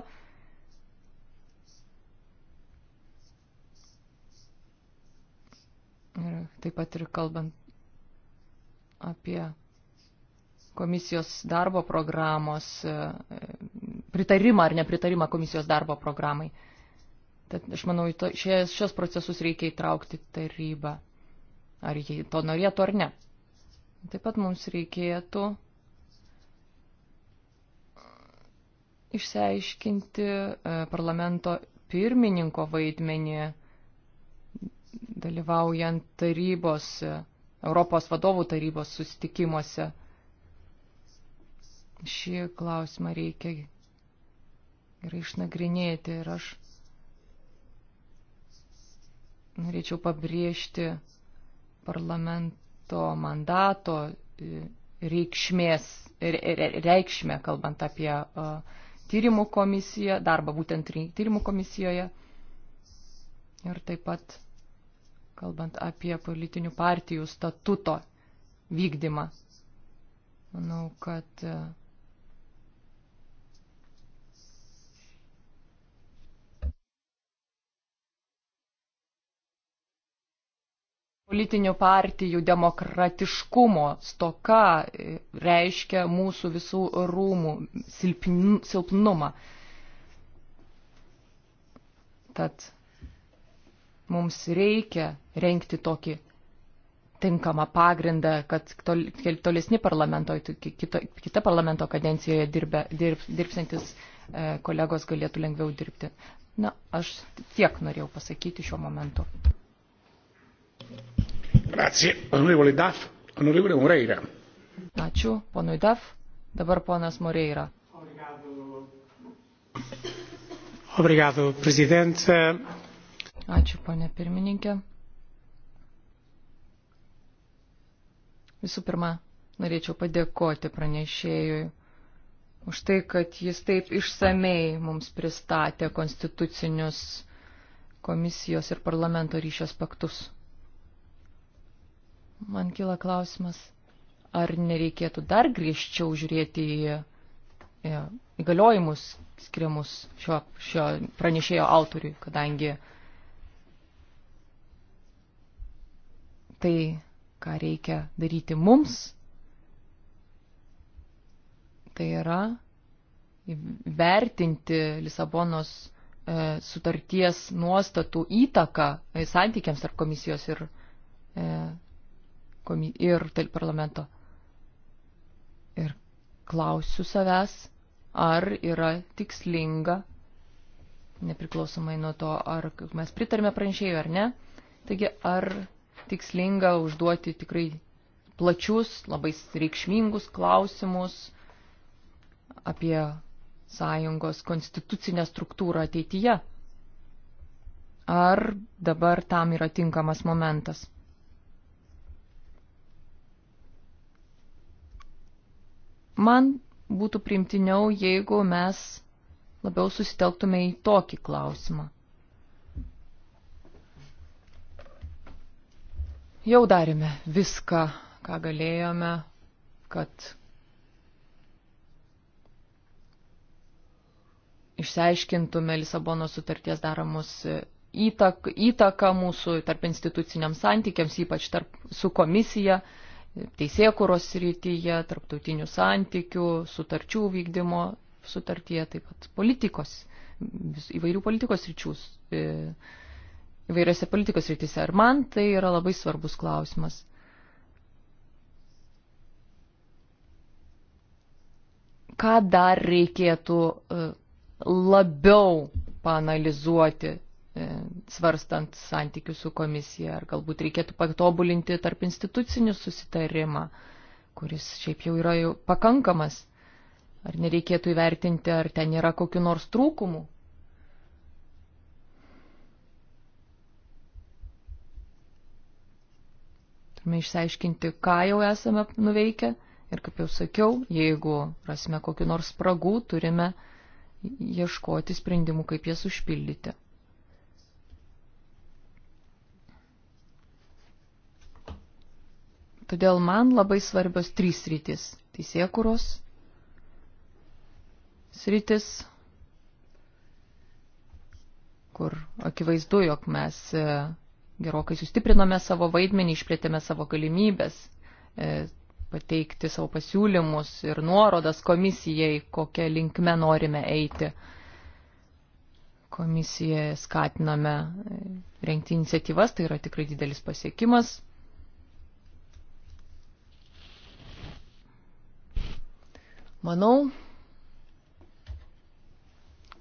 Ir taip pat ir kalbant apie komisijos darbo programos, e, pritarimą ar nepritarimą komisijos darbo programai. Tad aš manau, šios, šios procesus reikia įtraukti tarybą, ar jie to norėtų ar ne. Taip pat mums reikėtų išsiaiškinti e, parlamento pirmininko vaidmenį dalyvaujant tarybos, Europos vadovų tarybos susitikimuose. Šį klausimą reikia gerai išnagrinėti ir aš norėčiau pabrėžti parlamento mandato e, reikšmės, reikšmę, kalbant apie e, tyrimų komisiją, darbą būtent tyrimų komisijoje. Ir taip pat kalbant apie politinių partijų statuto vykdymą. Manau, kad e, politinių partijų demokratiškumo stoka e, reiškia mūsų visų rūmų silpnumą. Tad mums reikia renkti tokį tinkamą pagrindą, kad tolesni parlamento, kita, kita parlamento kadencijoje dirbę, dirb, dirbsantis e, kolegos galėtų lengviau dirbti. Na, aš tiek norėjau pasakyti šiuo momentu. Grazie, onorevole Daf, onorevole Moreira. Ačiū, ponui Daf. Dabar ponas Moreira. Obrigado, Obrigado presidente. Ačiū, ponė pirmininkė. Visų pirma, norėčiau padėkoti pranešėjui už tai, kad jis taip išsamei mums pristatė konstitucinius komisijos ir parlamento ryšio aspektus. Man kyla klausimas, ar nereikėtų dar griežčiau žiūrėti į įgaliojimus skiriamus šio, šio pranešėjo autoriui, kadangi tai, ką reikia daryti mums, tai yra vertinti Lisabonos e, sutarties nuostatų įtaką e, santykiams tarp komisijos ir, e, ir tarp parlamento. Ir klausiu savęs, ar yra tikslinga, nepriklausomai nuo to, ar mes pritarime pranešėjui ar ne. Taigi, ar tikslinga užduoti tikrai plačius, labai reikšmingus klausimus apie sąjungos konstitucinę struktūrą ateityje. Ar dabar tam yra tinkamas momentas? Man būtų primtiniau, jeigu mes labiau susitelktume į tokį klausimą. Jau darėme viską, ką galėjome, kad išsiaiškintume Lisabono sutarties daromus įtak, įtaką mūsų tarp instituciniams santykiams, ypač tarp, su komisija, teisėkuros rytyje, tarptautinių santykių, sutarčių vykdymo sutartyje, taip pat politikos, įvairių politikos ryčių. E, įvairiose politikos rytise. Ir man tai yra labai svarbus klausimas. Ką dar reikėtų e, labiau panalizuoti, e, svarstant santykių su komisija, ar galbūt reikėtų patobulinti tarp institucinių susitarimą, kuris šiaip jau yra jau pakankamas, ar nereikėtų įvertinti, ar ten yra kokiu nors trūkumu, turime išsiaiškinti, ką jau esame nuveikę ir, kaip jau sakiau, jeigu rasime kokiu nors spragų, turime ieškoti sprendimų, kaip jas užpildyti. Todėl man labai svarbios trys rytis - teisėkuros sritis, kur akivaizdu, jog mes e, gerokai sustiprinome savo vaidmenį, išplėtėme savo galimybės e, pateikti savo pasiūlymus ir nuorodas komisijai, kokią linkme norime eiti. Komisiją skatiname e, renkti iniciatyvas, tai yra tikrai didelis pasiekimas. Manau,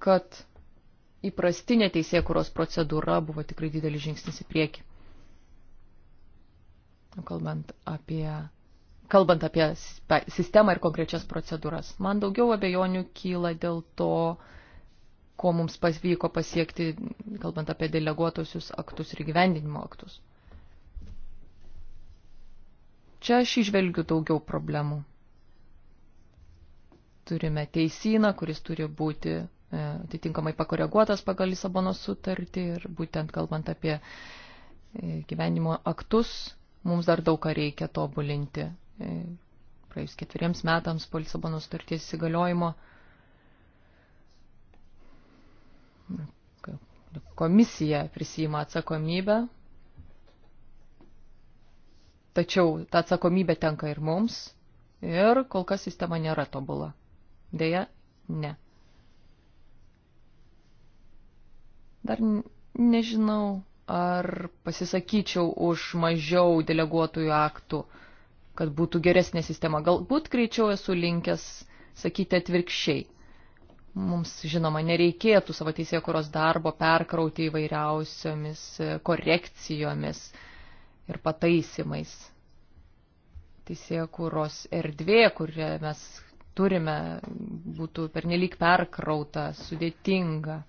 kad įprastinė teisėkuros procedūra buvo tikrai didelis žingsnis į priekį. Nu, kalbant apie, kalbant apie sistemą ir konkrečias procedūras, man daugiau abejonių kyla dėl to, ko mums pavyko pasiekti, kalbant apie deleguotusius aktus ir gyvendinimo aktus. Čia aš išvelgiu daugiau problemų. Turime teisyną, kuris turi būti E, atitinkamai pakoreguotas pagal Lisabonos sutartį ir būtent kalbant apie e, gyvenimo aktus, mums dar daug ką reikia tobulinti. E, praėjus ketveriems metams po Lisabonos sutarties įsigaliojimo komisija prisima atsakomybę, tačiau ta atsakomybė tenka ir mums ir kol kas sistema nėra tobula. Deja, ne. Dar nežinau, ar pasisakyčiau už mažiau deleguotųjų aktų, kad būtų geresnė sistema. Galbūt greičiau esu linkęs sakyti atvirkščiai. Mums, žinoma, nereikėtų savo teisėkuros darbo perkrauti įvairiausiomis korekcijomis ir pataisimais. Teisėkuros erdvė, kurią mes turime, būtų pernelyg perkrauta, sudėtinga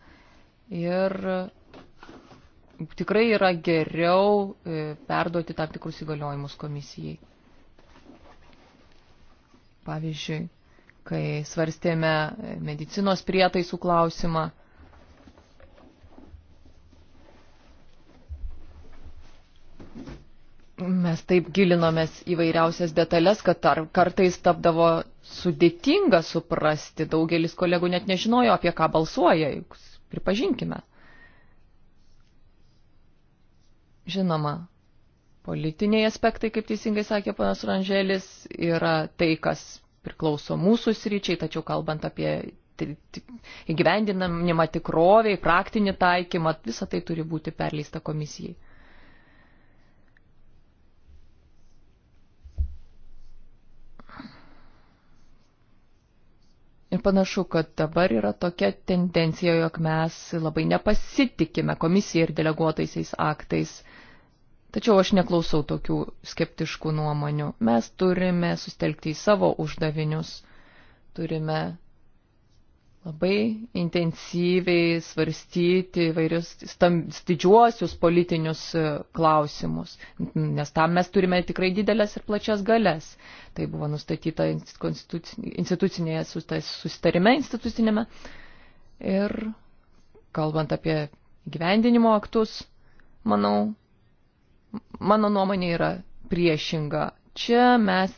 ir e, tikrai yra geriau e, perduoti tam tikrus įgaliojimus komisijai. Pavyzdžiui, kai svarstėme e, medicinos prietaisų klausimą, mes taip gilinomės įvairiausias detalės, kad tar, kartais tapdavo sudėtinga suprasti. Daugelis kolegų net nežinojo, apie ką balsuoja, Pripažinkime. Žinoma, politiniai aspektai, kaip teisingai sakė panas Ranželis, yra tai, kas priklauso mūsų sryčiai, tačiau kalbant apie įgyvendinamą tikrovę, praktinį taikymą, visa tai turi būti perleista komisijai. Ir panašu, kad dabar yra tokia tendencija, jog mes labai nepasitikime komisija ir deleguotaisiais aktais. Tačiau aš neklausau tokių skeptiškų nuomonių. Mes turime sustelkti į savo uždavinius, turime labai intensyviai svarstyti vairius didžiuosius politinius e, klausimus, nes tam mes turime tikrai didelės ir plačias galės. Tai buvo nustatyta institucinėje sustarime institucinėme. Ir kalbant apie gyvendinimo aktus, manau, mano nuomonė yra priešinga. Čia mes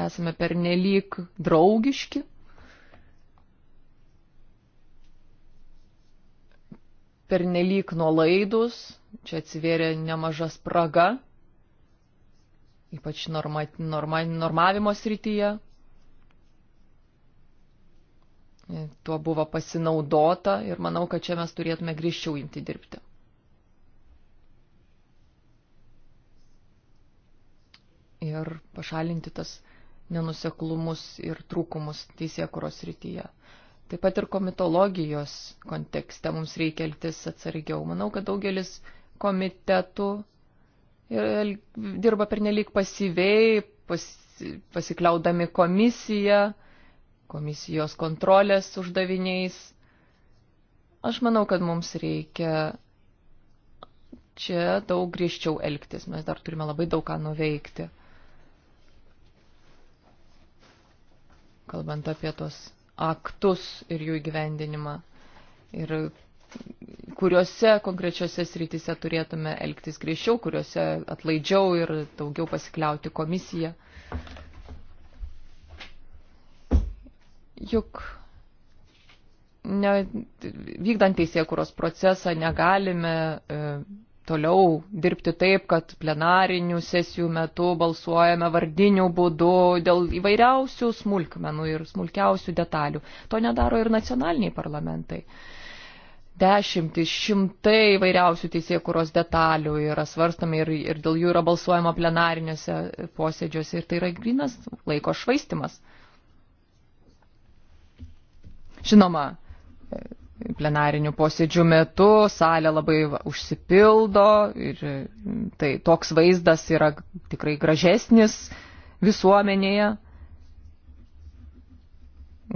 esame pernelyg draugiški pernelyg nuolaidus, čia atsivėrė nemaža spraga, ypač norma, norma, normavimo srityje. Tuo buvo pasinaudota ir manau, kad čia mes turėtume grįžčiau imti dirbti. Ir pašalinti tas nenuseklumus ir trūkumus teisėkuros srityje. Taip pat ir komitologijos kontekste mums reikia elgtis atsargiau. Manau, kad daugelis komitetų dirba pernelyg pasyviai, pas, pasikliaudami komisiją, komisijos kontrolės uždaviniais. Aš manau, kad mums reikia čia daug griežčiau elgtis. Mes dar turime labai daug ką nuveikti. Kalbant apie tos aktus ir jų įgyvendinimą. Ir kuriuose konkrečiose srityse turėtume elgtis greičiau, kuriuose atlaidžiau ir daugiau pasikliauti komisiją. Juk ne, vykdant teisėkuros procesą negalime e, toliau dirbti taip, kad plenarinių sesijų metu balsuojame vardiniu būdu dėl įvairiausių smulkmenų ir smulkiausių detalių. To nedaro ir nacionaliniai parlamentai. Dešimtis, šimtai įvairiausių teisėkuros detalių yra svarstami ir, ir dėl jų yra balsuojama plenariniuose posėdžiuose ir tai yra grinas laiko švaistimas. Žinoma, plenarinių posėdžių metu salė labai užsipildo ir tai toks vaizdas yra tikrai gražesnis visuomenėje.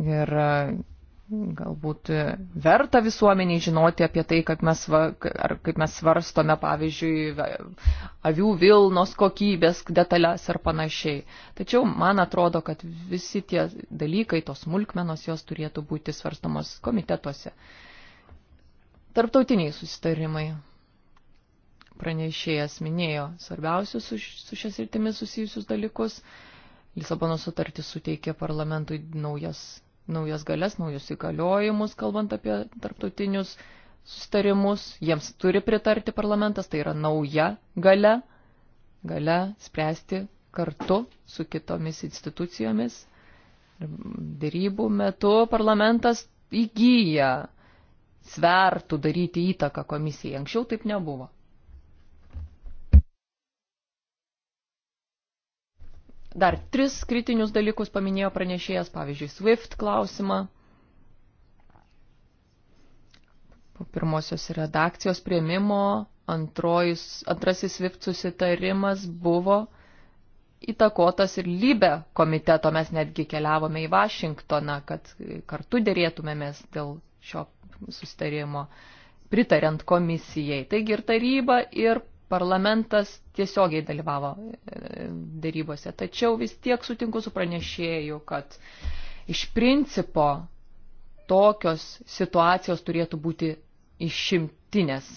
Ir galbūt e, verta visuomeniai žinoti apie tai, kad mes, va, ar, kaip mes svarstome, pavyzdžiui, avių vilnos kokybės detalės ar panašiai. Tačiau man atrodo, kad visi tie dalykai, tos smulkmenos, jos turėtų būti svarstamos komitetuose. Tarptautiniai susitarimai. Pranešėjas minėjo svarbiausius su, su šias rytimis susijusius dalykus. Lisabono sutartis suteikė parlamentui naujas naujas galės, naujus įgaliojimus, kalbant apie tarptautinius sustarimus. Jiems turi pritarti parlamentas, tai yra nauja gale, gale spręsti kartu su kitomis institucijomis. Dėrybų metu parlamentas įgyja svertų daryti įtaką komisijai. Anksčiau taip nebuvo. Dar tris kritinius dalykus paminėjo pranešėjas, pavyzdžiui, SWIFT klausimą. Po pirmosios redakcijos prieimimo antrojus, antrasis SWIFT susitarimas buvo įtakotas ir lybe komiteto. Mes netgi keliavome į Vašingtoną, kad kartu dėrėtumėmės dėl šio susitarimo pritariant komisijai. Taigi ir taryba, ir parlamentas tiesiogiai dalyvavo e, darybose. Tačiau vis tiek sutinku su pranešėju, kad iš principo tokios situacijos turėtų būti išimtinės.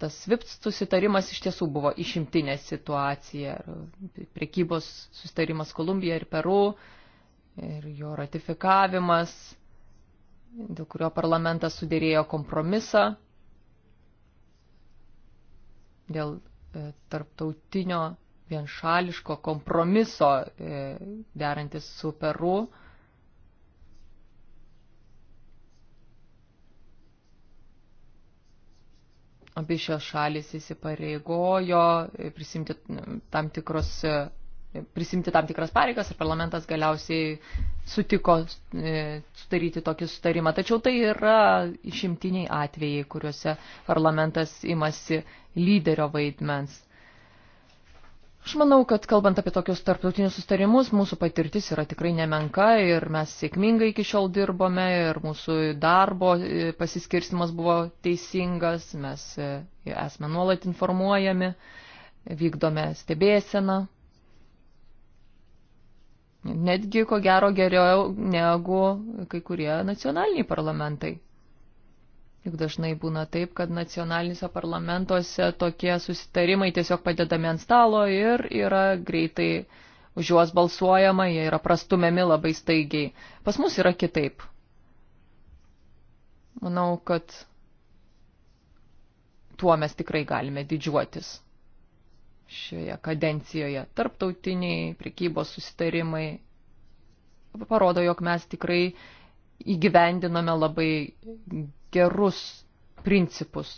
Tas SWIFT susitarimas iš tiesų buvo išimtinė situacija. Prekybos susitarimas Kolumbija ir Peru ir jo ratifikavimas, dėl kurio parlamentas sudėrėjo kompromisą dėl e, tarptautinio vienšališko kompromiso e, derantis su Peru. Abi šios šalis įsipareigojo e, prisimti tam tikros prisimti tam tikras pareigas ir parlamentas galiausiai sutiko e, sudaryti tokį sutarimą. Tačiau tai yra išimtiniai atvejai, kuriuose parlamentas imasi lyderio vaidmens. Aš manau, kad kalbant apie tokius tarptautinius sustarimus, mūsų patirtis yra tikrai nemenka ir mes sėkmingai iki šiol dirbome ir mūsų darbo e, pasiskirstimas buvo teisingas, mes e, esame nuolat informuojami, vykdome stebėseną Netgi, ko gero, geriau negu kai kurie nacionaliniai parlamentai. Juk dažnai būna taip, kad nacionaliniuose parlamentuose tokie susitarimai tiesiog padedami ant stalo ir yra greitai už juos balsuojama, jie yra prastumiami labai staigiai. Pas mus yra kitaip. Manau, kad tuo mes tikrai galime didžiuotis šioje kadencijoje. Tarptautiniai prekybos susitarimai parodo, jog mes tikrai įgyvendinome labai gerus principus.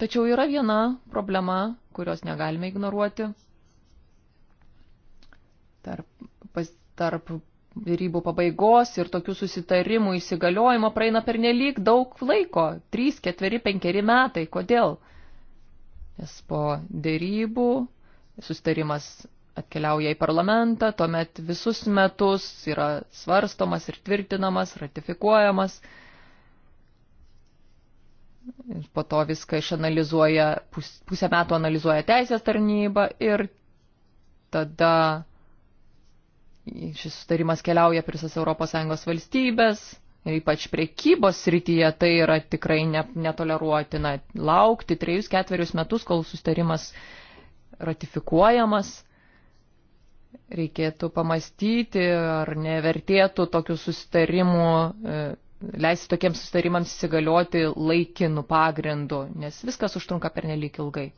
Tačiau yra viena problema, kurios negalime ignoruoti. Tarp, pas, tarp rybų pabaigos ir tokių susitarimų įsigaliojimo praeina per nelik daug laiko - 3, 4, 5 metai. Kodėl? Nes po dėrybų susitarimas atkeliauja į parlamentą, tuomet visus metus yra svarstomas ir tvirtinamas, ratifikuojamas. Ir po to viską išanalizuoja, pus, pusę metų analizuoja teisės tarnyba ir tada šis sutarimas keliauja per visas ES valstybės, ypač priekybos srityje tai yra tikrai ne, netoleruotina. Laukti trejus ketverius metus, kol sustarimas ratifikuojamas, reikėtų pamastyti, ar nevertėtų tokių sustarimų, e, leisti tokiems sustarimams įsigalioti laikinų pagrindų, nes viskas užtrunka per nelik ilgai.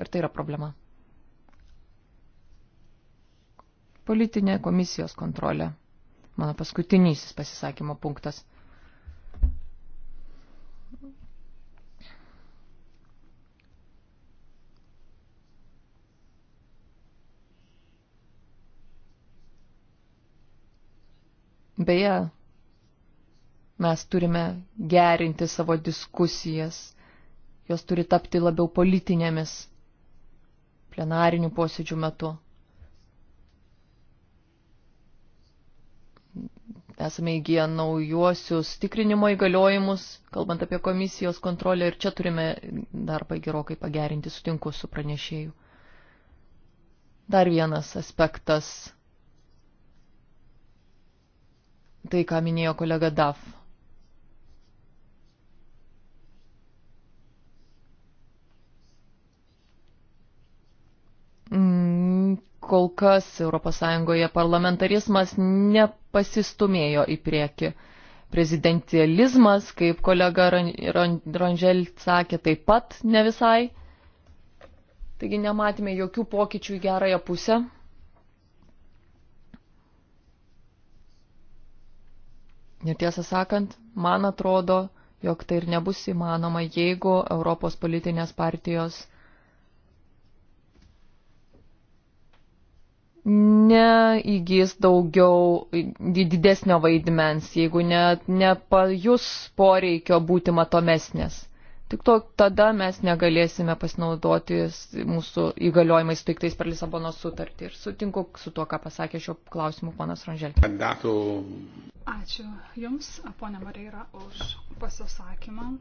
Ir tai yra problema. politinė komisijos kontrolė. Mano paskutinysis pasisakymo punktas. Beje, mes turime gerinti savo diskusijas, jos turi tapti labiau politinėmis plenarinių posėdžių metu. Esame įgyję naujuosius tikrinimo įgaliojimus, kalbant apie komisijos kontrolę ir čia turime darbą gerokai pagerinti, sutinku su pranešėju. Dar vienas aspektas. Tai, ką minėjo kolega Daf. Mm, kol kas ES parlamentarizmas ne pasistumėjo į priekį. Prezidentializmas, kaip kolega Ronžel sakė, taip pat ne visai. Taigi nematėme jokių pokyčių į gerąją pusę. Ir tiesą sakant, man atrodo, jog tai ir nebus įmanoma, jeigu Europos politinės partijos neįgys daugiau didesnio vaidmens, jeigu ne, nepajus poreikio būti matomesnės. Tik to tada mes negalėsime pasinaudoti mūsų įgaliojimais suteiktais per Lisabonos sutartį. Ir sutinku su tuo, ką pasakė šio klausimu ponas Ranželė. Ačiū Jums, ponė Mareira, už pasisakymą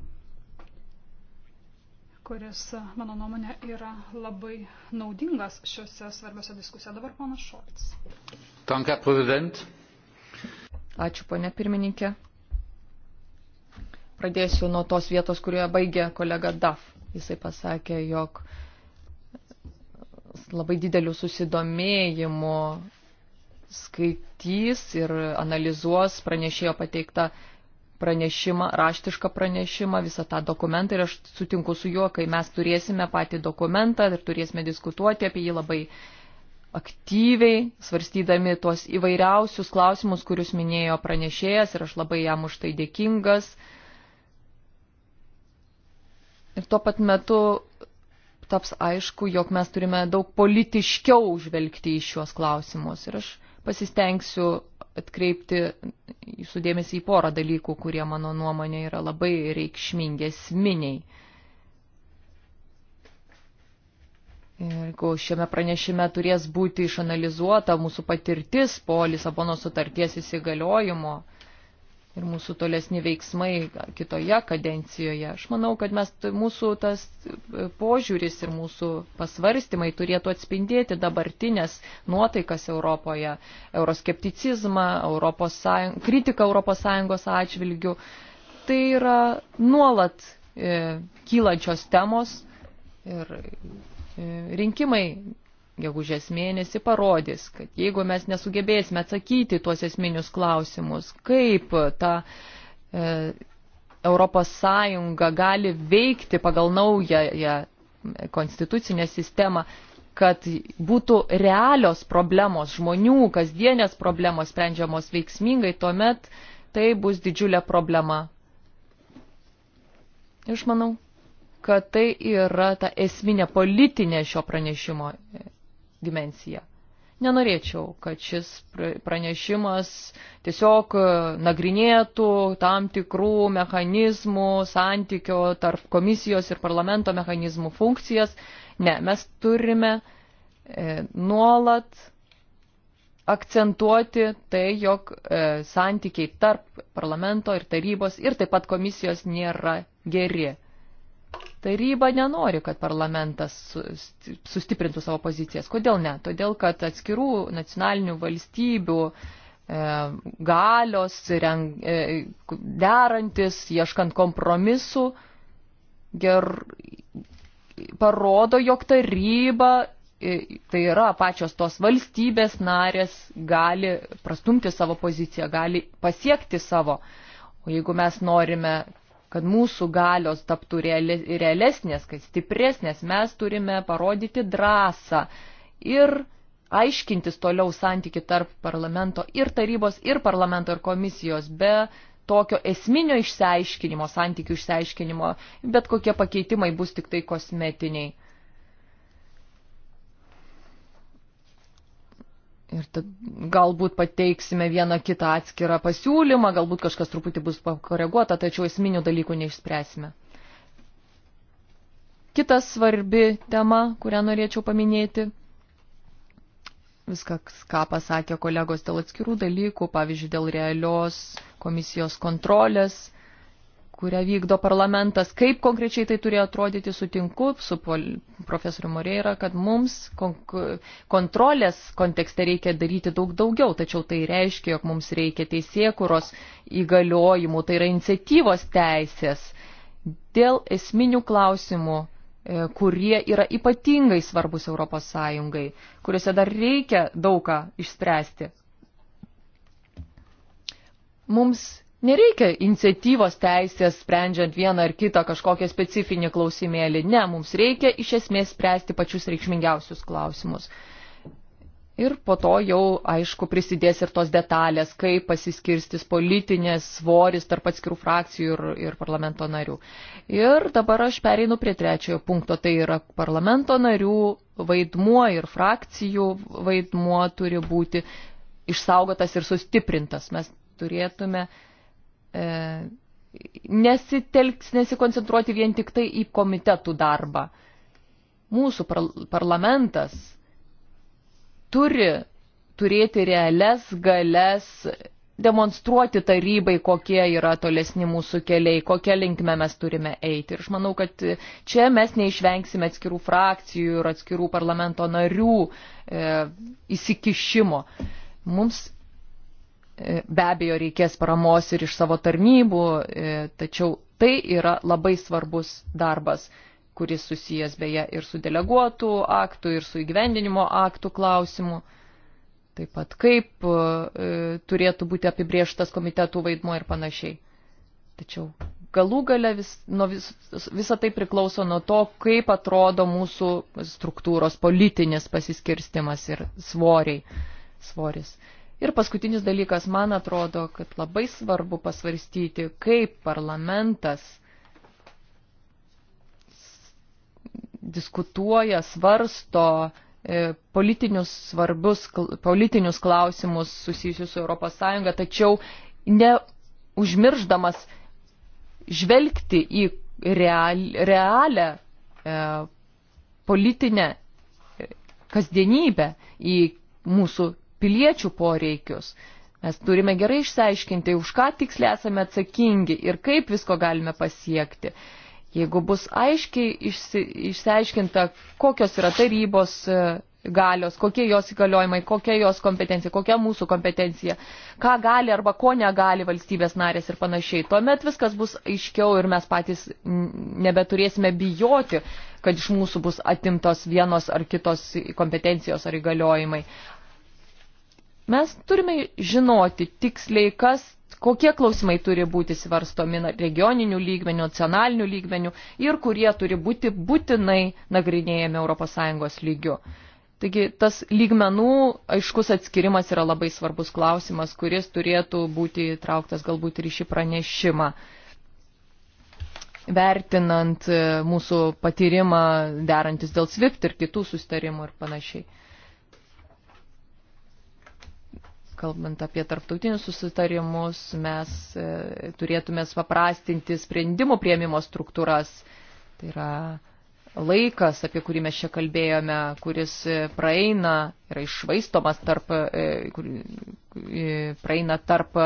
kuris, mano nuomonė, yra labai naudingas šiuose svarbiose diskusijose. Dabar ponas Šolts. Tanka, prezident. Ačiū, ponė pirmininkė. Pradėsiu nuo tos vietos, kurioje baigė kolega Daf. Jisai pasakė, jog labai dideliu susidomėjimu skaitys ir analizuos pranešėjo pateiktą pranešimą, raštišką pranešimą, visą tą dokumentą ir aš sutinku su juo, kai mes turėsime patį dokumentą ir turėsime diskutuoti apie jį labai aktyviai, svarstydami tuos įvairiausius klausimus, kurius minėjo pranešėjas ir aš labai jam už tai dėkingas. Ir tuo pat metu taps aišku, jog mes turime daug politiškiau žvelgti į šiuos klausimus ir aš pasistengsiu atkreipti jūsų dėmesį į porą dalykų, kurie mano nuomonė yra labai reikšmingi, esminiai. Jeigu šiame pranešime turės būti išanalizuota mūsų patirtis po Lisabono sutarties įsigaliojimo, ir mūsų tolesni veiksmai kitoje kadencijoje. Aš manau, kad mes, mūsų tas e, požiūris ir mūsų pasvarstymai turėtų atspindėti dabartinės nuotaikas Europoje, euroskepticizmą, Europos Sąjung, kritiką ES atžvilgių. Tai yra nuolat e, kylančios temos ir e, rinkimai gegužės mėnesį parodys, kad jeigu mes nesugebėsime atsakyti tuos esminius klausimus, kaip ta e, Europos Sąjunga gali veikti pagal naują konstitucinę sistemą, kad būtų realios problemos, žmonių kasdienės problemos sprendžiamos veiksmingai, tuomet tai bus didžiulė problema. Aš manau, kad tai yra ta esminė politinė šio pranešimo dimensiją. Nenorėčiau, kad šis pranešimas tiesiog e, nagrinėtų tam tikrų mechanizmų, santykio tarp komisijos ir parlamento mechanizmų funkcijas. Ne, mes turime e, nuolat akcentuoti tai, jog e, santykiai tarp parlamento ir tarybos ir taip pat komisijos nėra geri. Taryba nenori, kad parlamentas sustiprintų savo pozicijas. Kodėl ne? Todėl, kad atskirų nacionalinių valstybių e, galios, reng, e, derantis, ieškant kompromisų, ger, parodo, jog taryba, e, tai yra pačios tos valstybės narės, gali prastumti savo poziciją, gali pasiekti savo. O jeigu mes norime kad mūsų galios taptų realesnės, kad stipresnės, mes turime parodyti drąsą ir aiškintis toliau santyki tarp parlamento ir tarybos, ir parlamento ir komisijos be tokio esminio išsiaiškinimo, santykių išsiaiškinimo, bet kokie pakeitimai bus tik tai kosmetiniai. Ir tad galbūt pateiksime vieną kitą atskirą pasiūlymą, galbūt kažkas truputį bus pakoreguota, tačiau esminių dalykų neišspręsime. Kita svarbi tema, kurią norėčiau paminėti, viskas, ką pasakė kolegos dėl atskirų dalykų, pavyzdžiui, dėl realios komisijos kontrolės kurią vykdo parlamentas. Kaip konkrečiai tai turėjo atrodyti, sutinku su profesoriu Moreira, kad mums kontrolės kontekste reikia daryti daug daugiau, tačiau tai reiškia, jog mums reikia teisėkuros įgaliojimų, tai yra iniciatyvos teisės dėl esminių klausimų e, kurie yra ypatingai svarbus Europos Sąjungai, kuriuose dar reikia daugą išspręsti mums Nereikia iniciatyvos teisės sprendžiant vieną ar kitą kažkokią specifinį klausimėlį. Ne, mums reikia iš esmės spręsti pačius reikšmingiausius klausimus. Ir po to jau, aišku, prisidės ir tos detalės, kaip pasiskirstis politinės svoris tarp atskirų frakcijų ir, ir parlamento narių. Ir dabar aš pereinu prie trečiojo punkto, tai yra parlamento narių vaidmuo ir frakcijų vaidmuo turi būti išsaugotas ir sustiprintas. Mes turėtume uh, e, nesitelks, nesikoncentruoti vien tik tai į komitetų darbą. Mūsų par parlamentas turi turėti realias galės demonstruoti tarybai, kokie yra tolesni mūsų keliai, kokią linkmę mes turime eiti. Ir aš manau, kad čia mes neišvengsime atskirų frakcijų ir atskirų parlamento narių e, įsikišimo. Mums E, be abejo, reikės paramos ir iš savo tarnybų, e, tačiau tai yra labai svarbus darbas, kuris susijęs beje ir su deleguotų aktų, ir su įgyvendinimo aktų klausimu. Taip pat kaip e, turėtų būti apibrieštas komitetų vaidmo ir panašiai. Tačiau galų gale vis, nu, vis, visa tai priklauso nuo to, kaip atrodo mūsų struktūros politinis pasiskirstimas ir svoriai, svoris. Ir paskutinis dalykas, man atrodo, kad labai svarbu pasvarstyti, kaip parlamentas diskutuoja, svarsto e, politinius svarbius, politinius klausimus susijusius su ES, tačiau neužmirždamas žvelgti į real, realią e, politinę e, kasdienybę, į mūsų piliečių poreikius. Mes turime gerai išsiaiškinti, už ką tiksliai esame atsakingi ir kaip visko galime pasiekti. Jeigu bus aiškiai išsi, išsiaiškinta, kokios yra tarybos e, galios, kokie jos įgaliojimai, kokia jos kompetencija, kokia mūsų kompetencija, ką gali arba ko negali valstybės narės ir panašiai. Tuomet viskas bus aiškiau ir mes patys nebeturėsime bijoti, kad iš mūsų bus atimtos vienos ar kitos kompetencijos ar įgaliojimai. Mes turime žinoti tiksliai, kas, kokie klausimai turi būti svarstomi regioninių lygmenių, nacionalinių lygmenių ir kurie turi būti būtinai nagrinėjami ES lygiu. Taigi tas lygmenų aiškus atskirimas yra labai svarbus klausimas, kuris turėtų būti įtrauktas galbūt ir į šį pranešimą vertinant e, mūsų patyrimą derantis dėl SWIFT ir kitų sustarimų ir panašiai. kalbant apie tarptautinius susitarimus, mes e, turėtume paprastinti sprendimų prieimimo struktūras. Tai yra laikas, apie kurį mes čia kalbėjome, kuris e, praeina, yra išvaistomas tarp, e, praeina tarp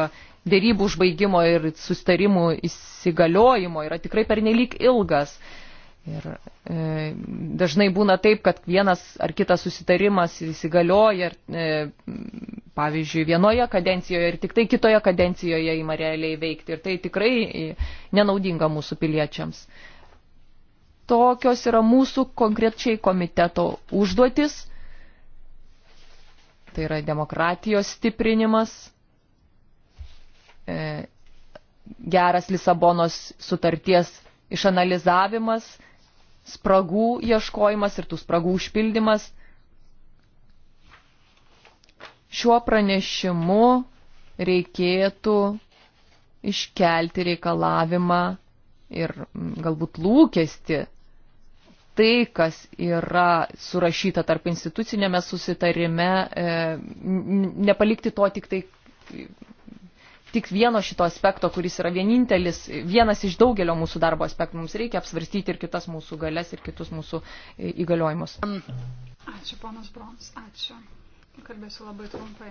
dėrybų užbaigimo ir sustarimų įsigaliojimo, yra tikrai pernelyg ilgas. Ir e, dažnai būna taip, kad vienas ar kitas susitarimas įsigalioja, ir, e, pavyzdžiui, vienoje kadencijoje ir tik tai kitoje kadencijoje ima realiai veikti. Ir tai tikrai nenaudinga mūsų piliečiams. Tokios yra mūsų konkrečiai komiteto užduotis. Tai yra demokratijos stiprinimas. E, geras Lisabonos sutarties išanalizavimas spragų ieškojimas ir tų spragų užpildymas. Šiuo pranešimu reikėtų iškelti reikalavimą ir galbūt lūkesti tai, kas yra surašyta tarp institucinėme susitarime, e, nepalikti to tik tai tik vieno šito aspekto, kuris yra vienintelis, vienas iš daugelio mūsų darbo aspektų. Mums reikia apsvarstyti ir kitas mūsų galės ir kitus mūsų e, įgaliojimus. Ačiū, ponas Brons, ačiū. Kalbėsiu labai trumpai.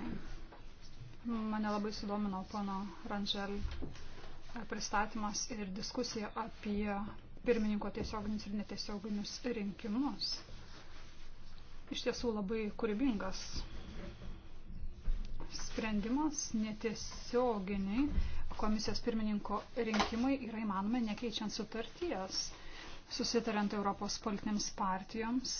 Mane labai sudomino pono Rangel e, pristatymas ir diskusija apie pirmininko tiesioginius ir netiesioginius rinkimus. Iš tiesų labai kūrybingas sprendimas netiesioginiai komisijos pirmininko rinkimai yra įmanomi nekeičiant sutarties, susitariant Europos politinėms partijoms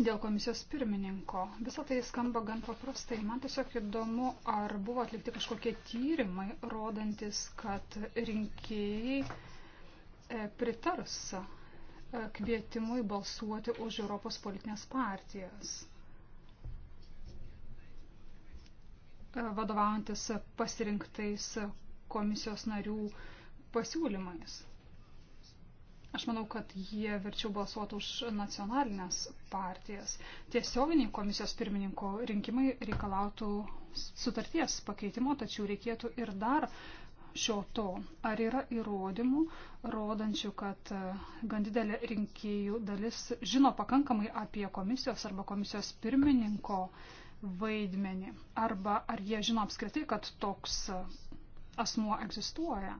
dėl komisijos pirmininko. Visą tai skamba gan paprastai. Man tiesiog įdomu, ar buvo atlikti kažkokie tyrimai, rodantis, kad rinkėjai e, pritars e, kvietimui balsuoti už Europos politinės partijas. vadovaujantis pasirinktais komisijos narių pasiūlymais. Aš manau, kad jie verčiau balsuotų už nacionalinės partijas. Tiesioginiai komisijos pirmininko rinkimai reikalautų sutarties pakeitimo, tačiau reikėtų ir dar šio to. Ar yra įrodymų, rodančių, kad gan didelė rinkėjų dalis žino pakankamai apie komisijos arba komisijos pirmininko uh, vaidmenį. Arba ar jie žino apskritai, kad toks asmuo egzistuoja.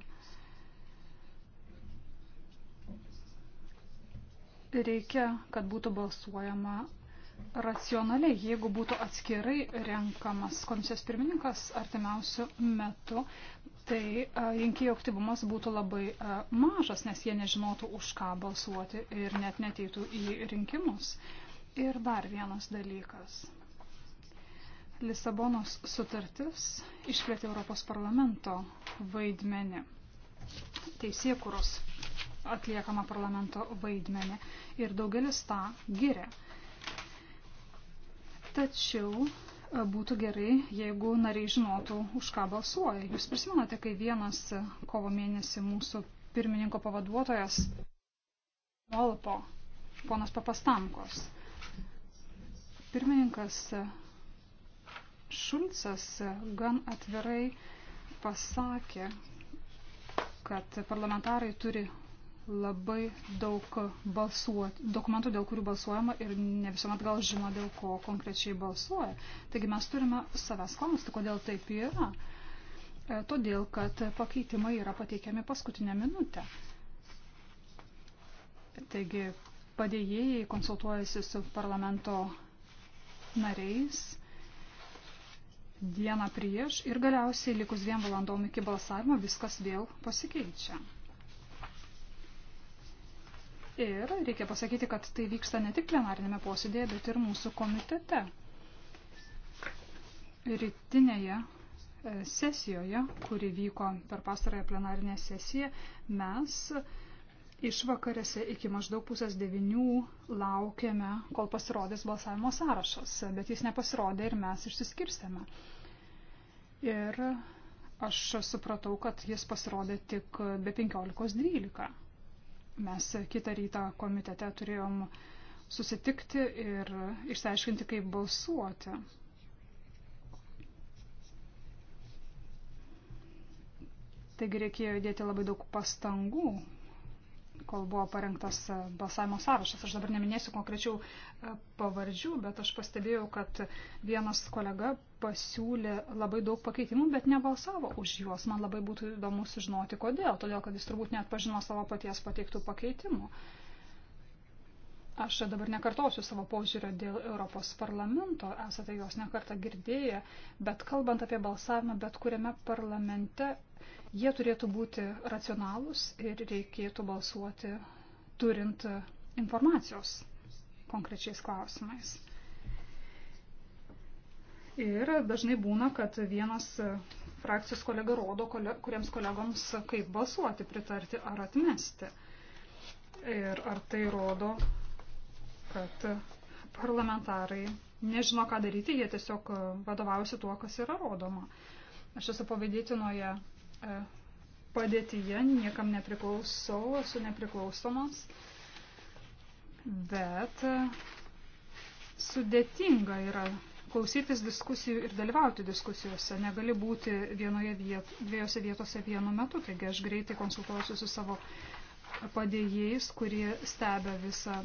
Reikia, kad būtų balsuojama racionaliai, jeigu būtų atskirai renkamas komisijos pirmininkas artimiausių metų, tai e, rinkėjų aktyvumas būtų labai e, mažas, nes jie nežinotų, už ką balsuoti ir net neteitų į rinkimus. Ir dar vienas dalykas. Lisabonos sutartis išplėtė Europos parlamento vaidmenį, teisėkuros atliekamą parlamento vaidmenį ir daugelis tą giria. Tačiau e, būtų gerai, jeigu nariai žinotų, už ką balsuoja. Jūs prisimenate, kai vienas kovo mėnesį mūsų pirmininko pavaduotojas Olpo, ponas Papastamkos, pirmininkas Šulcas gan atvirai pasakė, kad parlamentarai turi labai daug balsuoti, dokumentų, dėl kurių balsuojama ir ne visuomet gal žino, dėl ko konkrečiai balsuoja. Taigi mes turime savęs klausti, kodėl taip yra. E, todėl, kad pakeitimai yra pateikiami paskutinę minutę. Taigi padėjėjai konsultuojasi su parlamento nariais dieną prieš ir galiausiai likus dviem valandom iki balsavimo viskas vėl pasikeičia. Ir reikia pasakyti, kad tai vyksta ne tik plenarinėme posėdėje, bet ir mūsų komitete. Rytinėje e, sesijoje, kuri vyko per pastarąją plenarinę sesiją, mes išvakarėse iki maždaug pusės devinių laukiame, kol pasirodys balsavimo sąrašas, bet jis nepasirodė ir mes išsiskirstėme. Ir aš supratau, kad jis pasirodė tik be 15.12. Mes kitą rytą komitete turėjom susitikti ir išsiaiškinti, kaip balsuoti. Taigi reikėjo įdėti labai daug pastangų, kol buvo parengtas e, balsavimo sąrašas. Aš dabar neminėsiu konkrečių e, pavardžių, bet aš pastebėjau, kad vienas kolega pasiūlė labai daug pakeitimų, bet nebalsavo už juos. Man labai būtų įdomu sužinoti, kodėl. Todėl, kad jis turbūt net pažino savo paties pateiktų pakeitimų. Aš dabar nekartosiu savo požiūrio dėl Europos parlamento, esate juos nekartą girdėję, bet kalbant apie balsavimą bet kuriame parlamente, Jie turėtų būti racionalūs ir reikėtų balsuoti turint informacijos konkrečiais klausimais. Ir dažnai būna, kad vienas frakcijos kolega rodo, kuriems kolegoms kaip balsuoti, pritarti ar atmesti. Ir ar tai rodo, kad parlamentarai nežino, ką daryti, jie tiesiog vadovaujasi tuo, kas yra rodoma. Aš esu pavydėtinoje E, padėtyje, niekam nepriklausau, esu nepriklausomas, bet e, sudėtinga yra klausytis diskusijų ir dalyvauti diskusijose. Negali būti vienoje viet, dviejose vietose vienu metu, taigi aš greitai konsultuosiu su savo padėjėjais, kurie stebia visą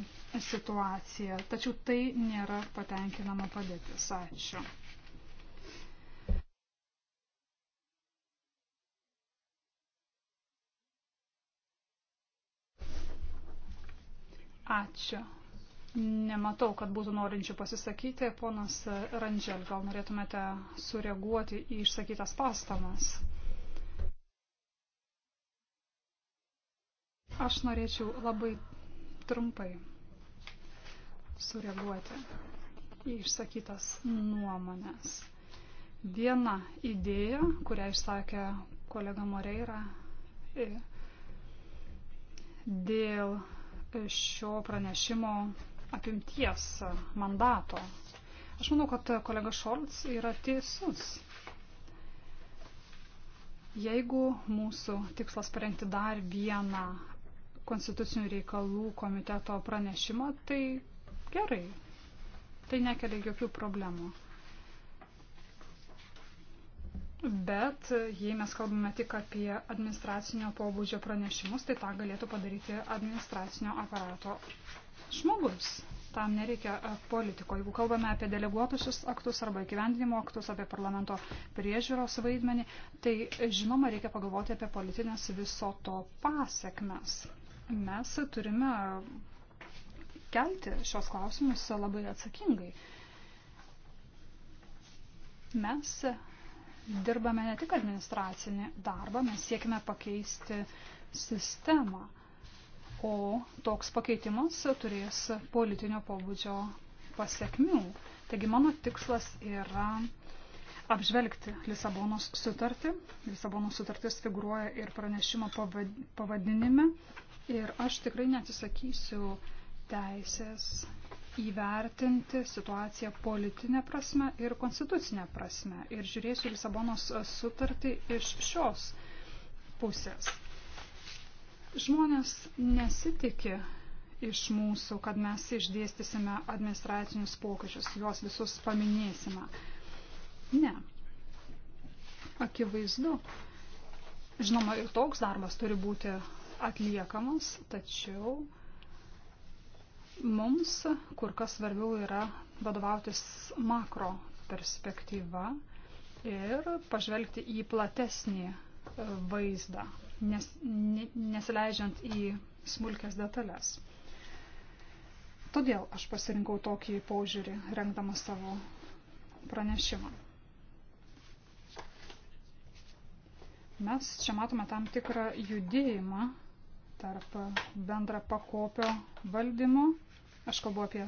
situaciją. Tačiau tai nėra patenkinama padėtis. Ačiū. Ačiū. Nematau, kad būtų norinčių pasisakyti. Ponas Randžel, gal norėtumėte sureaguoti į išsakytas pastamas? Aš norėčiau labai trumpai sureaguoti į išsakytas nuomonės. Viena idėja, kurią išsakė kolega Moreira e, dėl šio pranešimo apimties mandato. Aš manau, kad kolega Šolts yra teisus. Jeigu mūsų tikslas parengti dar vieną konstitucinių reikalų komiteto pranešimą, tai gerai. Tai nekelia jokių problemų. Bet jei mes kalbame tik apie administracinio pobūdžio pranešimus, tai tą galėtų padaryti administracinio aparato žmogus. Tam nereikia e, politiko. Jeigu kalbame apie deleguotusius aktus arba įgyvendinimo aktus, apie parlamento priežiūros vaidmenį, tai žinoma reikia pagalvoti apie politinės viso to pasiekmes. Mes turime kelti šios klausimus labai atsakingai. Mes dirbame ne tik administracinį darbą, mes siekime pakeisti sistemą, o toks pakeitimas turės politinio pobūdžio pasiekmių. Taigi mano tikslas yra apžvelgti Lisabonos sutartį. Lisabonos sutartis figuruoja ir pranešimo pavadinime. Ir aš tikrai neatsisakysiu teisės įvertinti situaciją politinę prasme ir konstitucinę prasme. Ir žiūrėsiu Lisabonos sutartį iš šios pusės. Žmonės nesitikė iš mūsų, kad mes išdėstysime administracinius pokyčius, juos visus paminėsime. Ne. Akivaizdu. Žinoma, ir toks darbas turi būti atliekamas, tačiau Mums kur kas svarbiau yra vadovautis makro perspektyva ir pažvelgti į platesnį e, vaizdą, nes, nesileidžiant į smulkės detalės. Todėl aš pasirinkau tokį požiūrį, rengdama savo pranešimą. Mes čia matome tam tikrą judėjimą tarp bendra pakopio valdymo. Aš kalbu apie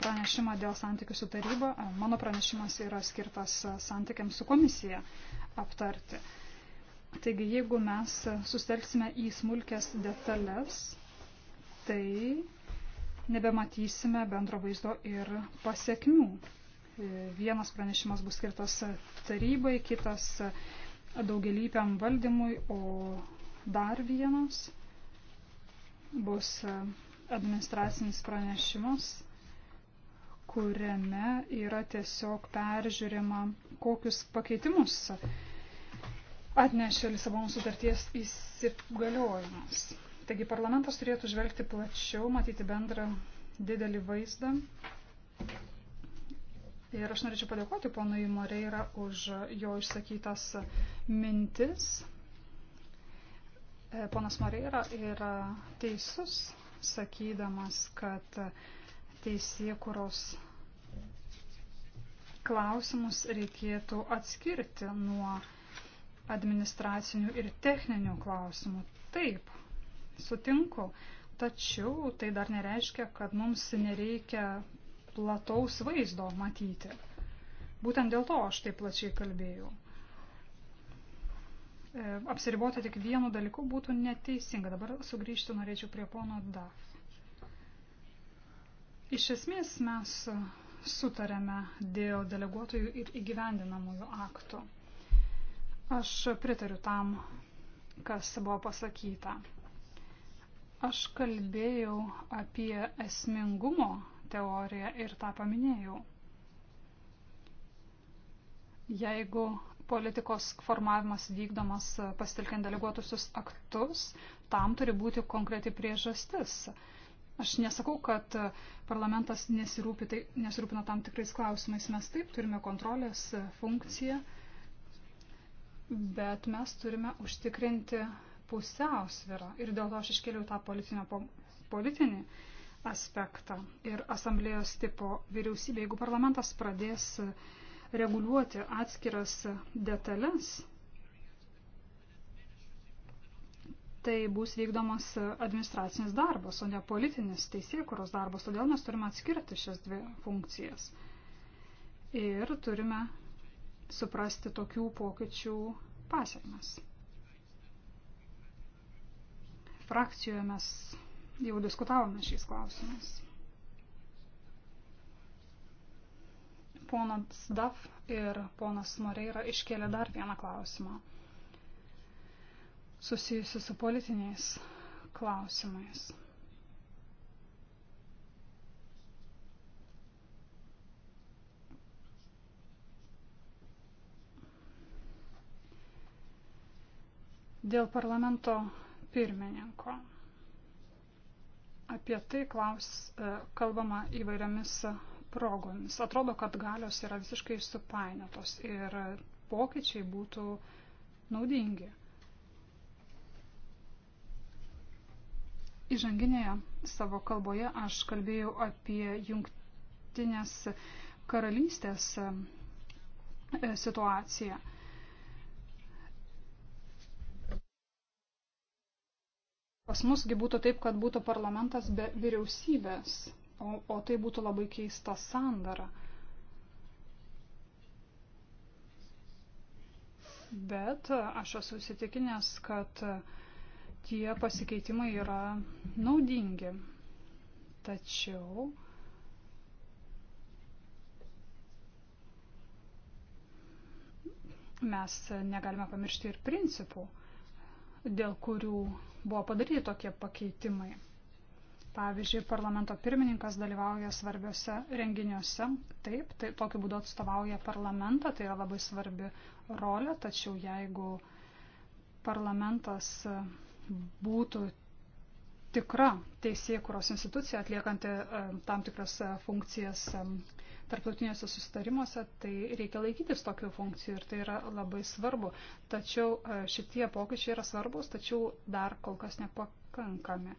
pranešimą dėl santykių su taryba. Mano pranešimas yra skirtas santykiams su komisija aptarti. Taigi, jeigu mes sustelksime į smulkės detalės, tai nebematysime bendro vaizdo ir pasiekmių. Vienas pranešimas bus skirtas tarybai, kitas daugelypiam valdymui, o dar vienas bus e, administracinis pranešimas, kuriame yra tiesiog peržiūrima, kokius pakeitimus atnešė Lisabono sutarties įsigaliojimas. Taigi parlamentas turėtų žvelgti plačiau, matyti bendrą didelį vaizdą. Ir aš norėčiau padėkoti ponui Moreira už jo išsakytas mintis. Ponas Moreira yra teisus, sakydamas, kad teisėkuros klausimus reikėtų atskirti nuo administracinių ir techninių klausimų. Taip, sutinku, tačiau tai dar nereiškia, kad mums nereikia plataus vaizdo matyti. Būtent dėl to aš taip plačiai kalbėjau. E, apsiriboti tik vienu dalyku būtų neteisinga. Dabar sugrįžti norėčiau prie pono DAF. Iš esmės mes sutarėme dėl deleguotojų ir įgyvendinamųjų aktų. Aš pritariu tam, kas buvo pasakyta. Aš kalbėjau apie esmingumo teoriją ir tą paminėjau. Jeigu politikos formavimas vykdomas e, pasitelkiant deleguotusius aktus, tam turi būti konkreti priežastis. Aš nesakau, kad e, parlamentas nesirūpi, tai, nesirūpina tam tikrais klausimais. Mes taip turime kontrolės e, funkciją, bet mes turime užtikrinti pusiausvirą. Ir dėl to aš iškėliau tą politinio, politinį aspektą ir asamblėjos tipo vyriausybė. Jeigu parlamentas pradės uh, reguliuoti atskiras detalės, tai bus vykdomas administracinis darbas, o ne politinis teisėkuros darbas. Todėl mes turime atskirti šias dvi funkcijas. Ir turime suprasti tokių pokyčių pasiekmes. Frakcijoje mes jau diskutavome šiais klausimais. Ponas Daf ir ponas Moreira iškėlė dar vieną klausimą susijusi su politiniais klausimais. Dėl parlamento pirmininko. Apie tai klaus, e, kalbama įvairiomis progomis. Atrodo, kad galios yra visiškai supainiotos ir pokyčiai būtų naudingi. Įžanginėje savo kalboje aš kalbėjau apie jungtinės karalystės e, situaciją. Pas musgi būtų taip, kad būtų parlamentas be vyriausybės o, o tai būtų labai keista sandara. Bet aš esu įsitikinęs, kad tie pasikeitimai yra naudingi. Tačiau mes negalime pamiršti ir principų, dėl kurių buvo padaryti tokie pakeitimai. Pavyzdžiui, parlamento pirmininkas dalyvauja svarbiose renginiuose, taip, tai tokiu būdu atstovauja parlamentą, tai yra labai svarbi rolė, tačiau jeigu parlamentas būtų tikra teisėkuros institucija atliekanti e, tam tikras e, funkcijas e, tarptautiniuose sustarimuose, tai reikia laikytis tokių funkcijų ir tai yra labai svarbu. Tačiau šitie pokyčiai yra svarbus, tačiau dar kol kas nepakankami.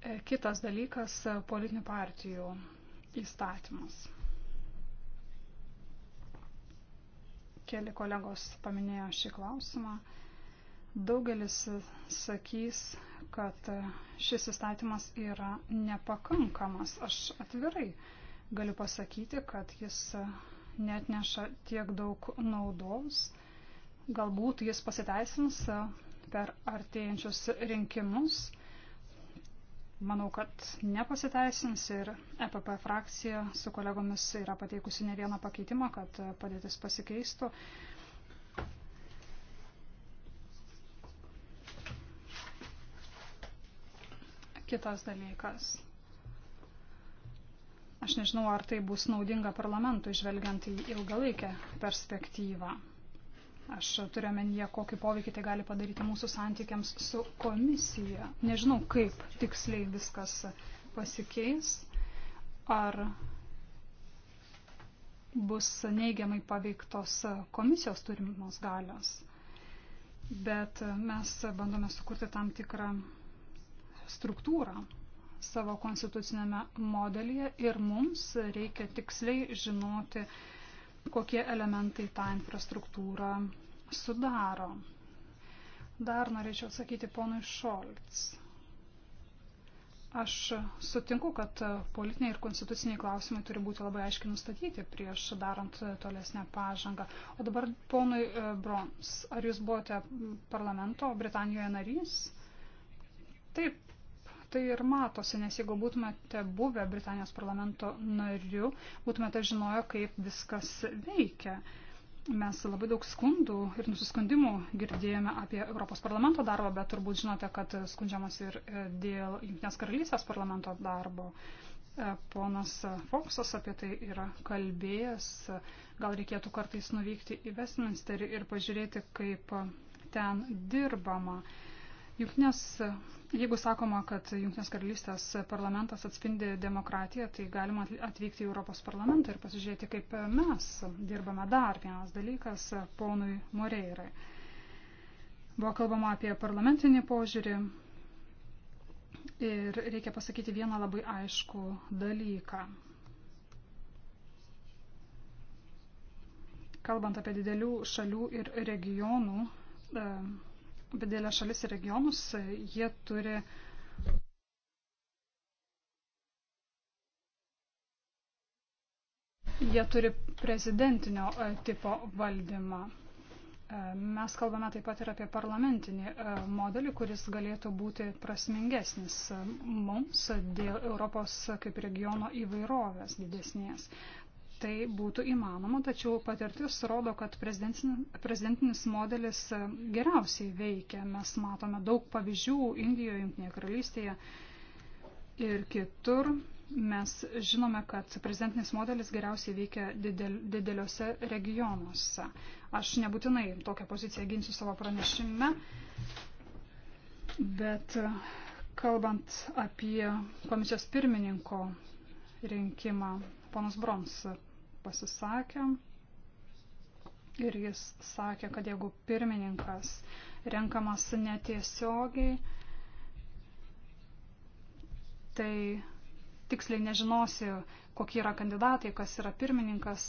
E, kitas dalykas e, - politinių partijų įstatymas. Keli kolegos paminėjo šį klausimą. Daugelis sakys, kad šis įstatymas yra nepakankamas. Aš atvirai galiu pasakyti, kad jis net neša tiek daug naudos. Galbūt jis pasiteisins per artėjančius rinkimus manau, kad nepasiteisins ir EPP frakcija su kolegomis yra pateikusi ne vieną pakeitimą, kad padėtis pasikeistų. Kitas dalykas. Aš nežinau, ar tai bus naudinga parlamentui, žvelgiant į ilgalaikę perspektyvą. Aš turiu menyje, kokį poveikį tai gali padaryti mūsų santykiams su komisija. Nežinau, kaip tiksliai viskas pasikeis, ar bus neigiamai paveiktos komisijos turimos galios. Bet mes bandome sukurti tam tikrą struktūrą savo konstitucinėme modelyje ir mums reikia tiksliai žinoti, kokie elementai tą infrastruktūrą sudaro. Dar norėčiau atsakyti ponui Šolts. Aš sutinku, kad politiniai ir konstituciniai klausimai turi būti labai aiškiai nustatyti prieš darant tolesnę pažangą. O dabar, ponui e, Brons, ar jūs buvote parlamento Britanijoje narys? Taip, tai ir matosi, nes jeigu būtumėte buvę Britanijos parlamento nariu, būtumėte žinojo, kaip viskas veikia. Mes labai daug skundų ir nusiskundimų girdėjome apie Europos parlamento darbą, bet turbūt žinote, kad skundžiamas ir e, dėl Junktinės karalystės parlamento darbo. E, ponas Foksas apie tai yra kalbėjęs. Gal reikėtų kartais nuvykti į Westminsterį ir pažiūrėti, kaip ten dirbama. Uh, Jungtinės, jeigu sakoma, kad Junktinės karalystės parlamentas atspindi demokratiją, tai galima atvykti į Europos parlamentą ir pasižiūrėti, kaip mes dirbame dar vienas dalykas ponui Moreirai. Buvo kalbama apie parlamentinį požiūrį ir reikia pasakyti vieną labai aiškų dalyką. Kalbant apie didelių šalių ir regionų, e, didelės šalis ir regionus, jie turi Jie turi prezidentinio e, tipo valdymą. E, mes kalbame taip pat ir apie parlamentinį e, modelį, kuris galėtų būti prasmingesnis mums dėl Europos kaip regiono įvairovės didesnės tai būtų įmanoma, tačiau patirtis rodo, kad prezidentinis modelis e, geriausiai veikia. Mes matome daug pavyzdžių Indijoje, Junktinėje karalystėje ir kitur. Mes žinome, kad prezidentinis modelis geriausiai veikia didel, dideliuose regionuose. Aš nebūtinai tokią poziciją ginsiu savo pranešime, bet e, kalbant apie komisijos pirmininko rinkimą, ponas Brons pasisakė ir jis sakė, kad jeigu pirmininkas renkamas netiesiogiai, tai tiksliai nežinosi, kokie yra kandidatai, kas yra pirmininkas.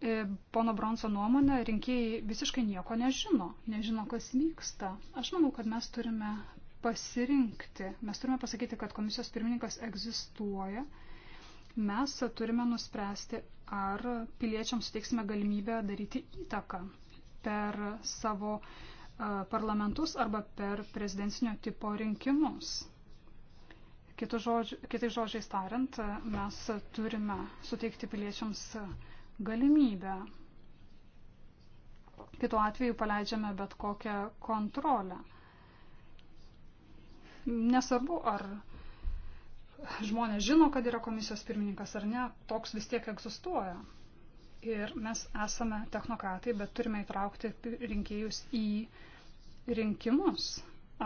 E, pono Bronso nuomonė, rinkėjai visiškai nieko nežino, nežino, kas vyksta. Aš manau, kad mes turime pasirinkti, mes turime pasakyti, kad komisijos pirmininkas egzistuoja, Mes turime nuspręsti, ar piliečiams suteiksime galimybę daryti įtaką per savo e, parlamentus arba per prezidencinio tipo rinkimus. Žodži, kitai žodžiai tariant, e, mes turime suteikti piliečiams galimybę. Kitu atveju paleidžiame bet kokią kontrolę. Nesvarbu, ar žmonės žino, kad yra komisijos pirmininkas ar ne, toks vis tiek egzistuoja. Ir mes esame technokratai, bet turime įtraukti rinkėjus į rinkimus.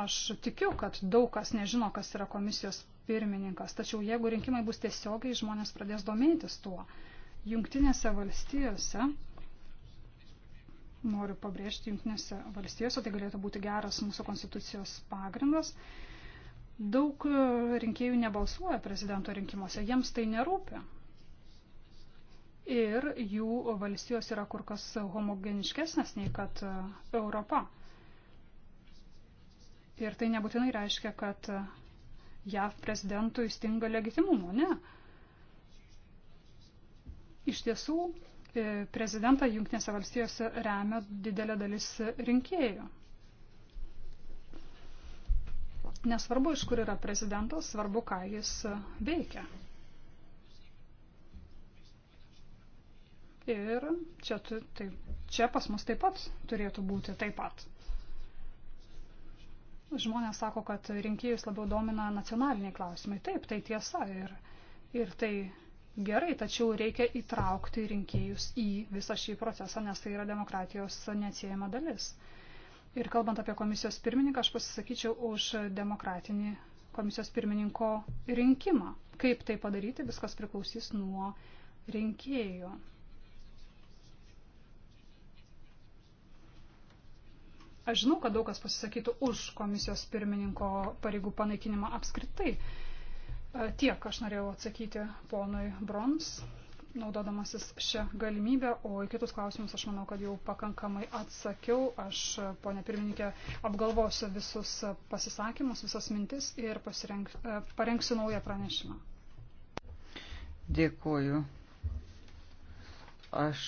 Aš tikiu, kad daug kas nežino, kas yra komisijos pirmininkas, tačiau jeigu rinkimai bus tiesiogiai, žmonės pradės domėtis tuo. Jungtinėse valstijose, noriu pabrėžti, jungtinėse valstijose tai galėtų būti geras mūsų konstitucijos pagrindas, Daug e, rinkėjų nebalsuoja prezidento rinkimuose, jiems tai nerūpia. Ir jų valstijos yra kur kas homogeniškesnės nei kad e, Europa. Ir tai nebūtinai reiškia, kad e, JAV prezidentui stinga legitimumo, ne. Iš tiesų, prezidentą Junktinėse valstijose remia didelė dalis rinkėjų. Nesvarbu, iš kur yra prezidentas, svarbu, ką jis veikia. Ir čia, tai, čia pas mus taip pat turėtų būti taip pat. Žmonės sako, kad rinkėjus labiau domina nacionaliniai klausimai. Taip, tai tiesa ir, ir tai gerai, tačiau reikia įtraukti rinkėjus į visą šį procesą, nes tai yra demokratijos neatsiejama dalis. Ir kalbant apie komisijos pirmininką, aš pasisakyčiau už demokratinį komisijos pirmininko rinkimą. Kaip tai padaryti, viskas priklausys nuo rinkėjų. Aš žinau, kad daug kas pasisakytų už komisijos pirmininko pareigų panaikinimą apskritai. Tiek aš norėjau atsakyti ponui Brons naudodamasis šią galimybę, o į kitus klausimus aš manau, kad jau pakankamai atsakiau. Aš, ponė pirmininkė, apgalvosiu visus pasisakymus, visas mintis ir pasirenk, parengsiu naują pranešimą. Dėkuoju. Aš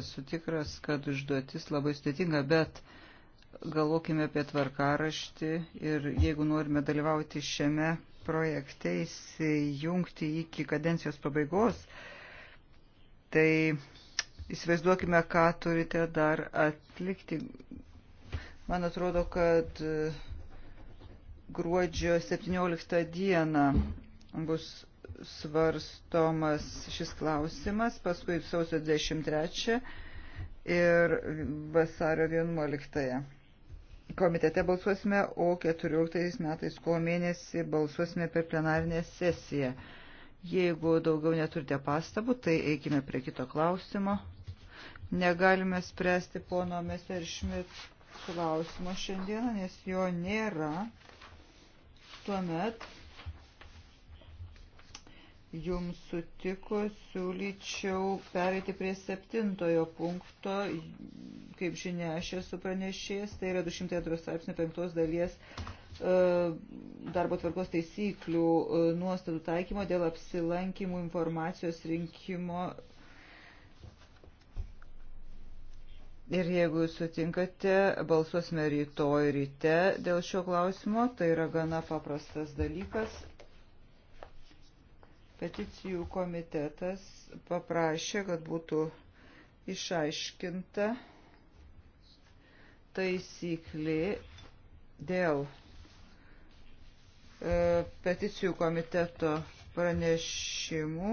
esu tikras, kad užduotis labai sudėtinga, bet galvokime apie tvarkaraštį ir jeigu norime dalyvauti šiame projekte, įsijungti iki kadencijos pabaigos, tai įsivaizduokime, ką turite dar atlikti. Man atrodo, kad e, gruodžio 17 dieną bus svarstomas šis klausimas, paskui sausio 23 ir vasario 11. Komitete balsuosime, o 14 metais kovo mėnesį balsuosime per plenarinę sesiją. Jeigu daugiau neturite pastabų, tai eikime prie kito klausimo. Negalime spręsti pono Messerschmidt klausimo šiandieną, nes jo nėra. Tuomet jums sutiko, siūlyčiau pereiti prie septintojo punkto. Kaip žinia, aš esu pranešėjęs, tai yra 202 straipsnio penktos dalies E, darbo tvarkos taisyklių e, nuostatų taikymo dėl apsilankimų informacijos rinkimo. Ir jeigu jūs sutinkate, balsuosime rytoj ryte dėl šio klausimo. Tai yra gana paprastas dalykas. Peticijų komitetas paprašė, kad būtų išaiškinta taisyklė dėl E, peticijų komiteto pranešimų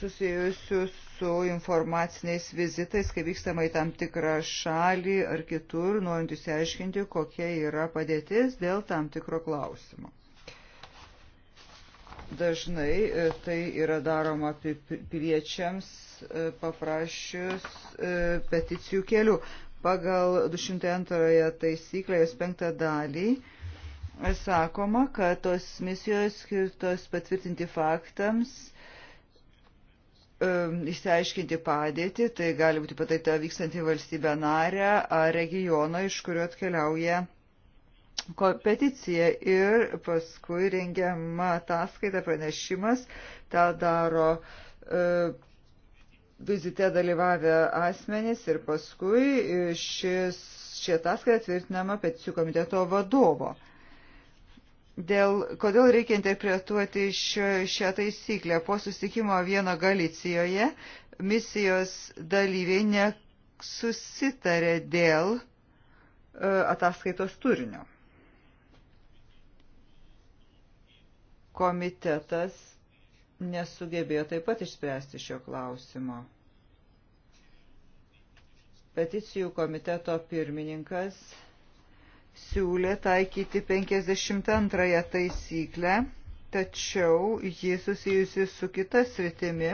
susijusių su informaciniais vizitais, kai vykstama į tam tikrą šalį ar kitur, norint įsiaiškinti, kokia yra padėtis dėl tam tikro klausimo. Dažnai e, tai yra daroma piliečiams e, paprašius peticijų keliu. Pagal 202 taisyklę jos penktą dalį sakoma, kad tos misijos skirtos patvirtinti faktams, um, išsiaiškinti padėtį, tai gali būti pataita vykstanti valstybę narę ar regioną, iš kurio atkeliauja kompeticija ir paskui rengiama ataskaita pranešimas, tą daro uh, vizite dalyvavę asmenys ir paskui šis, ši ataskaita tvirtinama peticijų komiteto vadovo. Dėl, kodėl reikia interpretuoti šio, šią taisyklę? Po susitikimo vieno Galicijoje misijos dalyviai nesusitarė dėl e, ataskaitos turinio. Komitetas nesugebėjo taip pat išspręsti šio klausimo. Peticijų komiteto pirmininkas siūlė taikyti 52 taisyklę, tačiau ji susijusi su kita sritimi,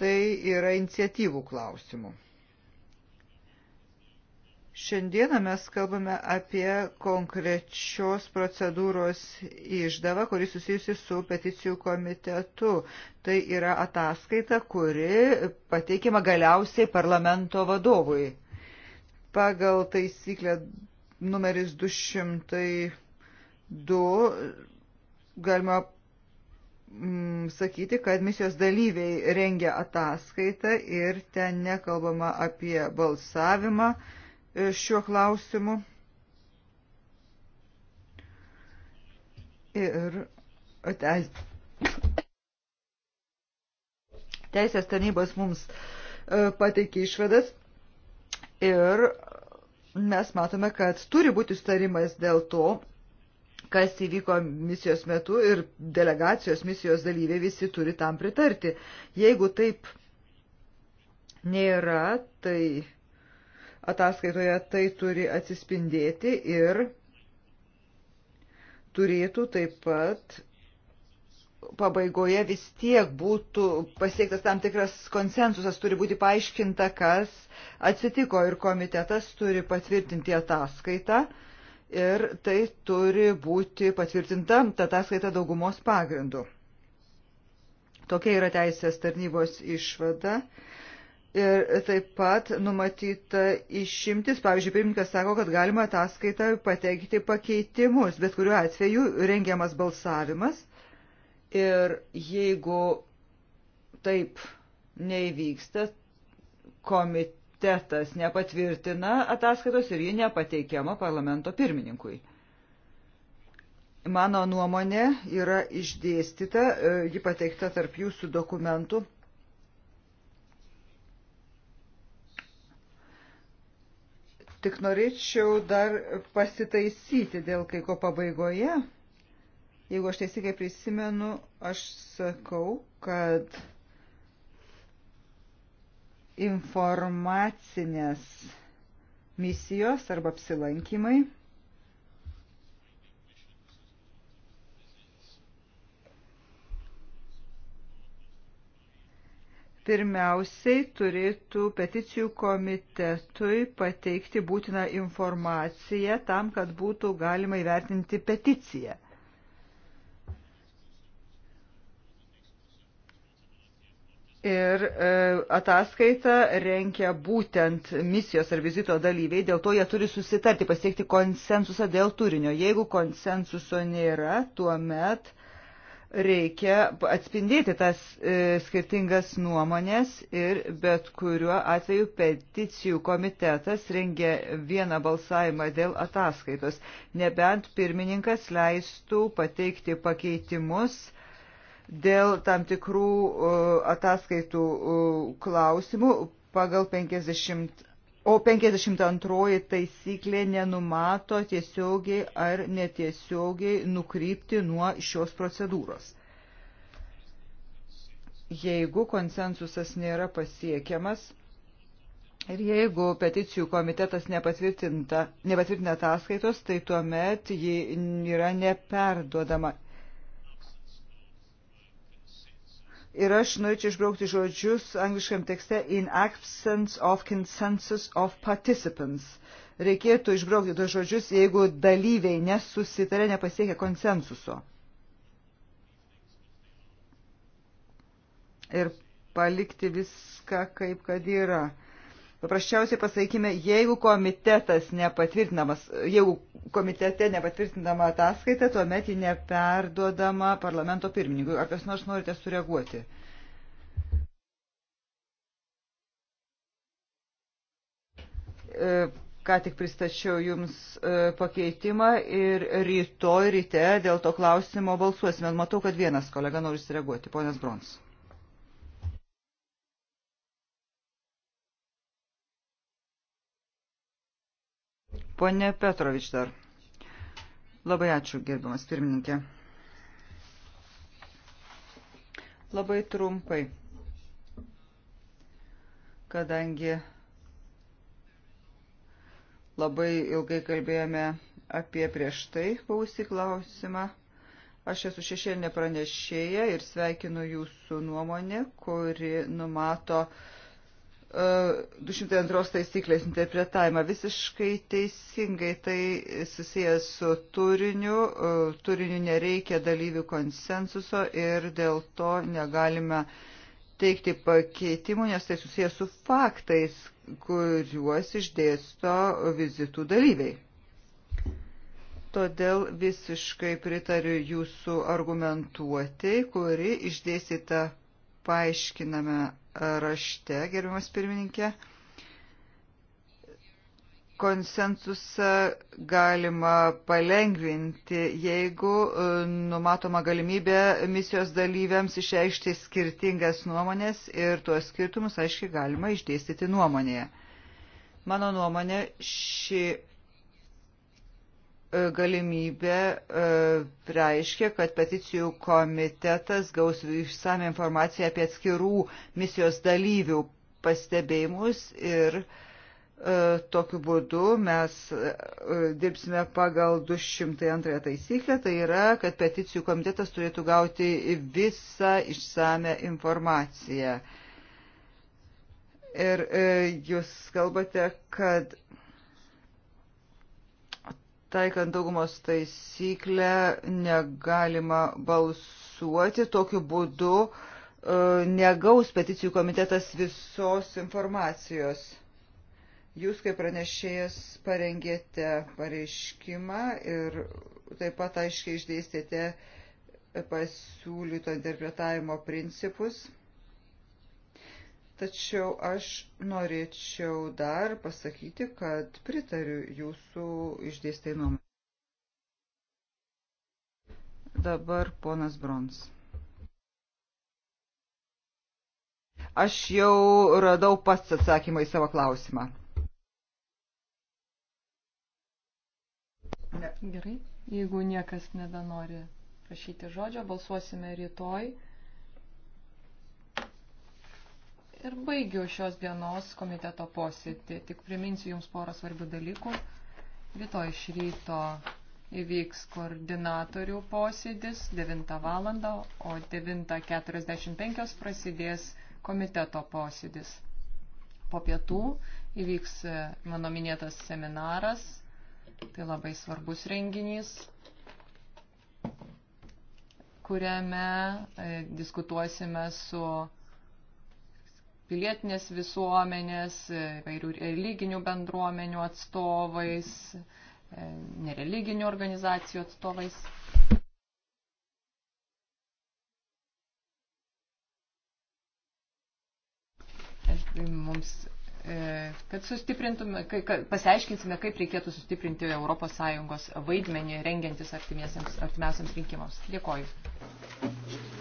tai yra iniciatyvų klausimų. Šiandieną mes kalbame apie konkrečios procedūros išdavą, kuri susijusi su peticijų komitetu. Tai yra ataskaita, kuri pateikiama galiausiai parlamento vadovui. Pagal taisyklę numeris 202 galima mm, sakyti, kad misijos dalyviai rengia ataskaitą ir ten nekalbama apie balsavimą e, šiuo klausimu. Ir e, teis, teisės tarnybos mums e, pateikė išvadas ir mes matome, kad turi būti sutarimas dėl to, kas įvyko misijos metu ir delegacijos misijos dalyviai visi turi tam pritarti. Jeigu taip nėra, tai ataskaitoje tai turi atsispindėti ir turėtų taip pat pabaigoje vis tiek būtų pasiektas tam tikras konsensusas, turi būti paaiškinta, kas atsitiko ir komitetas turi patvirtinti ataskaitą ir tai turi būti patvirtinta ta ataskaita daugumos pagrindu. Tokia yra teisės tarnybos išvada. Ir taip pat numatyta išimtis, pavyzdžiui, pirmininkas sako, kad galima ataskaitą pateikti pakeitimus, bet kuriuo atveju rengiamas balsavimas Ir jeigu taip neįvyksta, komitetas nepatvirtina ataskaitos ir ji nepateikiama parlamento pirmininkui. Mano nuomonė yra išdėstyta, e, ji pateikta tarp jūsų dokumentų. Tik norėčiau dar pasitaisyti dėl kai ko pabaigoje. Jeigu aš teisingai prisimenu, aš sakau, kad informacinės misijos arba apsilankymai pirmiausiai turėtų peticijų komitetui pateikti būtiną informaciją tam, kad būtų galima įvertinti peticiją. Ir e, ataskaita renkia būtent misijos ar vizito dalyviai, dėl to jie turi susitarti, pasiekti konsensusą dėl turinio. Jeigu konsensuso nėra, tuomet reikia atspindėti tas e, skirtingas nuomonės ir bet kuriuo atveju peticijų komitetas rengia vieną balsavimą dėl ataskaitos, nebent pirmininkas leistų pateikti pakeitimus e, dėl tam tikrų e, ataskaitų e, klausimų pagal 50. O 52 taisyklė nenumato tiesiogiai ar netiesiogiai nukrypti nuo šios procedūros. Jeigu konsensusas nėra pasiekiamas, Ir jeigu peticijų komitetas nepatvirtina ataskaitos, tai tuomet ji yra neperduodama. Ir aš norėčiau išbraukti žodžius angliškam tekste in absence of consensus of participants. Reikėtų išbraukti tos žodžius, jeigu dalyviai nesusitarė, nepasiekia konsensuso. Ir palikti viską kaip kad yra. Paprasčiausiai pasakykime, jeigu komitetas nepatvirtinamas, jeigu komitete nepatvirtinama ataskaita, tuomet ji neperduodama parlamento pirmininkui. Ar kas nors norite sureaguoti? E, ką tik pristačiau Jums e, pakeitimą ir rytoj ryte dėl to klausimo balsuosime. Matau, kad vienas kolega nori sureaguoti. Ponas Brons. Pone Petrovič dar. Labai ačiū, gerbiamas pirmininkė. Labai trumpai, kadangi labai ilgai kalbėjome apie prieš tai buvusį klausimą. Aš esu šešėlinė pranešėja ir sveikinu jūsų nuomonę, kuri numato uh, 202 taisyklės interpretavimą. Visiškai teisingai tai susijęs su turiniu. E, turiniu nereikia dalyvių konsensuso ir dėl to negalime teikti pakeitimų, nes tai susijęs su faktais, kuriuos išdėsto vizitų dalyviai. Todėl visiškai pritariu jūsų argumentuoti, kuri išdėsita paaiškiname rašte, gerbiamas pirmininkė. Konsensusą galima palengvinti, jeigu e, numatoma galimybė misijos dalyviams išreikšti skirtingas nuomonės ir tuos skirtumus aiškiai galima išdėstyti nuomonėje. Mano nuomonė, ši E, galimybė e, reiškia, kad peticijų komitetas gaus išsame informaciją apie atskirų misijos dalyvių pastebėjimus ir e, tokiu būdu mes dirbsime pagal 202 taisyklę, tai yra, kad peticijų komitetas turėtų gauti visą išsame informaciją. Ir jūs kalbate, kad taikant daugumos taisyklę negalima balsuoti. Tokiu būdu e, negaus peticijų komitetas visos informacijos. Jūs kaip pranešėjas parengėte pareiškimą ir taip pat aiškiai išdėstėte pasiūlyto interpretavimo principus. Tačiau aš norėčiau dar pasakyti, kad pritariu jūsų išdėstai nuomonė. Dabar ponas Brons. Aš jau radau pats atsakymą į savo klausimą. Gerai, jeigu niekas nebenori prašyti žodžio, balsuosime rytoj. ir baigiu šios dienos komiteto posėdį. Tik priminsiu Jums porą svarbių dalykų. Rytoj iš ryto įvyks koordinatorių posėdis 9 val. o 9.45 prasidės komiteto posėdis. Po pietų įvyks e, mano minėtas seminaras. Tai labai svarbus renginys kuriame e, diskutuosime su pilietinės visuomenės, vairių religinių bendruomenių atstovais, e, nereliginių organizacijų atstovais. E, mums, e, kad sustiprintume, kad pasiaiškinsime, kaip reikėtų sustiprinti ES vaidmenį rengiantis artimiesiams rinkimams. Dėkoju.